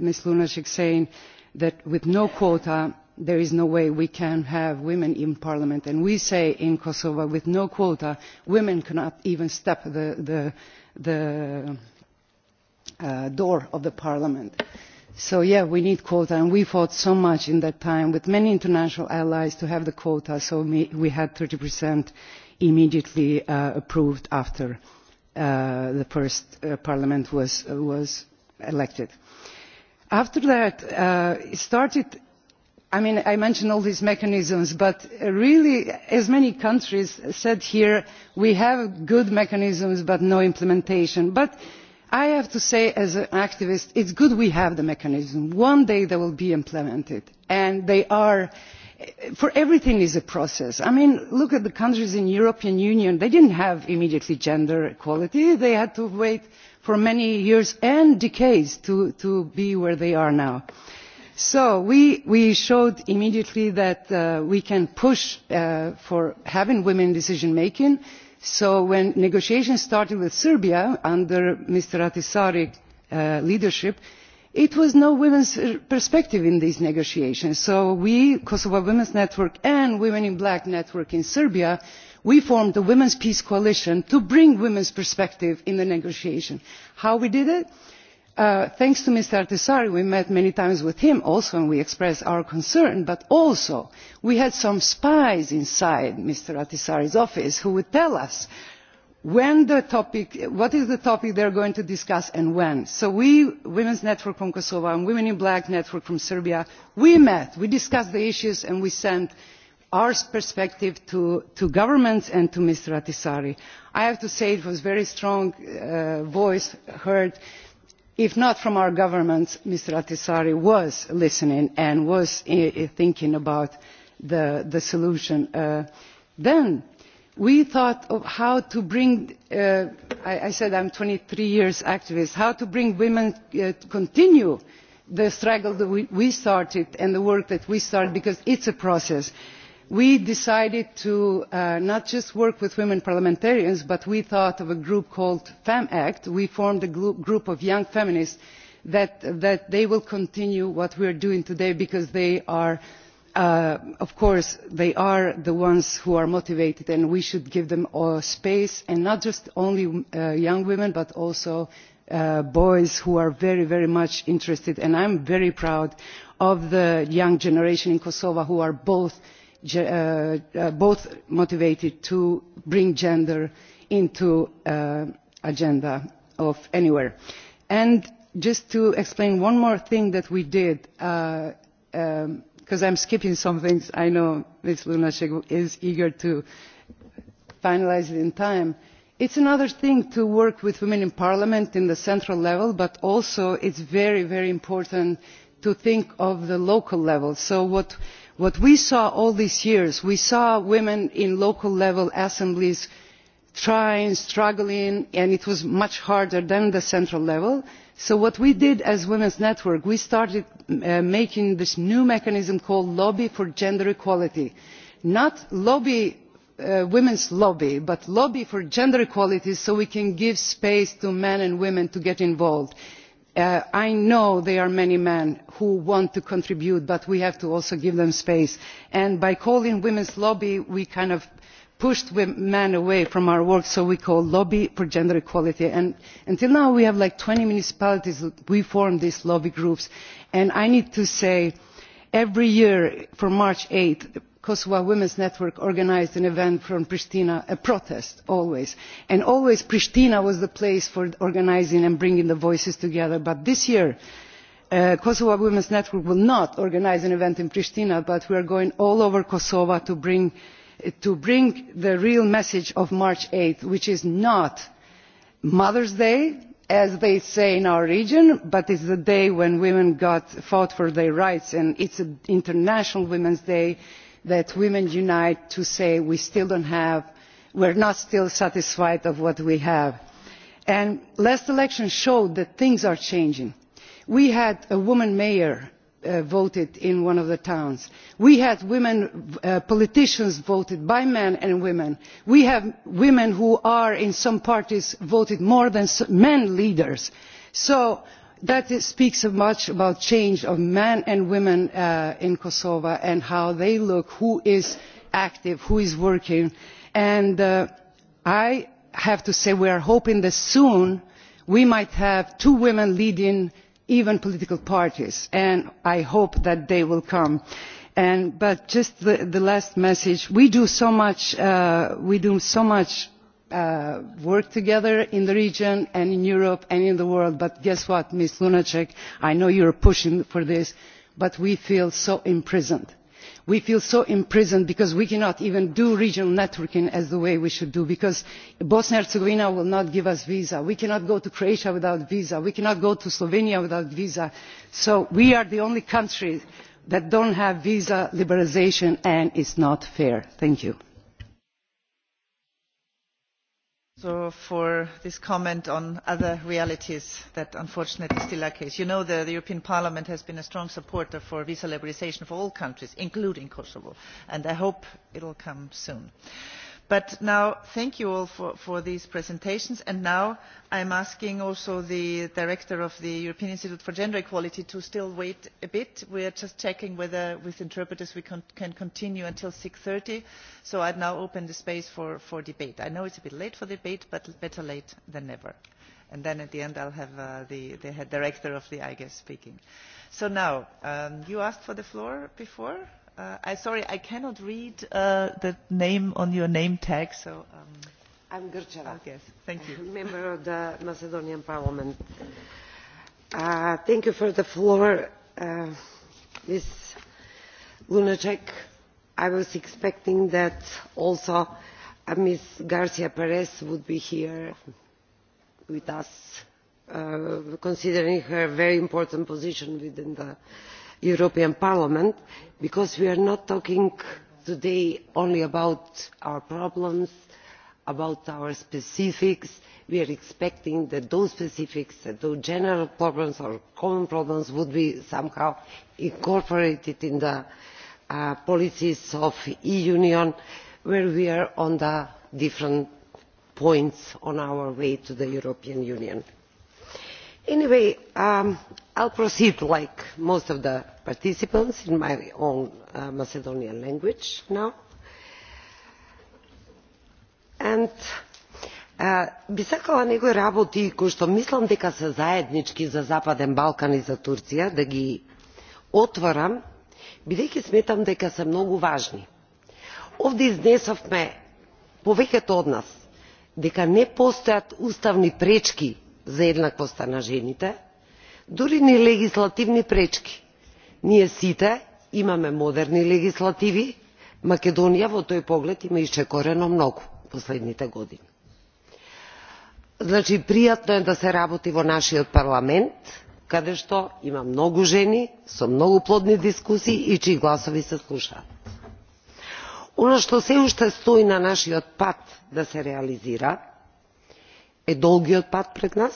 Ms. Lunacek, saying that with no quota there is no way we can have women in parliament. And we say in Kosovo, with no quota, women cannot even step the door of the parliament. So yeah, we need quota, and we fought so much in that time with many international allies to have the quota, so we had 30% immediately approved after the first parliament was elected. After that, it started, I mean, I mentioned all these mechanisms, but really, as many countries said here, we have good mechanisms but no implementation. But I have to say as an activist it is good we have the mechanism. One day they will be implemented and they are for everything is a process. I mean look at the countries in the European Union they did not have immediately gender equality, they had to wait for many years and decades to be where they are now. So we showed immediately that we can push for having women decision making So when negotiations started with Serbia under Mr. Atisari's leadership, it was no women's perspective in these negotiations. So we, Kosovo Women's Network and Women in Black Network in Serbia, we formed the Women's Peace Coalition to bring women's perspective in the negotiation. How we did it? thanks to mr Artisari, we met many times with him also and we expressed our concern but also we had some spies inside mr Artisari's office who would tell us what is the topic they are going to discuss and when. so we women's network from kosovo and women in black network from serbia we met we discussed the issues and we sent our perspective to governments and to mr Atisari. i have to say it was a very strong voice heard if not from our governments mr ahtisaari was listening and was thinking about the solution then we thought of how to bring i said i am twenty three years activist how to bring women to continue the struggle that we started and the work that we started because it is a process we decided to not just work with women parliamentarians but we thought of a group called femact we formed a group of young feminists that they will continue what we are doing today because they are of course they are the ones who are motivated and we should give them space and not just only young women but also boys who are very very much interested and i am very proud of the young generation in kosovo who are both both motivated to bring gender into the agenda of anywhere. And just to explain one more thing that we did, because I'm skipping some things, I know Ms. Lunacek is eager to finalise it in time. It's another thing to work with women in parliament in the central level, but also it's very, very important to think of the local level. So what what we saw all these years we saw women in local level assemblies trying struggling and it was much harder than the central level so what we did as women's network we started making this new mechanism called lobby for gender equality not lobby women's lobby but lobby for gender equality so we can give space to men and women to get involved. I know there are many men who want to contribute, but we have to also give them space. And by calling women's lobby, we kind of pushed men away from our work, so we call lobby for gender equality. And until now, we have like 20 municipalities. We form these lobby groups, and I need to say, every year, from March 8 kosovo women's network organised an event from pristina a protest always and always pristina was the place for organising and bringing the voices together but this year kosovo women's network will not organise an event in pristina but we are going all over kosovo to bring the real message of march 8 which is not mother's day as they say in our region but it is the day when women fought for their rights and it is international women's day that women unite to say we still don't have we are not still satisfied of what we have. and last election showed that things are changing. we had a woman mayor voted in one of the towns. we had women politicians voted by men and women. we have women who are in some parties voted more than men leaders. so that speaks much about change of men and women in kosovo and how they look who is active who is working and i have to say we are hoping that soon we might have two women leading even political parties and i hope that they will come. but just the last message we do so much work together in the region and in Europe and in the world. But guess what, Ms. Lunacek, I know you are pushing for this, but we feel so imprisoned. We feel so imprisoned because we cannot even do regional networking as the way we should do, because Bosnia and Herzegovina will not give us visa. We cannot go to Croatia without visa. We cannot go to Slovenia without visa. So we are the only country that don't have visa liberalisation and is not fair. Thank you. So for this comment on other realities that unfortunately still are case. You know the European Parliament has been a strong supporter for visa liberalisation for all countries, including Kosovo, and I hope it will come soon. But now thank you all for these presentations and now I'm asking also the Director of the European Institute for Gender Equality to still wait a bit. We are just checking whether with interpreters we can continue until 6.30 so I'd now open the space for debate. I know it's a bit late for debate but better late than never. And then at the end I'll have the head Director of the IGES speaking. So now, you asked for the floor before? I sorry, I cannot read the name on your name tag, so. I'm Grčeva. thank you. Member of the Macedonian Parliament. Thank you for the floor, Ms. Lunacek. I was expecting that also Ms. Garcia Perez would be here with us, considering her very important position within the european parliament because we are not talking today only about our problems about our specifics we are expecting that those specifics those general problems or common problems would be somehow incorporated in the policies of the eu union where we are on the different points on our way to the european union. Anyway, will proceed like most of the participants in my own Macedonian language now. би сакала некои работи кои што мислам дека се заеднички за Западен Балкан и за Турција да ги отворам, бидејќи сметам дека се многу важни. Овде изнесовме повеќето од нас дека не постојат уставни пречки за еднаквоста на жените дури ни легислативни пречки. ние сите имаме модерни легислативи македонија во тој поглед има корено многу последните години. значи пријатно е да се работи во нашиот парламент каде што има многу жени со многу плодни дискусии и чии гласови се слушаат. она што сѐ уште стои на нашиот пат да се реализира е долгиот пат пред нас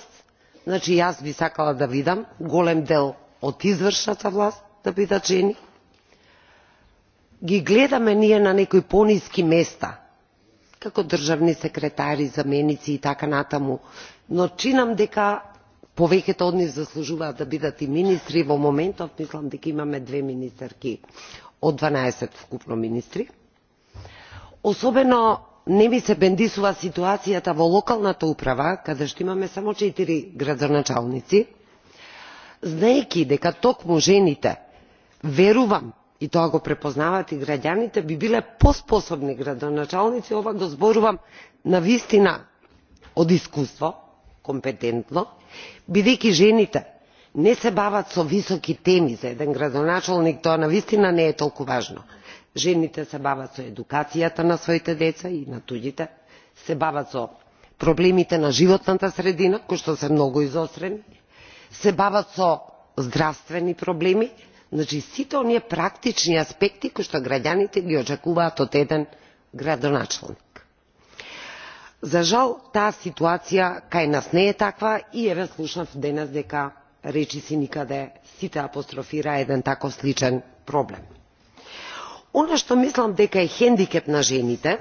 значи јас би сакала да видам голем дел од извршната власт да бидат жени ги гледаме ние на некои пониски места како државни секретари заменици и така натаму но чинам дека повеќето од нив заслужуваат да бидат и министри во моментот мислам дека имаме две министерки од 12 вкупно министри особено не ми се бендисува ситуацијата во локалната управа каде што имаме само 4 градоначалници знаеки дека токму жените верувам и тоа го препознават и граѓаните би биле поспособни градоначалници ова го зборувам вистина од искуство компетентно бидејќи жените не се бават со високи теми за еден градоначалник тоа навистина не е толку важно жените се бават со едукацијата на своите деца и на туѓите, се бават со проблемите на животната средина, кои што се многу изострени, се бават со здравствени проблеми, значи сите оние практични аспекти кои што граѓаните ги очекуваат од еден градоначалник. За жал, таа ситуација кај нас не е таква и еве слушнав денес дека речиси никаде сите апострофира еден таков сличен проблем. Оно што мислам дека е хендикеп на жените,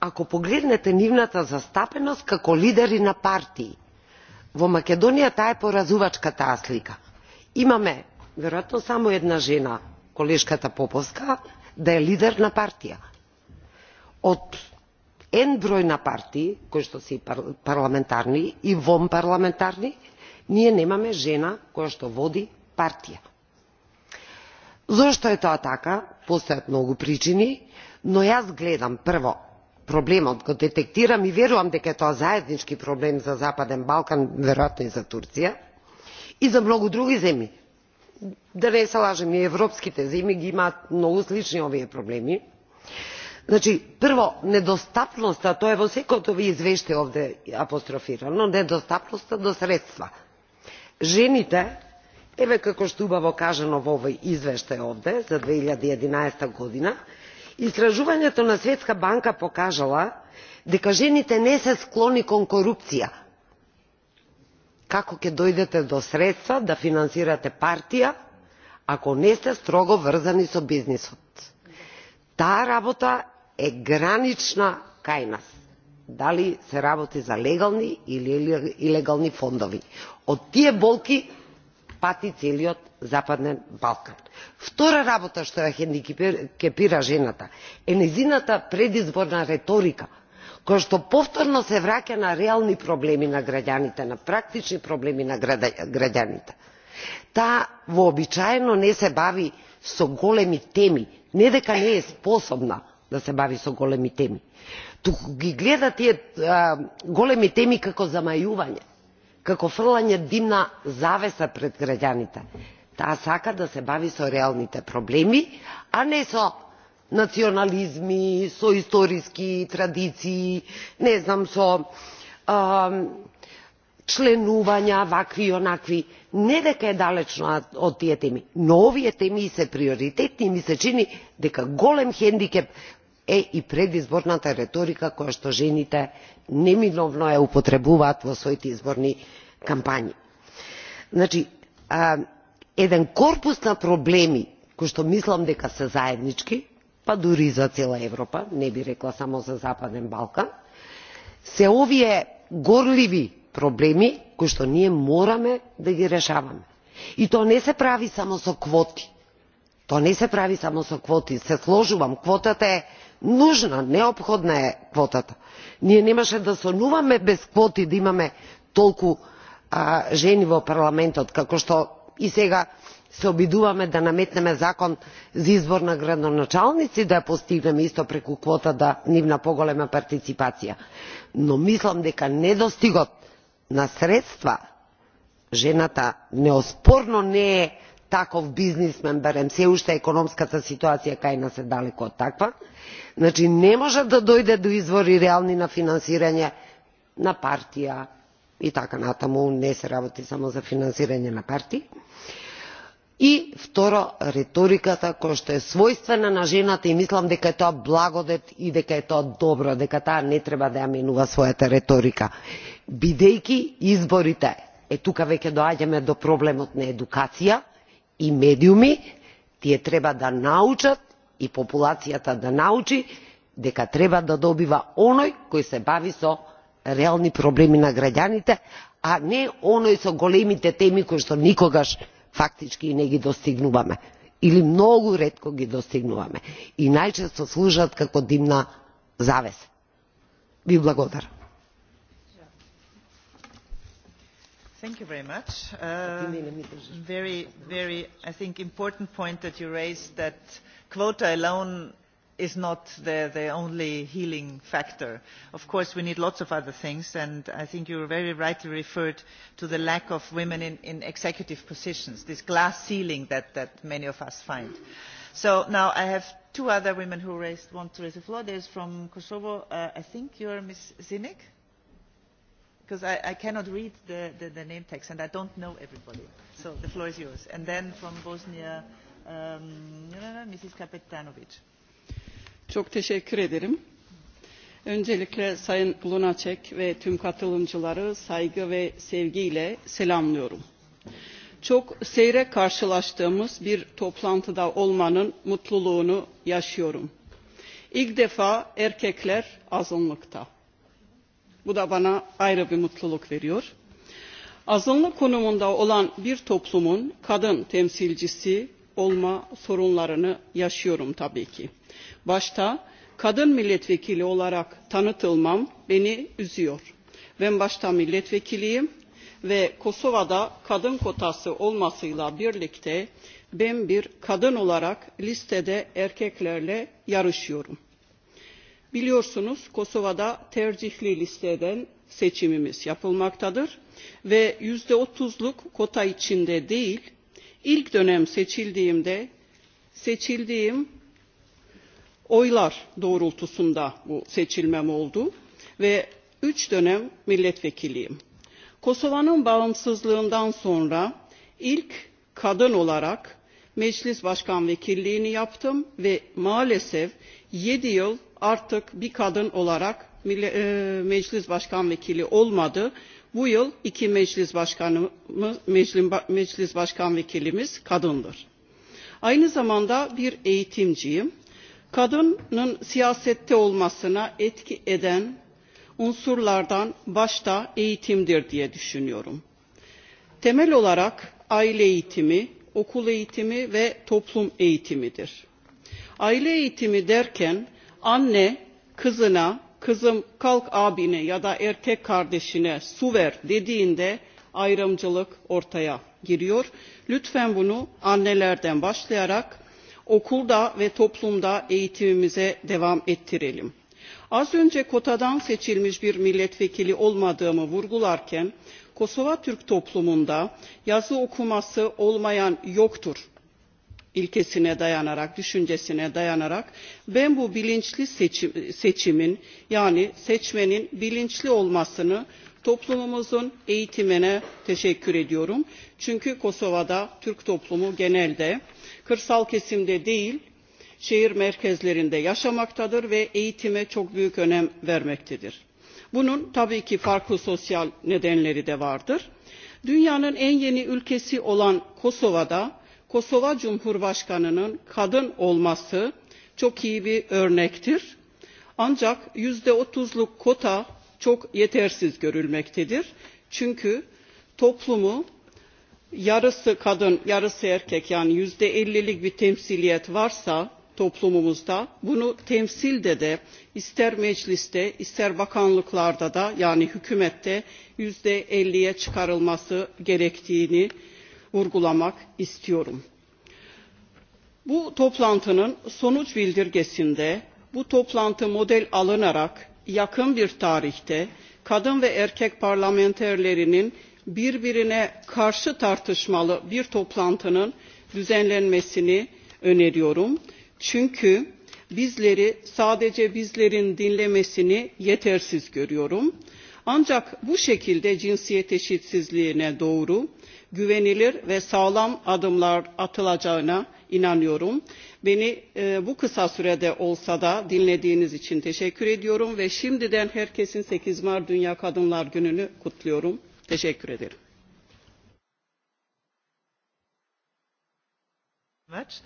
ако погледнете нивната застапеност како лидери на партии, во Македонија таа е поразувачка таа слика. Имаме, веројатно, само една жена, колешката Поповска, да е лидер на партија. Од ен број на партии, кои што се парламентарни и парламентарни ние немаме жена која што води партија Зошто е тоа така? Постојат многу причини, но јас гледам прво проблемот го детектирам и верувам дека е тоа заеднички проблем за Западен Балкан, веројатно и за Турција, и за многу други земји. Да не се лажем, и европските земји ги имаат многу слични овие проблеми. Значи, прво, недостапноста, тоа е во секој од овие извеште овде апострофирано, недостапноста до средства. Жените Еве како што убаво кажано во овој извештај овде за 2011. година, истражувањето на Светска банка покажала дека жените не се склони кон корупција. Како ќе дојдете до средства да финансирате партија, ако не сте строго врзани со бизнисот? Таа работа е гранична кај нас. Дали се работи за легални или илегални фондови. Од тие болки целиот Западен Балкан. Втора работа што ја хендикепира жената е незината предизборна реторика, која што повторно се враќа на реални проблеми на граѓаните, на практични проблеми на граѓаните. та вообичаено не се бави со големи теми, не дека не е способна да се бави со големи теми, туку ги гледа тие големи теми како замајување како фрлање димна завеса пред граѓаните. Таа сака да се бави со реалните проблеми, а не со национализми, со историски традиции, не знам, со членувања, вакви и онакви. Не дека е далечно од тие теми, но овие теми се приоритетни и ми се чини дека голем хендикеп е и предизборната реторика која што жените неминовно ја употребуваат во своите изборни кампањи. Значи, еден корпус на проблеми кои што мислам дека се заеднички, па дури за цела Европа, не би рекла само за Западен Балкан, се овие горливи проблеми кои што ние мораме да ги решаваме. И тоа не се прави само со квоти. Тоа не се прави само со квоти. Се сложувам, квотата е Нужна, neophodna е квотата. ние немаше да сонуваме без квоти да имаме толку жени во парламентот како што и сега се обидуваме да наметнеме закон за избор на градоначалници да ја постигнеме исто преку квота да нивна поголема партиципација но мислам дека недостигот на средства жената неоспорно не е Таков бизнисмен, барем се u економската ситуација кај нас е далеко од таква значи не може да дојде до извори реални на финансирање на партија и така натаму не се работи само за финансирање на партии и второ реториката која што е својствена на жената и мислам дека е тоа благодет и дека е тоа добро дека таа не треба да ја менува својата реторика бидејќи изборите е тука веќе доаѓаме до проблемот на едукација и медиуми, тие треба да научат и популацијата да научи дека треба да добива оној кој се бави со реални проблеми на граѓаните, а не оној со големите теми кои што никогаш фактички не ги достигнуваме или многу ретко ги достигнуваме и најчесто служат како димна завеса. Ви благодарам. Thank you very much. Very, very, I think, important point that you raised that quota alone is not the only healing factor. Of course, we need lots of other things, and I think you very rightly referred to the lack of women in executive positions, this glass ceiling that many of us find. So now I have two other women who want to raise the floor. There's from Kosovo, I think you're Ms. Zinek because I, I cannot read the, the, the name text and I don't know everybody. So the floor is yours. And then from Bosnia, um, Mrs. Kapetanovic. Çok teşekkür ederim. Öncelikle Sayın Lunacek ve tüm katılımcıları saygı ve sevgiyle selamlıyorum. Çok seyre karşılaştığımız bir toplantıda olmanın mutluluğunu yaşıyorum. İlk defa erkekler azınlıkta Bu da bana ayrı bir mutluluk veriyor. Azınlık konumunda olan bir toplumun kadın temsilcisi olma sorunlarını yaşıyorum tabii ki. Başta kadın milletvekili olarak tanıtılmam beni üzüyor. Ben başta milletvekiliyim ve Kosova'da kadın kotası olmasıyla birlikte ben bir kadın olarak listede erkeklerle yarışıyorum. Biliyorsunuz Kosova'da tercihli listeden seçimimiz yapılmaktadır ve otuz'luk kota içinde değil, ilk dönem seçildiğimde seçildiğim oylar doğrultusunda bu seçilmem oldu ve üç dönem milletvekiliyim. Kosova'nın bağımsızlığından sonra ilk kadın olarak meclis başkan vekilliğini yaptım ve maalesef 7 yıl artık bir kadın olarak meclis başkan vekili olmadı. Bu yıl iki meclis başkanımız, meclis başkan vekilimiz kadındır. Aynı zamanda bir eğitimciyim. Kadının siyasette olmasına etki eden unsurlardan başta eğitimdir diye düşünüyorum. Temel olarak aile eğitimi, okul eğitimi ve toplum eğitimidir. Aile eğitimi derken anne kızına kızım kalk abine ya da erkek kardeşine su ver dediğinde ayrımcılık ortaya giriyor. Lütfen bunu annelerden başlayarak okulda ve toplumda eğitimimize devam ettirelim. Az önce kotadan seçilmiş bir milletvekili olmadığımı vurgularken Kosova Türk toplumunda yazı okuması olmayan yoktur ilkesine dayanarak, düşüncesine dayanarak ben bu bilinçli seçimin yani seçmenin bilinçli olmasını toplumumuzun eğitimine teşekkür ediyorum. Çünkü Kosova'da Türk toplumu genelde kırsal kesimde değil şehir merkezlerinde yaşamaktadır ve eğitime çok büyük önem vermektedir. Bunun tabii ki farklı sosyal nedenleri de vardır. Dünyanın en yeni ülkesi olan Kosova'da Kosova Cumhurbaşkanı'nın kadın olması çok iyi bir örnektir. Ancak yüzde otuzluk kota çok yetersiz görülmektedir. Çünkü toplumu yarısı kadın yarısı erkek yani yüzde ellilik bir temsiliyet varsa toplumumuzda bunu temsilde de ister mecliste ister bakanlıklarda da yani hükümette yüzde elliye çıkarılması gerektiğini vurgulamak istiyorum. Bu toplantının sonuç bildirgesinde bu toplantı model alınarak yakın bir tarihte kadın ve erkek parlamenterlerinin birbirine karşı tartışmalı bir toplantının düzenlenmesini öneriyorum. Çünkü bizleri sadece bizlerin dinlemesini yetersiz görüyorum. Ancak bu şekilde cinsiyet eşitsizliğine doğru güvenilir ve sağlam adımlar atılacağına inanıyorum. Beni bu kısa sürede olsa da dinlediğiniz için teşekkür ediyorum ve şimdiden herkesin 8 Mart Dünya Kadınlar Günü'nü kutluyorum. Teşekkür ederim. much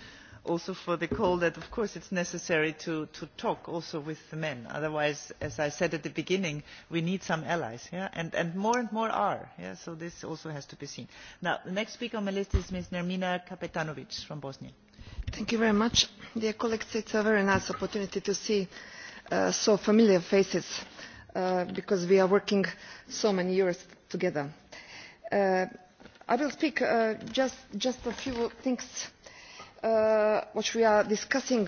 also for the call that of course it is necessary to talk also with the men otherwise as i said at the beginning we need some allies and more and more are so this also has to be seen. now the next speaker on my list is ms nermina kapetanovic from bosnia. thank you very much. dear colleagues it is a very nice opportunity to see so familiar faces because we are working so many years together. i will speak just a few things which we are discussing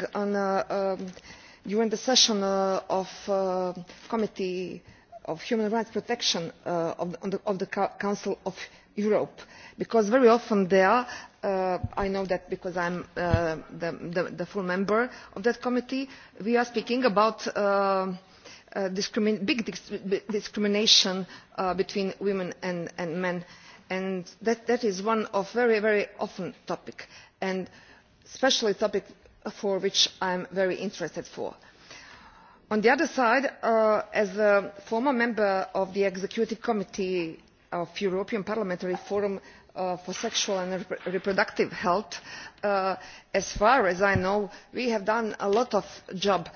during the session of the Committee of Human Rights Protection of the Council of Europe, because very often there, I know that because I am the full member of that committee, we are speaking about big discrimination between women and men, and that is one of very, very often topic. And especially a topic for which I am very interested for. On the other side, as a former member of the Executive Committee of the European Parliamentary Forum for Sexual and Reproductive Health, as far as I know, we have done a lot of job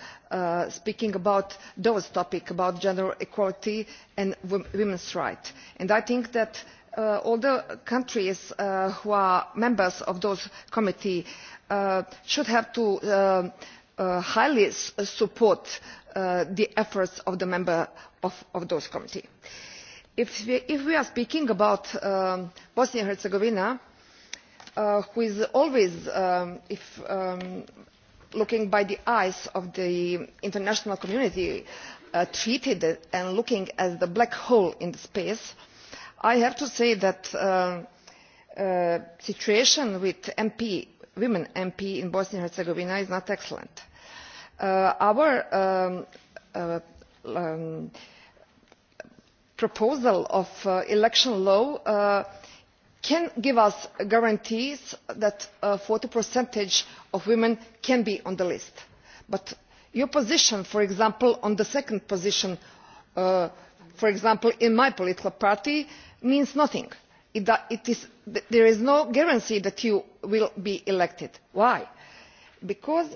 speaking about those topics, about gender equality and women's rights. And I think that all the countries who are members of those committees should have to highly support the efforts of the members of those committees. If we are speaking about Bosnia and Herzegovina, who is always, looking by the eyes of the international community, treated and looking as the black hole in space, i have to say that the situation with women mps in bosnia and herzegovina is not excellent. our proposal of election law can give us guarantees that a 40% of women can be on the list. But your position, for example, on the second position, for example, in my political party, means nothing. There is no guarantee that you will be elected. Why? Because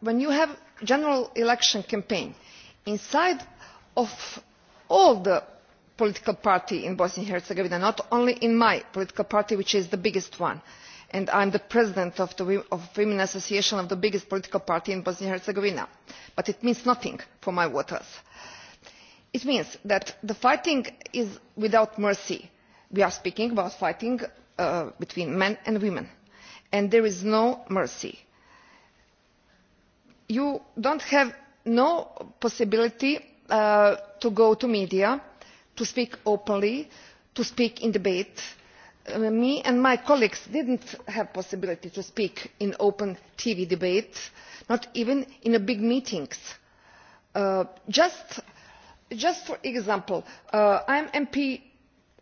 when you have a general election campaign inside of all the political parties in Bosnia and Herzegovina, not only in my political party, which is the biggest one, and I am the president of the Women Association of the biggest political party in Bosnia and Herzegovina, but it means nothing for my voters it means that the fighting is without mercy. we are speaking about fighting between men and women and there is no mercy. you do not have no possibility to go to media to speak openly to speak in debate. me and my colleagues did not have the possibility to speak in open tv debates not even in big meetings. just just for example i am an mp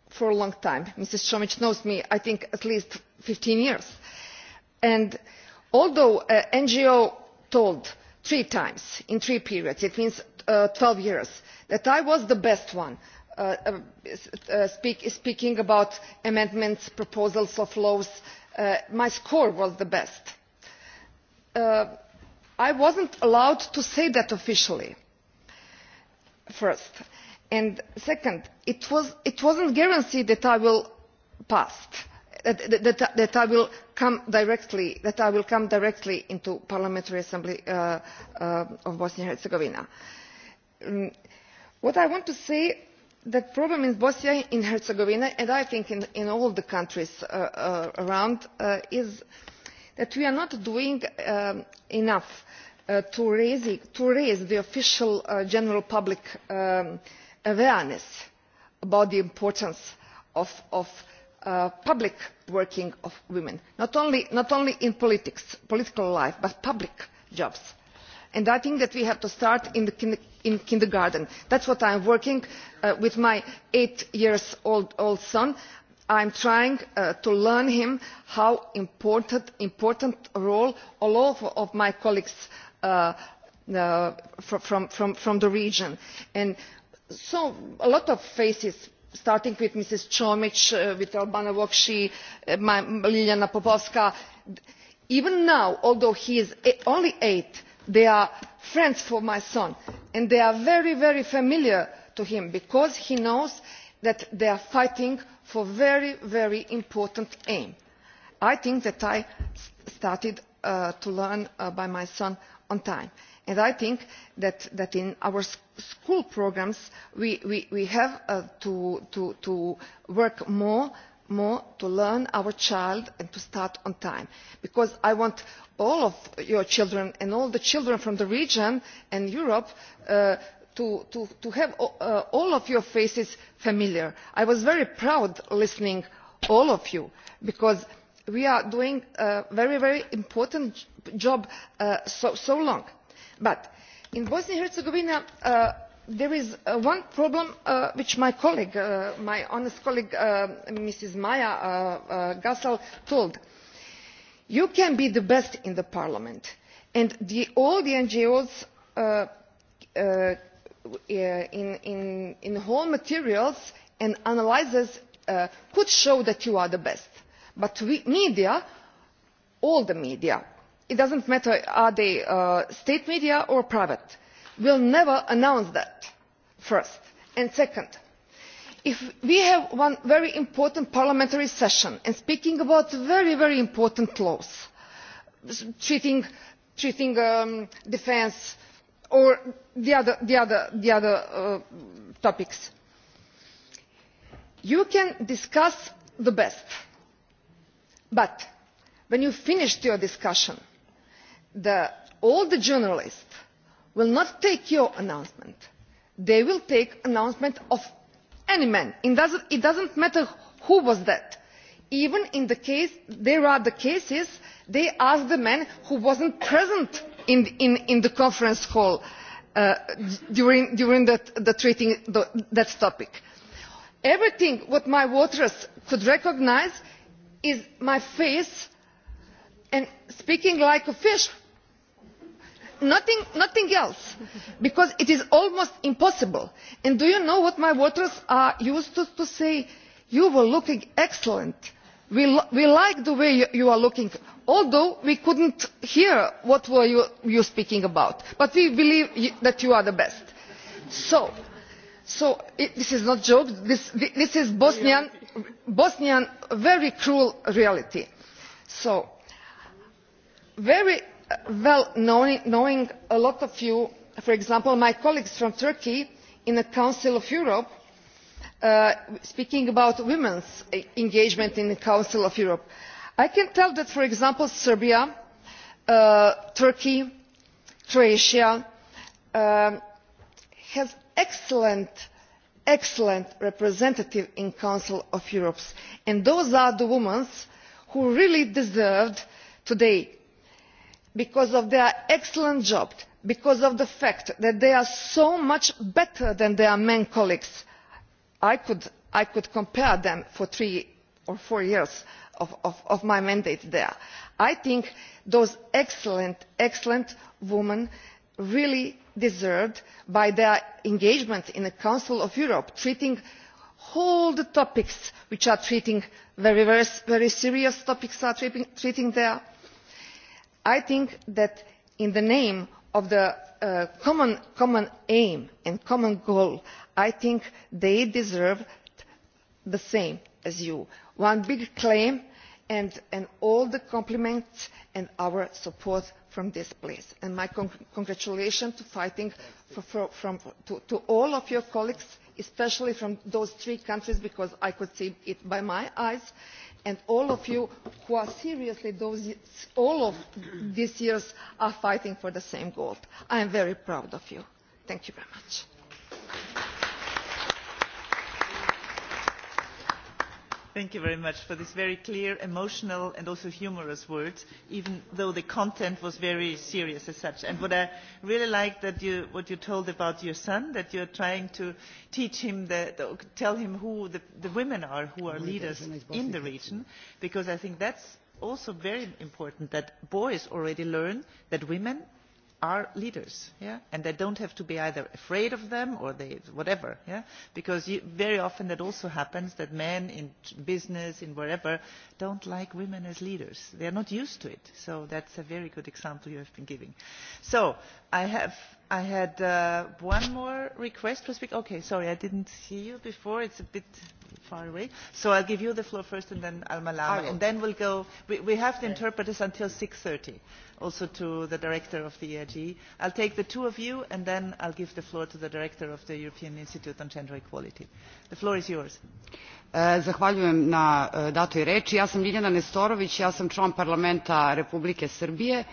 for a long time mrs somi knows me i think at least fifteen years and although an ngo told three times in three periods it means twelve years that i was the best one speaking about amendments proposals of laws my score was the best i was not allowed to say that officially first and second it was not guaranteed that i will pass that i will come directly into the parliamentary assembly of bosnia and herzegovina. what i want to say is that the problem in bosnia and herzegovina and i think in all the countries around is that we are not doing enough to raise the official general public awareness about the importance of public working of women not only in politics, political life but public jobs. and i think that we have to start in kindergarten. that is what i am working with my eight years old son. i am trying to learn him how important a role all of my colleagues from the region. And so a lot of faces starting with Mrs. Chomic, with Albana Vokshi, Liljana Popovska. Even now, although he is only eight, they are friends for my son. And they are very, very familiar to him because he knows that they are fighting for a very, very important aim. I think that I started to learn by my son on time. And I think that in our school programmes we have to work more to learn our child and to start on time. Because I want all of your children and all the children from the region and Europe to have all of your faces familiar. I was very proud listening to all of you because we are doing a very very important job so long. but in bosnia and herzegovina there is one problem which my colleague my honest colleague mrs Maya gasal told you can be the best in the parliament and all the ngos in whole materials and analyses could show that you are the best but the media all the media it does not matter whether they are state media or private will never announce that first and second if we have one very important parliamentary session and speaking about very very important laws treating defence or the other topics you can discuss the best but when you finished your discussion all the journalists will not take your announcement they will take the announcement of any man it does not matter who was that even in the case there are the cases they ask the man who was not present in the conference hall during treating that topic. everything that my voters could recognise is my face and speaking like a fish nothing else because it is almost impossible and do you know what my waters are used to say you were looking excellent we like the way you are looking although we couldn't hear what were you speaking about but we believe that you are the best so this is not a joke this is bosnian bosnian very cruel reality. so very well knowing a lot of you for example my colleagues from turkey in the council of europe speaking about women's engagement in the council of europe i can tell that for example serbia turkey croatia have excellent excellent representative in the council of europe and those are the women who really deserve today because of their excellent job because of the fact that they are so much better than their men colleagues i could compare them for three or four years of my mandate there i think those excellent excellent women really deserved by their engagement in the council of europe treating all the topics which are treating very serious topics are treating there. i think that in the name of the common aim and common goal i think they deserve the same as you one big claim and all the compliments and our support from this place. And my congratulations to fighting to all of your colleagues, especially from those three countries, because I could see it by my eyes, and all of you who are seriously all of these years are fighting for the same goal. I am very proud of you. Thank you very much. Thank you very much for these very clear, emotional and also humorous words, even though the content was very serious as such. And what I really like that you what you told about your son, that you are trying to teach him the tell him who the the women are who are leaders in the region, because I think that's also very important that boys already learn that women are leaders yeah, and they don't have to be either afraid of them or they whatever yeah, because very often that also happens that men in business in wherever don't like women as leaders they are not used to it so that's a very good example you have been giving so i have i had one more request speak okay sorry i didn't see you before it's a bit far away. So I'll give you the floor first and then Al-Malama. And then we'll go, we, have the interpreters until 6.30, also to the director of the EIG. I'll take the two of you and then I'll give the floor to the director of the European Institute on Gender Equality. The floor is yours. Zahvaljujem na datoj reči. Ja sam Ljiljana Nestorović, ja sam član parlamenta Republike Srbije.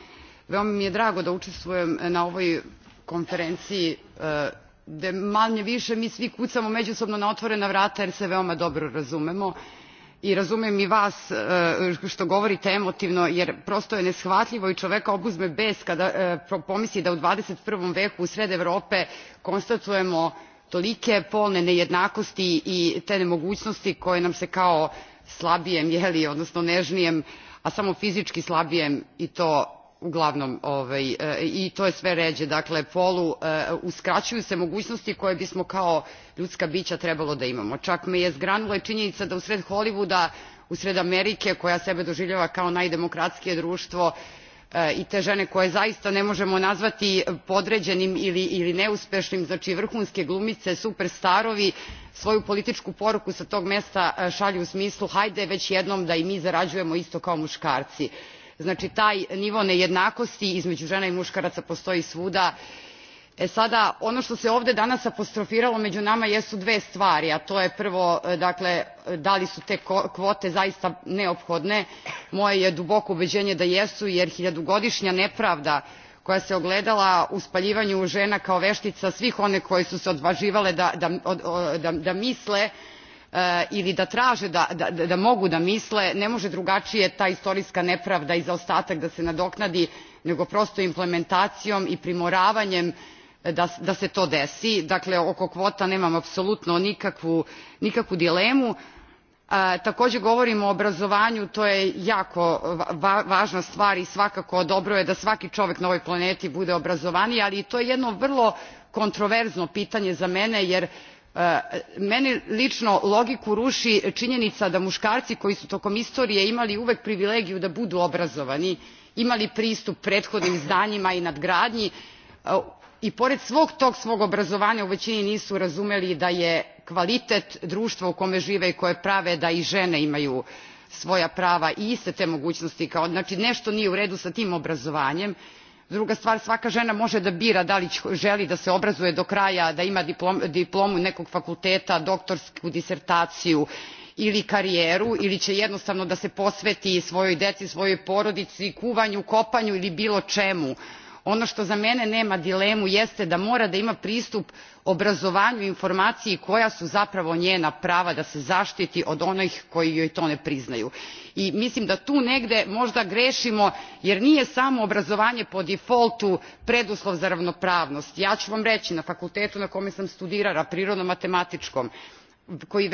Veoma mi je drago da učestvujem na ovoj konferenciji gde manje više mi svi kucamo međusobno na otvorena vrata jer se veoma dobro razumemo i razumem i vas što govorite emotivno jer prosto je neshvatljivo i čoveka obuzme bes kada pomisli da u 21. veku u sred Evrope konstatujemo tolike polne nejednakosti i te nemogućnosti koje nam se kao slabijem, odnosno nežnijem, a samo fizički slabijem i to uglavnom ovaj i to je sve ređe dakle polu uskraćuju se mogućnosti koje bismo kao ljudska bića trebalo da imamo čak me je zgranula i činjenica da usred Hollywooda usred Amerike koja sebe doživljava kao najdemokratskije društvo i te žene koje zaista ne možemo nazvati podređenim ili neuspešnim znači vrhunske glumice superstarovi svoju političku poruku sa tog mesta šalju u smislu hajde već jednom da i mi zarađujemo isto kao muškarci znači taj nivo nejednakosti između žena i muškaraca postoji svuda e sada ono što se ovdje danas apostrofiralo među nama jesu dve stvari a to je prvo dakle da li su te kvote zaista neophodne moje je duboko ubeđenje da jesu jer hiljadugodišnja nepravda koja se ogledala u spaljivanju žena kao veštica svih one koje su se odvaživale da misle ili da traže da mogu da misle ne može drugačije ta istorijska nepravda i zaostatak da se nadoknadi nego prosto implementacijom i primoravanjem da se to desi. dakle oko kvota nemam apsolutno nikakvu dilemu. takođe govorimo o obrazovanju to je jako važna stvar i svakako dobro je da svaki čovek na ovoj planeti bude obrazovaniji ali to je jedno vrlo kontroverzno pitanje za mene jer mene lično logiku ruši činjenica da muškarci koji su tokom istorije imali uvek privilegiju da budu obrazovani imali pristup prethodnim znanjima i nadgradnji i pored svog tog svog obrazovanja u većini nisu razumeli da je kvalitet društva u kome žive i koje prave da i žene imaju svoja prava i iste te mogućnosti. znači nešto nije u redu sa tim obrazovanjem druga stvar svaka žena može da bira da li želi da se obrazuje do kraja da ima diplomu nekog fakulteta doktorsku disertaciju ili karijeru ili će jednostavno da se posveti svojoj deci svojoj porodici kuvanju kopanju ili bilo čemu ono što za mene nema dilemu jeste da mora da ima pristup obrazovanju i informaciji koja su zapravo njena prava da se zaštiti od onih koji joj to ne priznaju i mislim da tu negde možda grešimo jer nije samo obrazovanje po defaultu preduslov za ravnopravnost ja ću vam reći na fakultetu na kome sam studirala prirodno matematičkom koji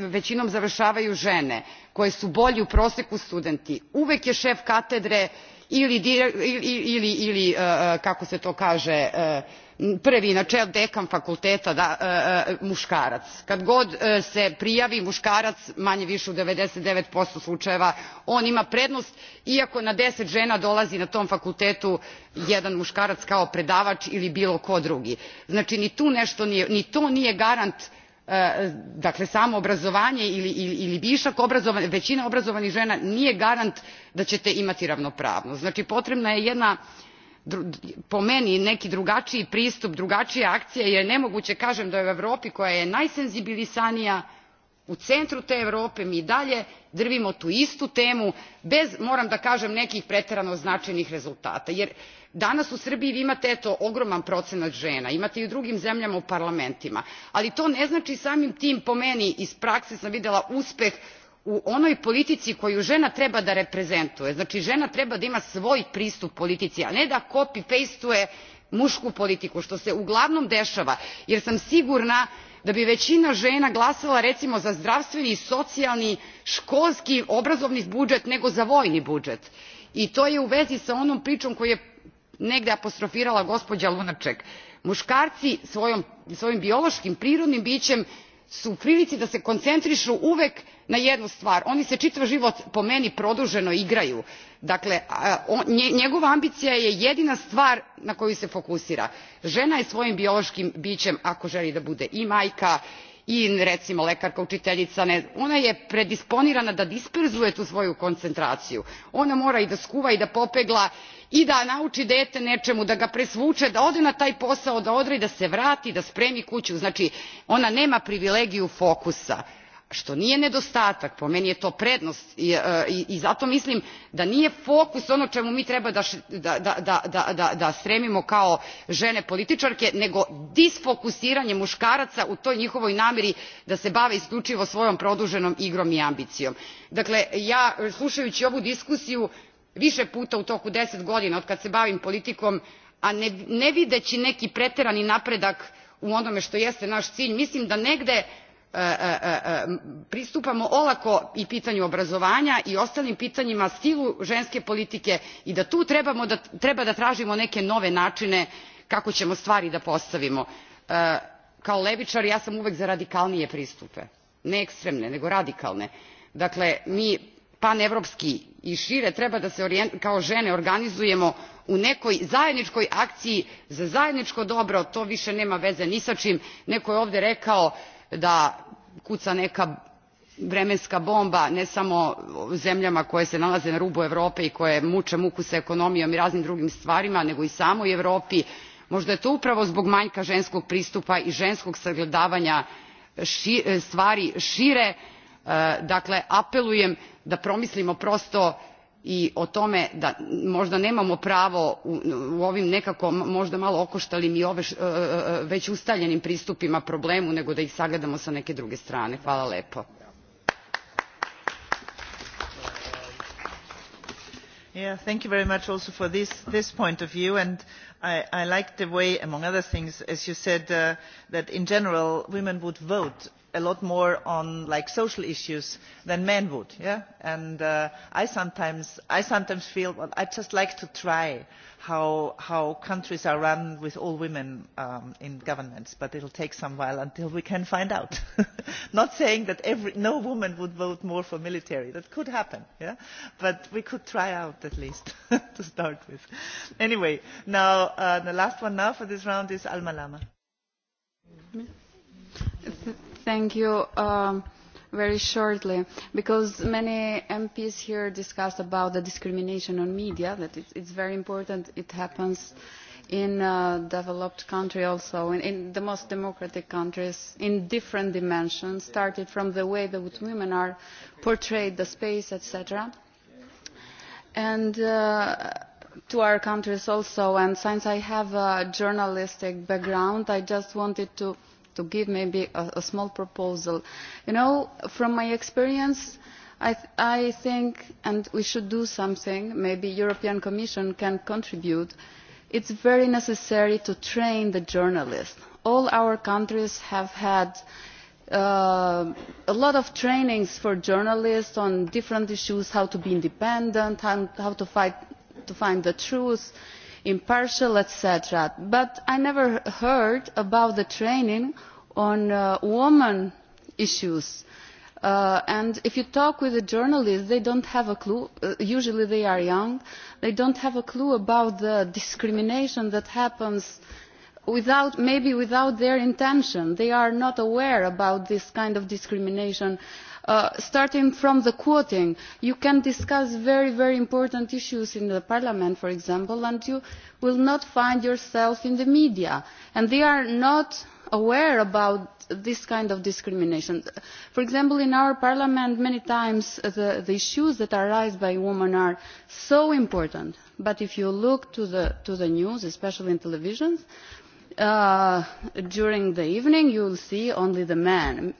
većinom završavaju žene koje su bolji u proseku studenti uvek je šef katedre ili kako se to kaže prvi na čelu dekan fakulteta muškarac. kad god se prijavi muškarac manje više u ninety nine slučajeva on ima prednost iako na deset žena dolazi na tom fakultetu jedan muškarac kao predavač ili bilo ko drugi. znači ni to nije garant dakle samo obrazovanje ili višak obrazovanja većina obrazovanih žena nije garant da ćete imati ravnopravnost. znači potrebna je jedna po meni neki drugačiji pristup drugačija akcija jer nemoguće kažem da u europi koja je najsenzibilisanija u centru te europe mi i dalje drvimo tu istu temu bez moram da kažem nekih preterano značajnih rezultata jer danas u srbiji vi imate eto ogroman procenat žena imate i u drugim zemljama u parlamentima ali to ne znači samim tim po meni iz prakse sam videla uspeh u onoj politici koju žena treba da reprezentuje znači žena treba da ima svoj pristup politici a ne da copy pastuje mušku politiku što se uglavnom dešava jer sam sigurna da bi većina žena glasala recimo za zdravstveni socijalni školski obrazovni budžet nego za vojni budžet i to je u vezi sa onom pričom koju je negdje apostrofirala gospođa Lunaček. Muškarci svojim biološkim prirodnim bićem su u prilici da se koncentrišu uvek na jednu stvar. Oni se čitav život, po meni, produženo igraju. Dakle, njegova ambicija je jedina stvar na koju se fokusira. Žena je svojim biološkim bićem, ako želi da bude i majka i recimo lekarka učiteljica ona je predisponirana da disperzuje tu svoju koncentraciju ona mora i da skuva i da popegla i da nauči dete nečemu da ga presvuče da ode na taj posao da odradi da se vrati da spremi kuću znači ona nema privilegiju fokusa što nije nedostatak po meni je to prednost i zato mislim da nije fokus ono čemu mi treba da stremimo kao žene političarke nego disfokusiranje muškaraca u toj njihovoj namjeri da se bave isključivo svojom produženom igrom i ambicijom. dakle ja slušajući ovu diskusiju više puta u toku deset godina od kad se bavim politikom a ne videći neki preterani napredak u onome što jeste naš cilj mislim da negde pristupamo olako i pitanju obrazovanja i ostalim pitanjima stilu ženske politike i da tu treba da tražimo neke nove načine kako ćemo stvari da postavimo. kao levičar ja sam uvek za radikalnije pristupe ne ekstremne nego radikalne. dakle mi panevropski i šire treba da se kao žene organizujemo u nekoj zajedničkoj akciji za zajedničko dobro to više nema veze ni sa čim. neko je ovde rekao da kuca neka vremenska bomba ne samo zemljama koje se nalaze na rubu europe i koje muče muku sa ekonomijom i raznim drugim stvarima nego i samoj europi možda je to upravo zbog manjka ženskog pristupa i ženskog sagledavanja stvari šire dakle apelujem da promislimo prosto i o tome da možda nemamo pravo u ovim nekako možda malo okoštalim i već ustaljenim pristupima problemu nego da ih sagledamo sa neke druge strane. Hvala lepo. Yeah, Thank you very much also for this this point of view and I like the way, among other things, as you said, that in general women would vote a lot more on like social issues than men would and i sometimes i sometimes feel well i just like to try how how countries are run with all women in governments but it'll take some while until we can find out not saying that every no woman would vote more for military that could happen yeah but we could try out at least to start with anyway now the last one now for this round is alma lama thank you very shortly because many MPs here discussed about the discrimination on media that it's very important it happens in developed countries also in the most democratic countries in different dimensions started from the way that women are portrayed the space etc and to our countries also and since I have a journalistic background I just wanted to to give maybe a small proposal. You know, from my experience, I think, and we should do something, maybe the European Commission can contribute, it's very necessary to train the journalists. All our countries have had a lot of trainings for journalists on different issues, how to be independent, how to find the truth impartial, etc. But I never heard about the training on women issues. And if you talk with the journalists, they not have a clue. Usually they are young. They do not have a clue about the discrimination that happens maybe without their intention they are not aware about this kind of discrimination starting from the quoting you can discuss very very important issues in parliament for example and you will not find yourself in the media and they are not aware about this kind of discrimination. For example, in our parliament, many times the issues that are raised by women are so important. But if you look to the news, especially in television, during the evening you will see only the men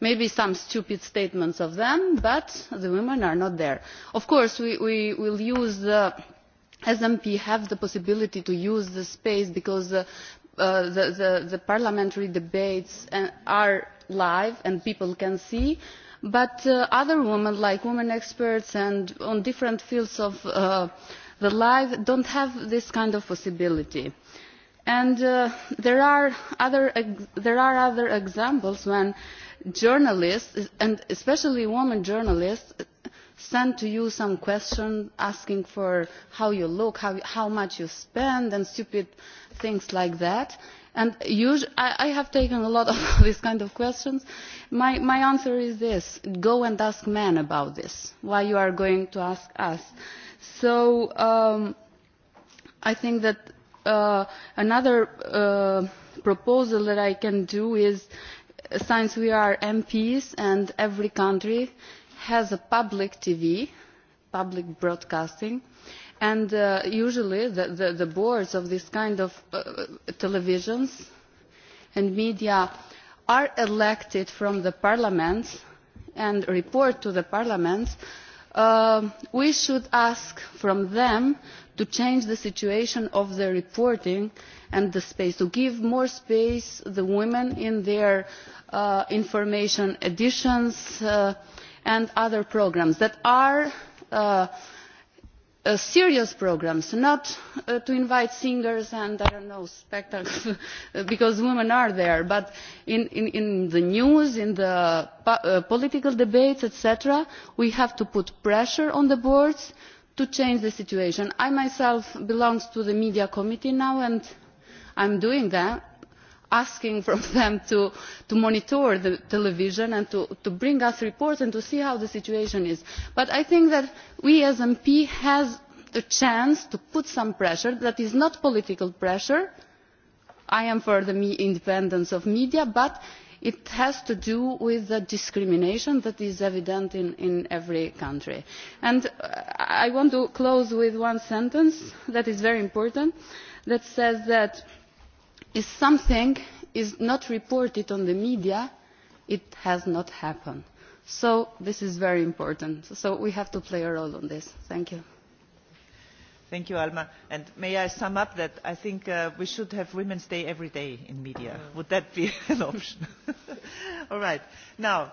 maybe some stupid statements of them but the women are not there. of course we will use the smp have the possibility to use the space because the parliamentary debates are live and people can see but other women like women experts and on different fields of the life don't have this kind of possibility. and there are other examples when journalists and especially women journalists send to you some questions asking for how you look how much you spend and stupid things like that and i have taken a lot of these kind of questions my answer is this go and ask men about this why you are going to ask us so i think that another proposal that i can do is since we are MPs and every country has a public TV, public broadcasting, and usually the boards of these kind of televisions and media are elected from the parliaments and report to the parliaments. We should ask from them to change the situation of the reporting and the space to give more space to the women in their information editions and other programmes that are serious programmes not to invite singers and i don't know spectacles because women are there but in the news in the political debates etc we have to put pressure on the boards to change the situation. I myself belong to the media committee now and I am doing that, asking from them to monitor the television and to bring us reports and to see how the situation is. But I think that we as MP have the chance to put some pressure that is not political pressure. I am for the independence of media, but It has to do with the discrimination that is evident in every country. And I want to close with one sentence that is very important, that says that if something is not reported on the media, it has not happened. So this is very important. So we have to play a role on this. Thank you. Thank you, Alma. And may I sum up that I think we should have Women's Day every day in media. Would that be an option? All right. Now,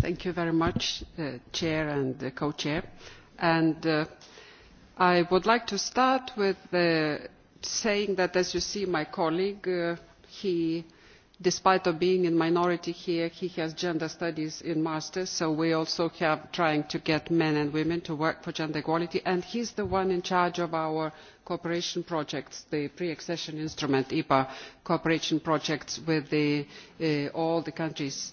Thank you very much, Chair and Co-Chair. And I would like to start with saying that, as you see, my colleague, he, despite of being in minority here, he has gender studies in Masters, so we also have trying to get men and women to work for gender equality, and he is the one in charge of our cooperation projects, the pre-accession instrument, IPA, cooperation projects with all the countries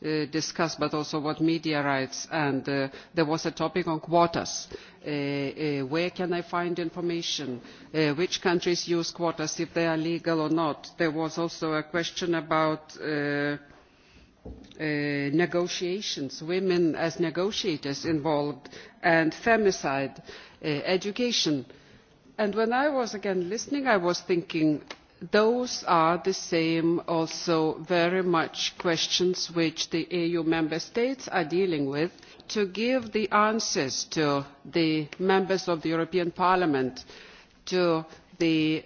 discussed but also what media rights and there was a topic on quotas where can i find information which countries use quotas if they are legal or not there was also a question about negotiations women as negotiators involved and femicide education and when i was again listening i was thinking Those are the same also very much questions which the EU member states are dealing with to give the answers to the members of the European Parliament, to the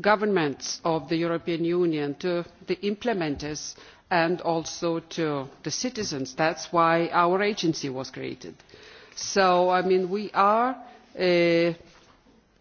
governments of the European Union, to the implementers and also to the citizens. That's why our agency was created. So, I mean, we are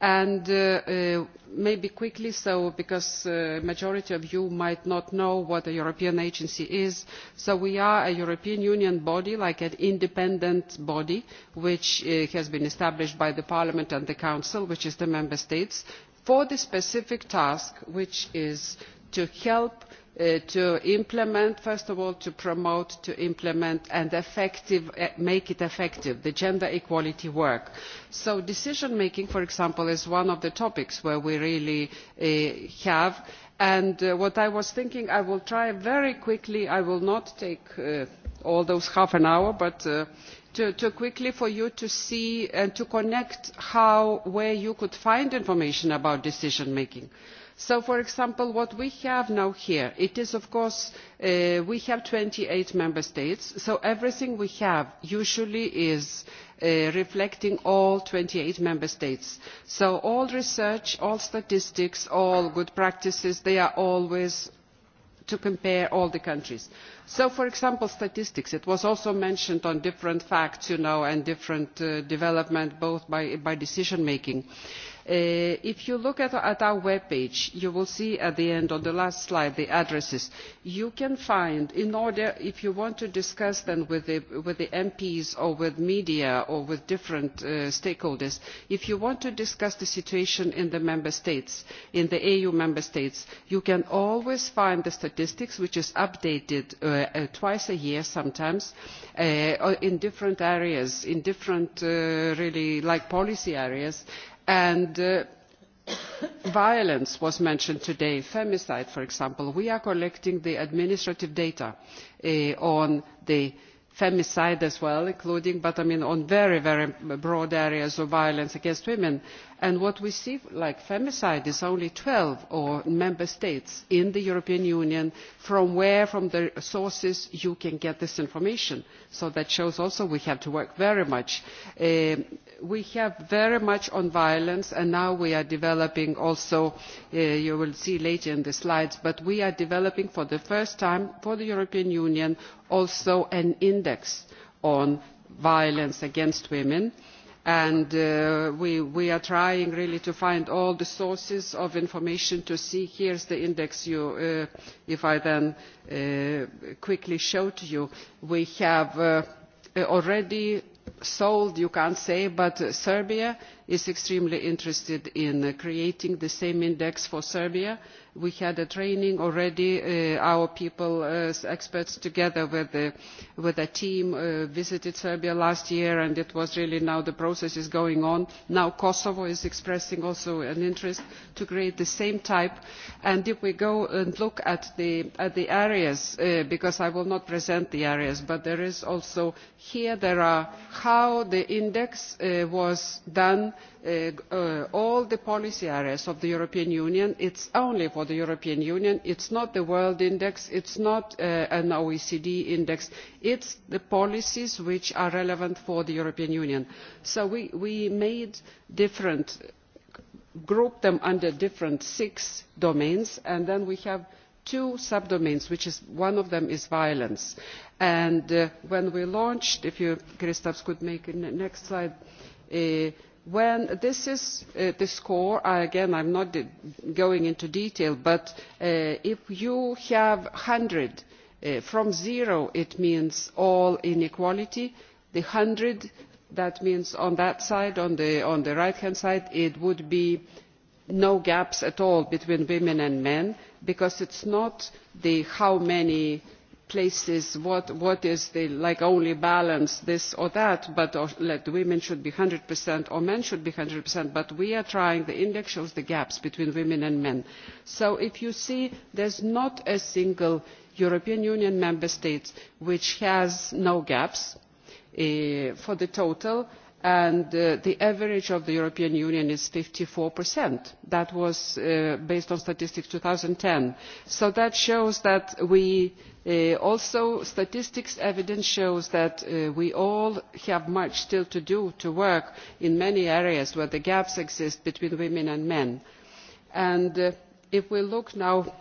and maybe quickly so because the majority of you might not know what a european agency is so we are a european union body like an independent body which has been established by parliament and the council which is the member states for the specific task which is to help to implement first of all to promote to implement and make it effective the gender equality work. so decision making for example is one of the topics where we really have and what i was thinking i will try very quickly i will not take all those half an hour but to quickly for you to see and to connect how where you could find information about decision making. So, for example, what we have now here, it is, of course, we have twenty eight member states, so everything we have usually is reflecting all eight member states. So all research, all statistics, all good practices, they are always to compare all the countries. So, for example, statistics. It was also mentioned on different facts, you know, and different development, both by decision-making If you look at our web page, you will see at the end on the last slide the addresses. You can find, in order, if you want to discuss them with the MPs or with media or with different stakeholders, if you want to discuss the situation in the member states, in the EU member states, you can always find the statistics, which is updated twice a year sometimes, in different areas, in different really like policy areas and violence was mentioned today femicide for example we are collecting the administrative data on the femicide as well including but i mean on very very broad areas of violence against women And what we see, like femicide, is only 12 member states in the European Union from where, from the sources, you can get this information. So that shows also we have to work very much. We have very much on violence, and now we are developing also, you will see later in the slides, but we are developing for the first time for the European Union also an index on violence against women and we are trying really to find all the sources of information to see here is the index if i then quickly show to you we have already sold you can't say but serbia is extremely interested in creating the same index for serbia We had a training already. Our people, experts together with a team, visited Serbia last year, and it was really now the process is going on. Now Kosovo is expressing also an interest to create the same type. And if we go and look at the areas, because I will not present the areas, but there is also here there are how the index was done all the policy areas of the European Union. It's only the European Union. It's not the World Index, it's not an OECD index, it's the policies which are relevant for the European Union. So we made different, grouped them under different six domains, and then we have two subdomains, which is one of them is violence. And when we launched, if you, Christoph, could make the next slide When this is the score, again I am not going into detail, but if you have 100 from zero, it means all inequality. The hundred that means on that side, on the right-hand side, it would be no gaps at all between women and men, because it is not the how many places what is the like only balance this or that but let women should be 100% or men should be 100% but we are trying the index shows the gaps between women and men so if you see there is not a single european union member state which has no gaps for the total and the average of the European Union is fifty four. That was based on statistics ten. So that shows that we also statistics evidence shows that we all have much still to do to work in many areas where the gaps exist between women and men. And if we look now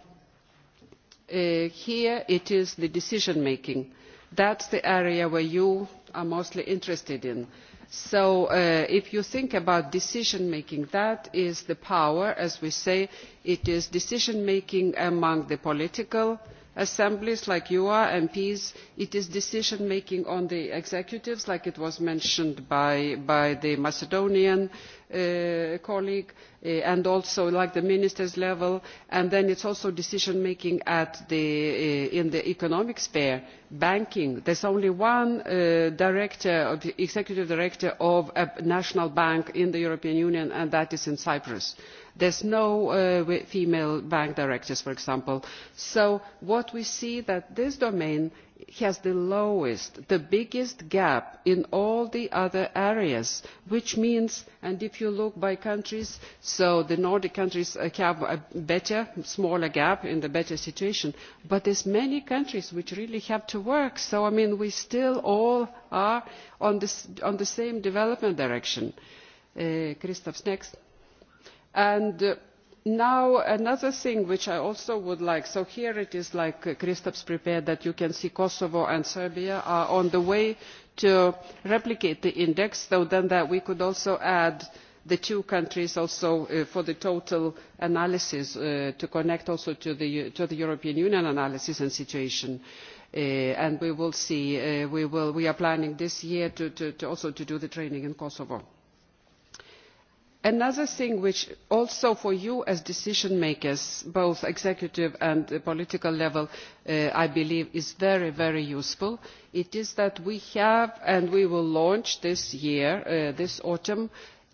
here, it is the decision making. That is the area where you are mostly interested in So if you think about decision making, that is the power, as we say, it is decision making among the political assemblies like you are, MPs, it is decision making on the executives, like it was mentioned by the Macedonian colleague and also like the ministers level and then it is also decision making in the economic sphere banking There is only one director executive director of a national bank in the european union and that is in cyprus There are no female bank directors for example so what we see that this domain has the lowest, the biggest gap in all the other areas, which means, and if you look by countries, so the Nordic countries have a better, smaller gap in the better situation, but there's many countries which really have to work. So, I mean, we still all are on the same development direction. Christoph's next. And Now, another thing which I also would like, so here it is like christophe prepared that you can see Kosovo and Serbia are on the way to replicate the index, so then that we could also add the two countries also for the total analysis to connect also to the European Union analysis and situation. And we will see, we are planning this year also to do the training in Kosovo Another thing which also for you as decision makers, both executive and political level, I believe is very, very useful, is that we have and we will launch this year, this autumn, an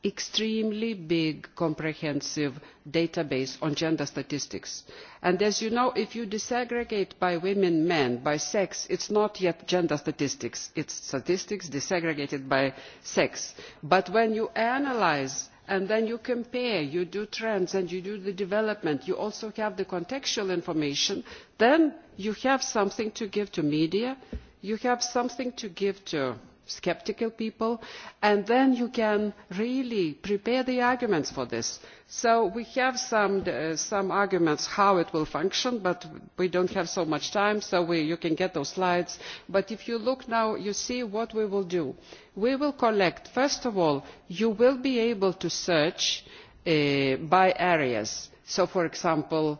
extremely big comprehensive database on gender statistics. And as you know, if you disaggregate by women, men, by sex, it is not yet gender statistics. is statistics disaggregated by sex. But when you analyse and then you compare you do trends and you do the development you also have the contextual information then you have something to give to media you have something to give to sceptical people and then you can really prepare the arguments for this. so we have some arguments how it will function but we do not have so much time so you can get those slides but if you look now you see what we will do. we will collect first of all you will be able to search by areas so for example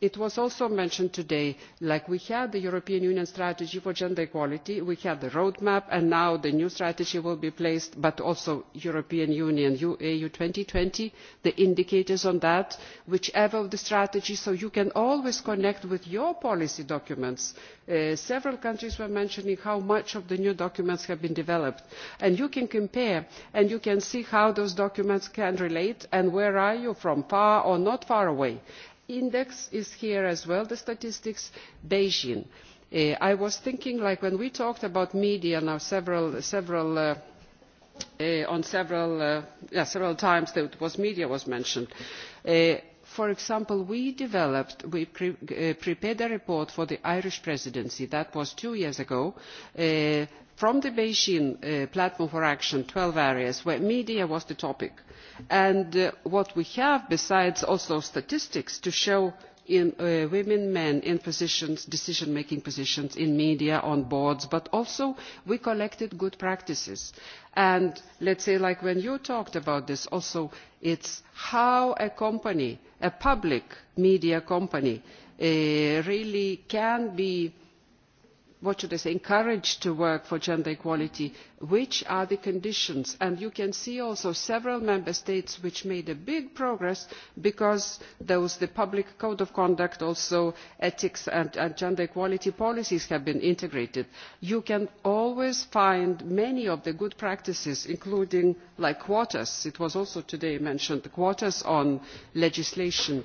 It was also mentioned today, that we have the European Union strategy for gender equality, we have the roadmap, and now the new strategy will be placed, but also European Union EU 2020, the indicators on that, whichever of the strategies, so you can always connect with your policy documents. Several countries were mentioning how much of the new documents have been developed, and you can compare and you can see how those documents can relate and where are you from, far or not far away index is here as well the statistics beijing i was thinking like when we talked about media now several several times that was media was mentioned for example we developed we prepared a report for the irish presidency that was two years ago from the beijing platform for action 12 areas where media was the topic and what we have besides also statistics to show women men in positions decision making positions in media on boards but also we collected good practices and let's say like when you talked about this also it's how a company a public media company really can be what should I say, encouraged to work for gender equality, which are the conditions. And you can see also several member states which made a big progress because those the public code of conduct, also ethics and gender equality policies have been integrated. You can always find many of the good practices, including like quotas. It was also today mentioned, quotas on legislation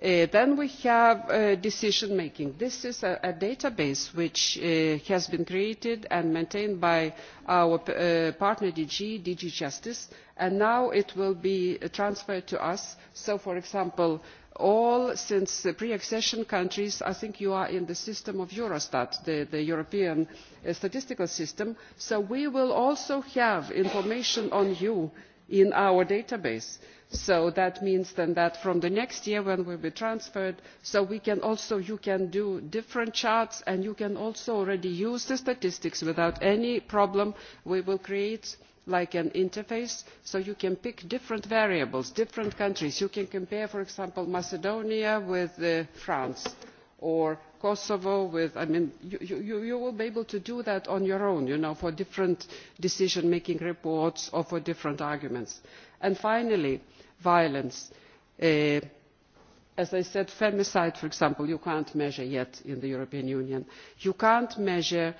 Then we have decision making. This is a database which has been created and maintained by our partner DG, DG Justice, and now it will be transferred to us. So, for example, all since pre-accession countries, I think you are in the system of Eurostat, the European statistical system, so we will also have information on you in our database so that means then that from the next year when we will be transferred so we can also you can do different charts and you can also already use the statistics without any problem we will create like an interface so you can pick different variables different countries you can compare for example macedonia with france or Kosovo with I mean you will be able to do that on your own, you know, for different decision making reports or for different arguments. And finally, violence. As I said, femicide, for example, you cannot measure yet in the European Union. You cannot measure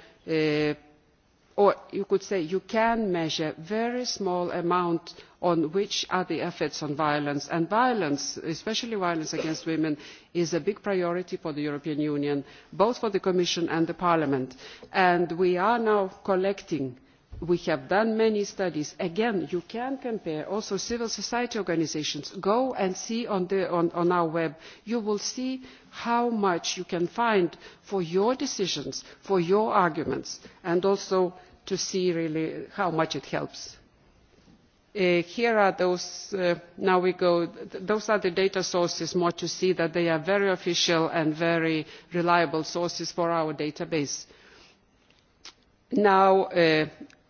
or you could say you can measure a very small amount on which are the effects on violence and violence especially violence against women is a big priority for the european union both for the commission and parliament and we are now collecting we have done many studies again you can compare also civil society organisations go and see on our web you will see how much you can find for your decisions for your arguments and also to see really how much it helps. here are those now we go those are the data sources more to see that they are very official and very reliable sources for our database. Now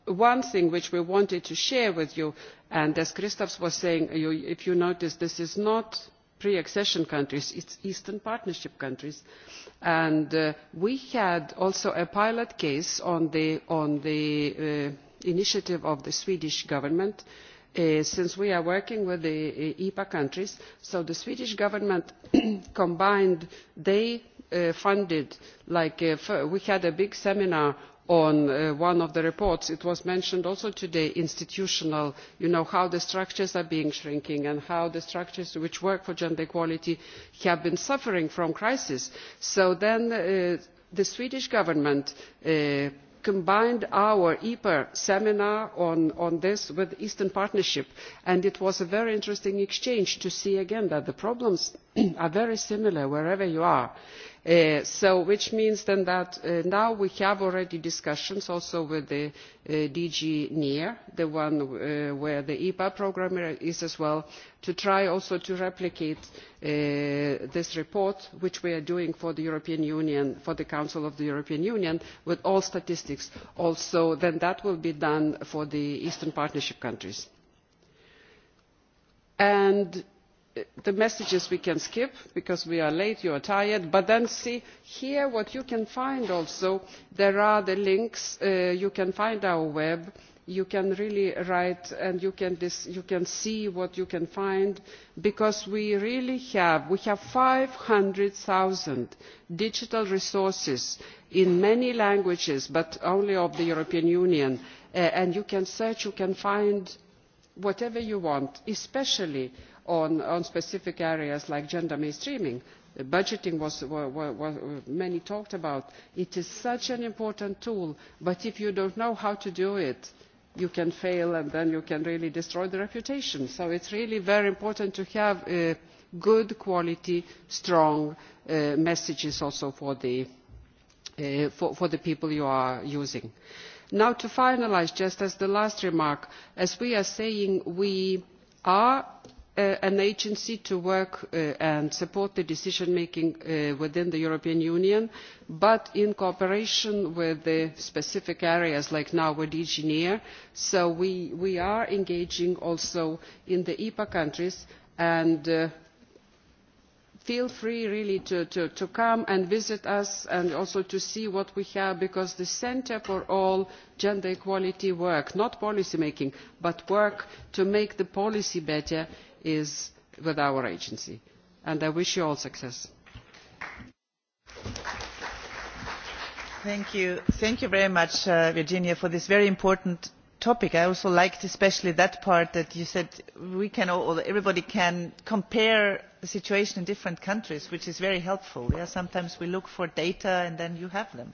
one thing which we wanted to share with you and as Christoph was saying if you notice this is not pre accession countries it is eastern partnership countries and we had also a pilot case on the initiative of the swedish government since we are working with the epa countries so the swedish government combined they funded like we had a big seminar on one of the reports it was mentioned also today institutional you know how the structures are being shrinking and how the structures which work for gender equality have been suffering from crisis so then the swedish government combined our epa seminar on this with the eastern partnership and it was a very interesting exchange to see again that the problems are very similar wherever you are so which means then that now we have already discussions also with the dg near the one where the epa programme is as well to try also to replicate this report which we are doing for the european union for the council of the european union with all statistics also then that will be done for the eastern partnership countries the messages we can skip because we are late you are tired but then see here what you can find also there are the links you can find our web you can really write and you can see what you can find because we really have we have 500,000 digital resources in many languages but only of the European Union and you can search you can find whatever you want especially on specific areas like gender mainstreaming. Budgeting was many talked about. It is such an important tool, but if you don't know how to do it, you can fail and then you can really destroy the reputation. So it's really very important to have good quality, strong messages also for the people you are using. Now to finalise, just as the last remark, as we are saying, we are an agency to work and support the decision making within the European Union, but in cooperation with the specific areas like now with DG So we are engaging also in the EPA countries and feel free really to come and visit us and also to see what we have because the centre for all gender equality work not policy making but work to make the policy better is with our agency. And I wish you all success. Thank you. Thank you very much, Virginia, for this very important topic. I also liked especially that part that you said we can all, everybody can compare the situation in different countries, which is very helpful. Sometimes we look for data and then you have them.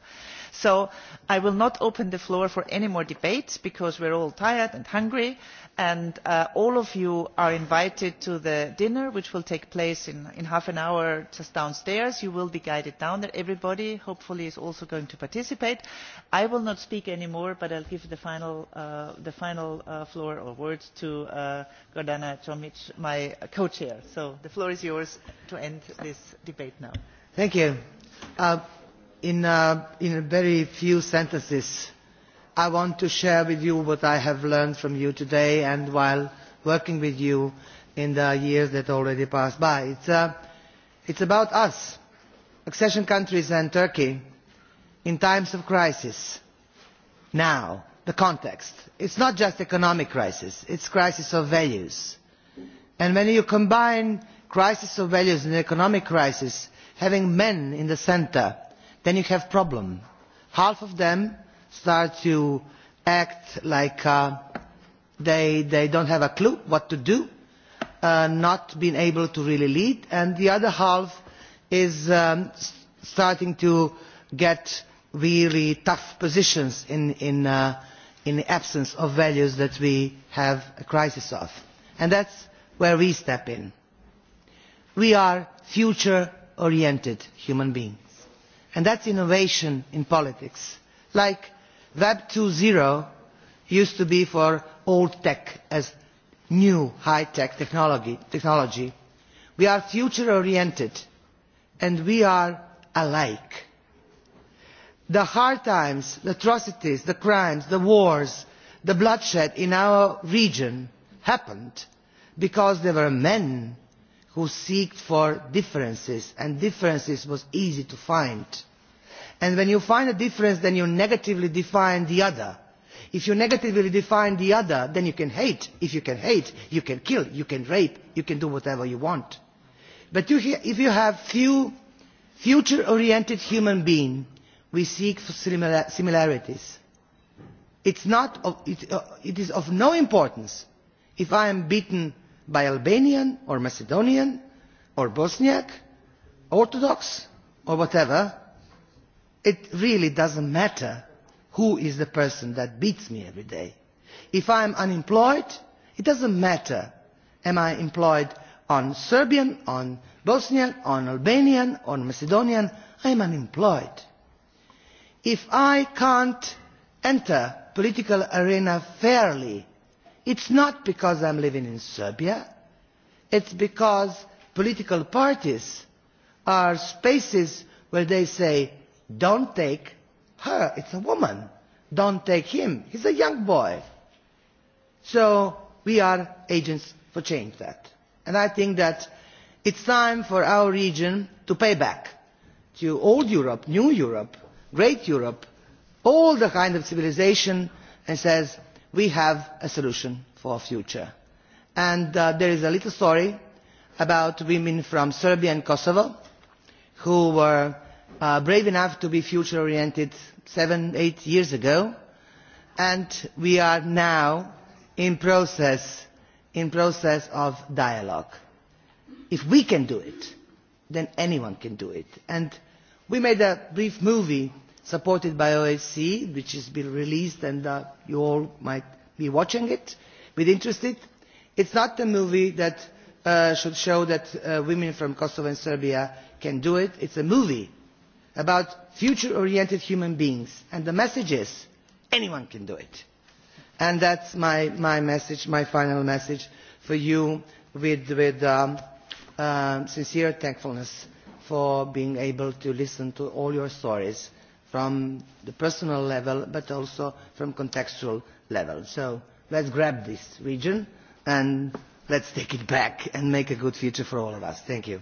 So I will not open the floor for any more debates because we are all tired and hungry and all of you are invited to the dinner which will take place in half an hour just downstairs. You will be guided down there. Everybody hopefully is also going to participate. I will not speak any more, but I will give the final floor or words to Gordana Tomic, my co-chair. So the floor is yours to end this debate now. Thank you. In in very few sentences, I want to share with you what I have learned from you today and while working with you in the years that already passed by. It's about us, accession countries and Turkey, in times of crisis. Now, the context. It's not just economic crisis, it's crisis of values. And when you combine crisis of values and an economic crisis having men in the centre then you have a problem. half of them start to act like they they don't have a clue what to do not being able to really lead and the other half is starting to get really tough positions in the absence of values that we have a crisis of and that's where we step in we are future oriented human beings and that is innovation in politics like web 2.0 used to be for old tech as new high tech technology. we are future oriented and we are alike. the hard times the atrocities the crimes the wars the bloodshed in our region happened because there were men who seek for differences and differences was easy to find. And when you find a difference then you negatively define the other. If you negatively define the other then you can hate. If you can hate you can kill, you can rape, you can do whatever you want. But if you have few future oriented human beings we seek for similarities. not It is of no importance if I am beaten by Albanian or Macedonian or Bosniak, Orthodox or whatever, it really doesn't matter who is the person that beats me every day. If I am unemployed, it doesn't matter am I employed on Serbian, on Bosnian, on Albanian, or Macedonian, I am unemployed. If I can't enter political arena fairly, It's not because I'm living in Serbia. It's because political parties are spaces where they say, don't take her, it's a woman. Don't take him, he's a young boy. So we are agents for change that. And I think that it's time for our region to pay back to old Europe, new Europe, great Europe, all the kind of civilization and says we have a solution for our future. And there is a little story about women from Serbia and Kosovo who were brave enough to be future oriented seven, eight years ago and we are now in process in process of dialogue. If we can do it, then anyone can do it. And we made a brief movie supported by OSCE, which has been released and you all might be watching it with interest. It's not a movie that should show that women from Kosovo and Serbia can do it. It's a movie about future-oriented human beings. And the message is, anyone can do it. And that's my message, my final message for you with sincere thankfulness for being able to listen to all your stories from the personal level but also from contextual level. So let's grab this region and let's take it back and make a good future for all of us. Thank you.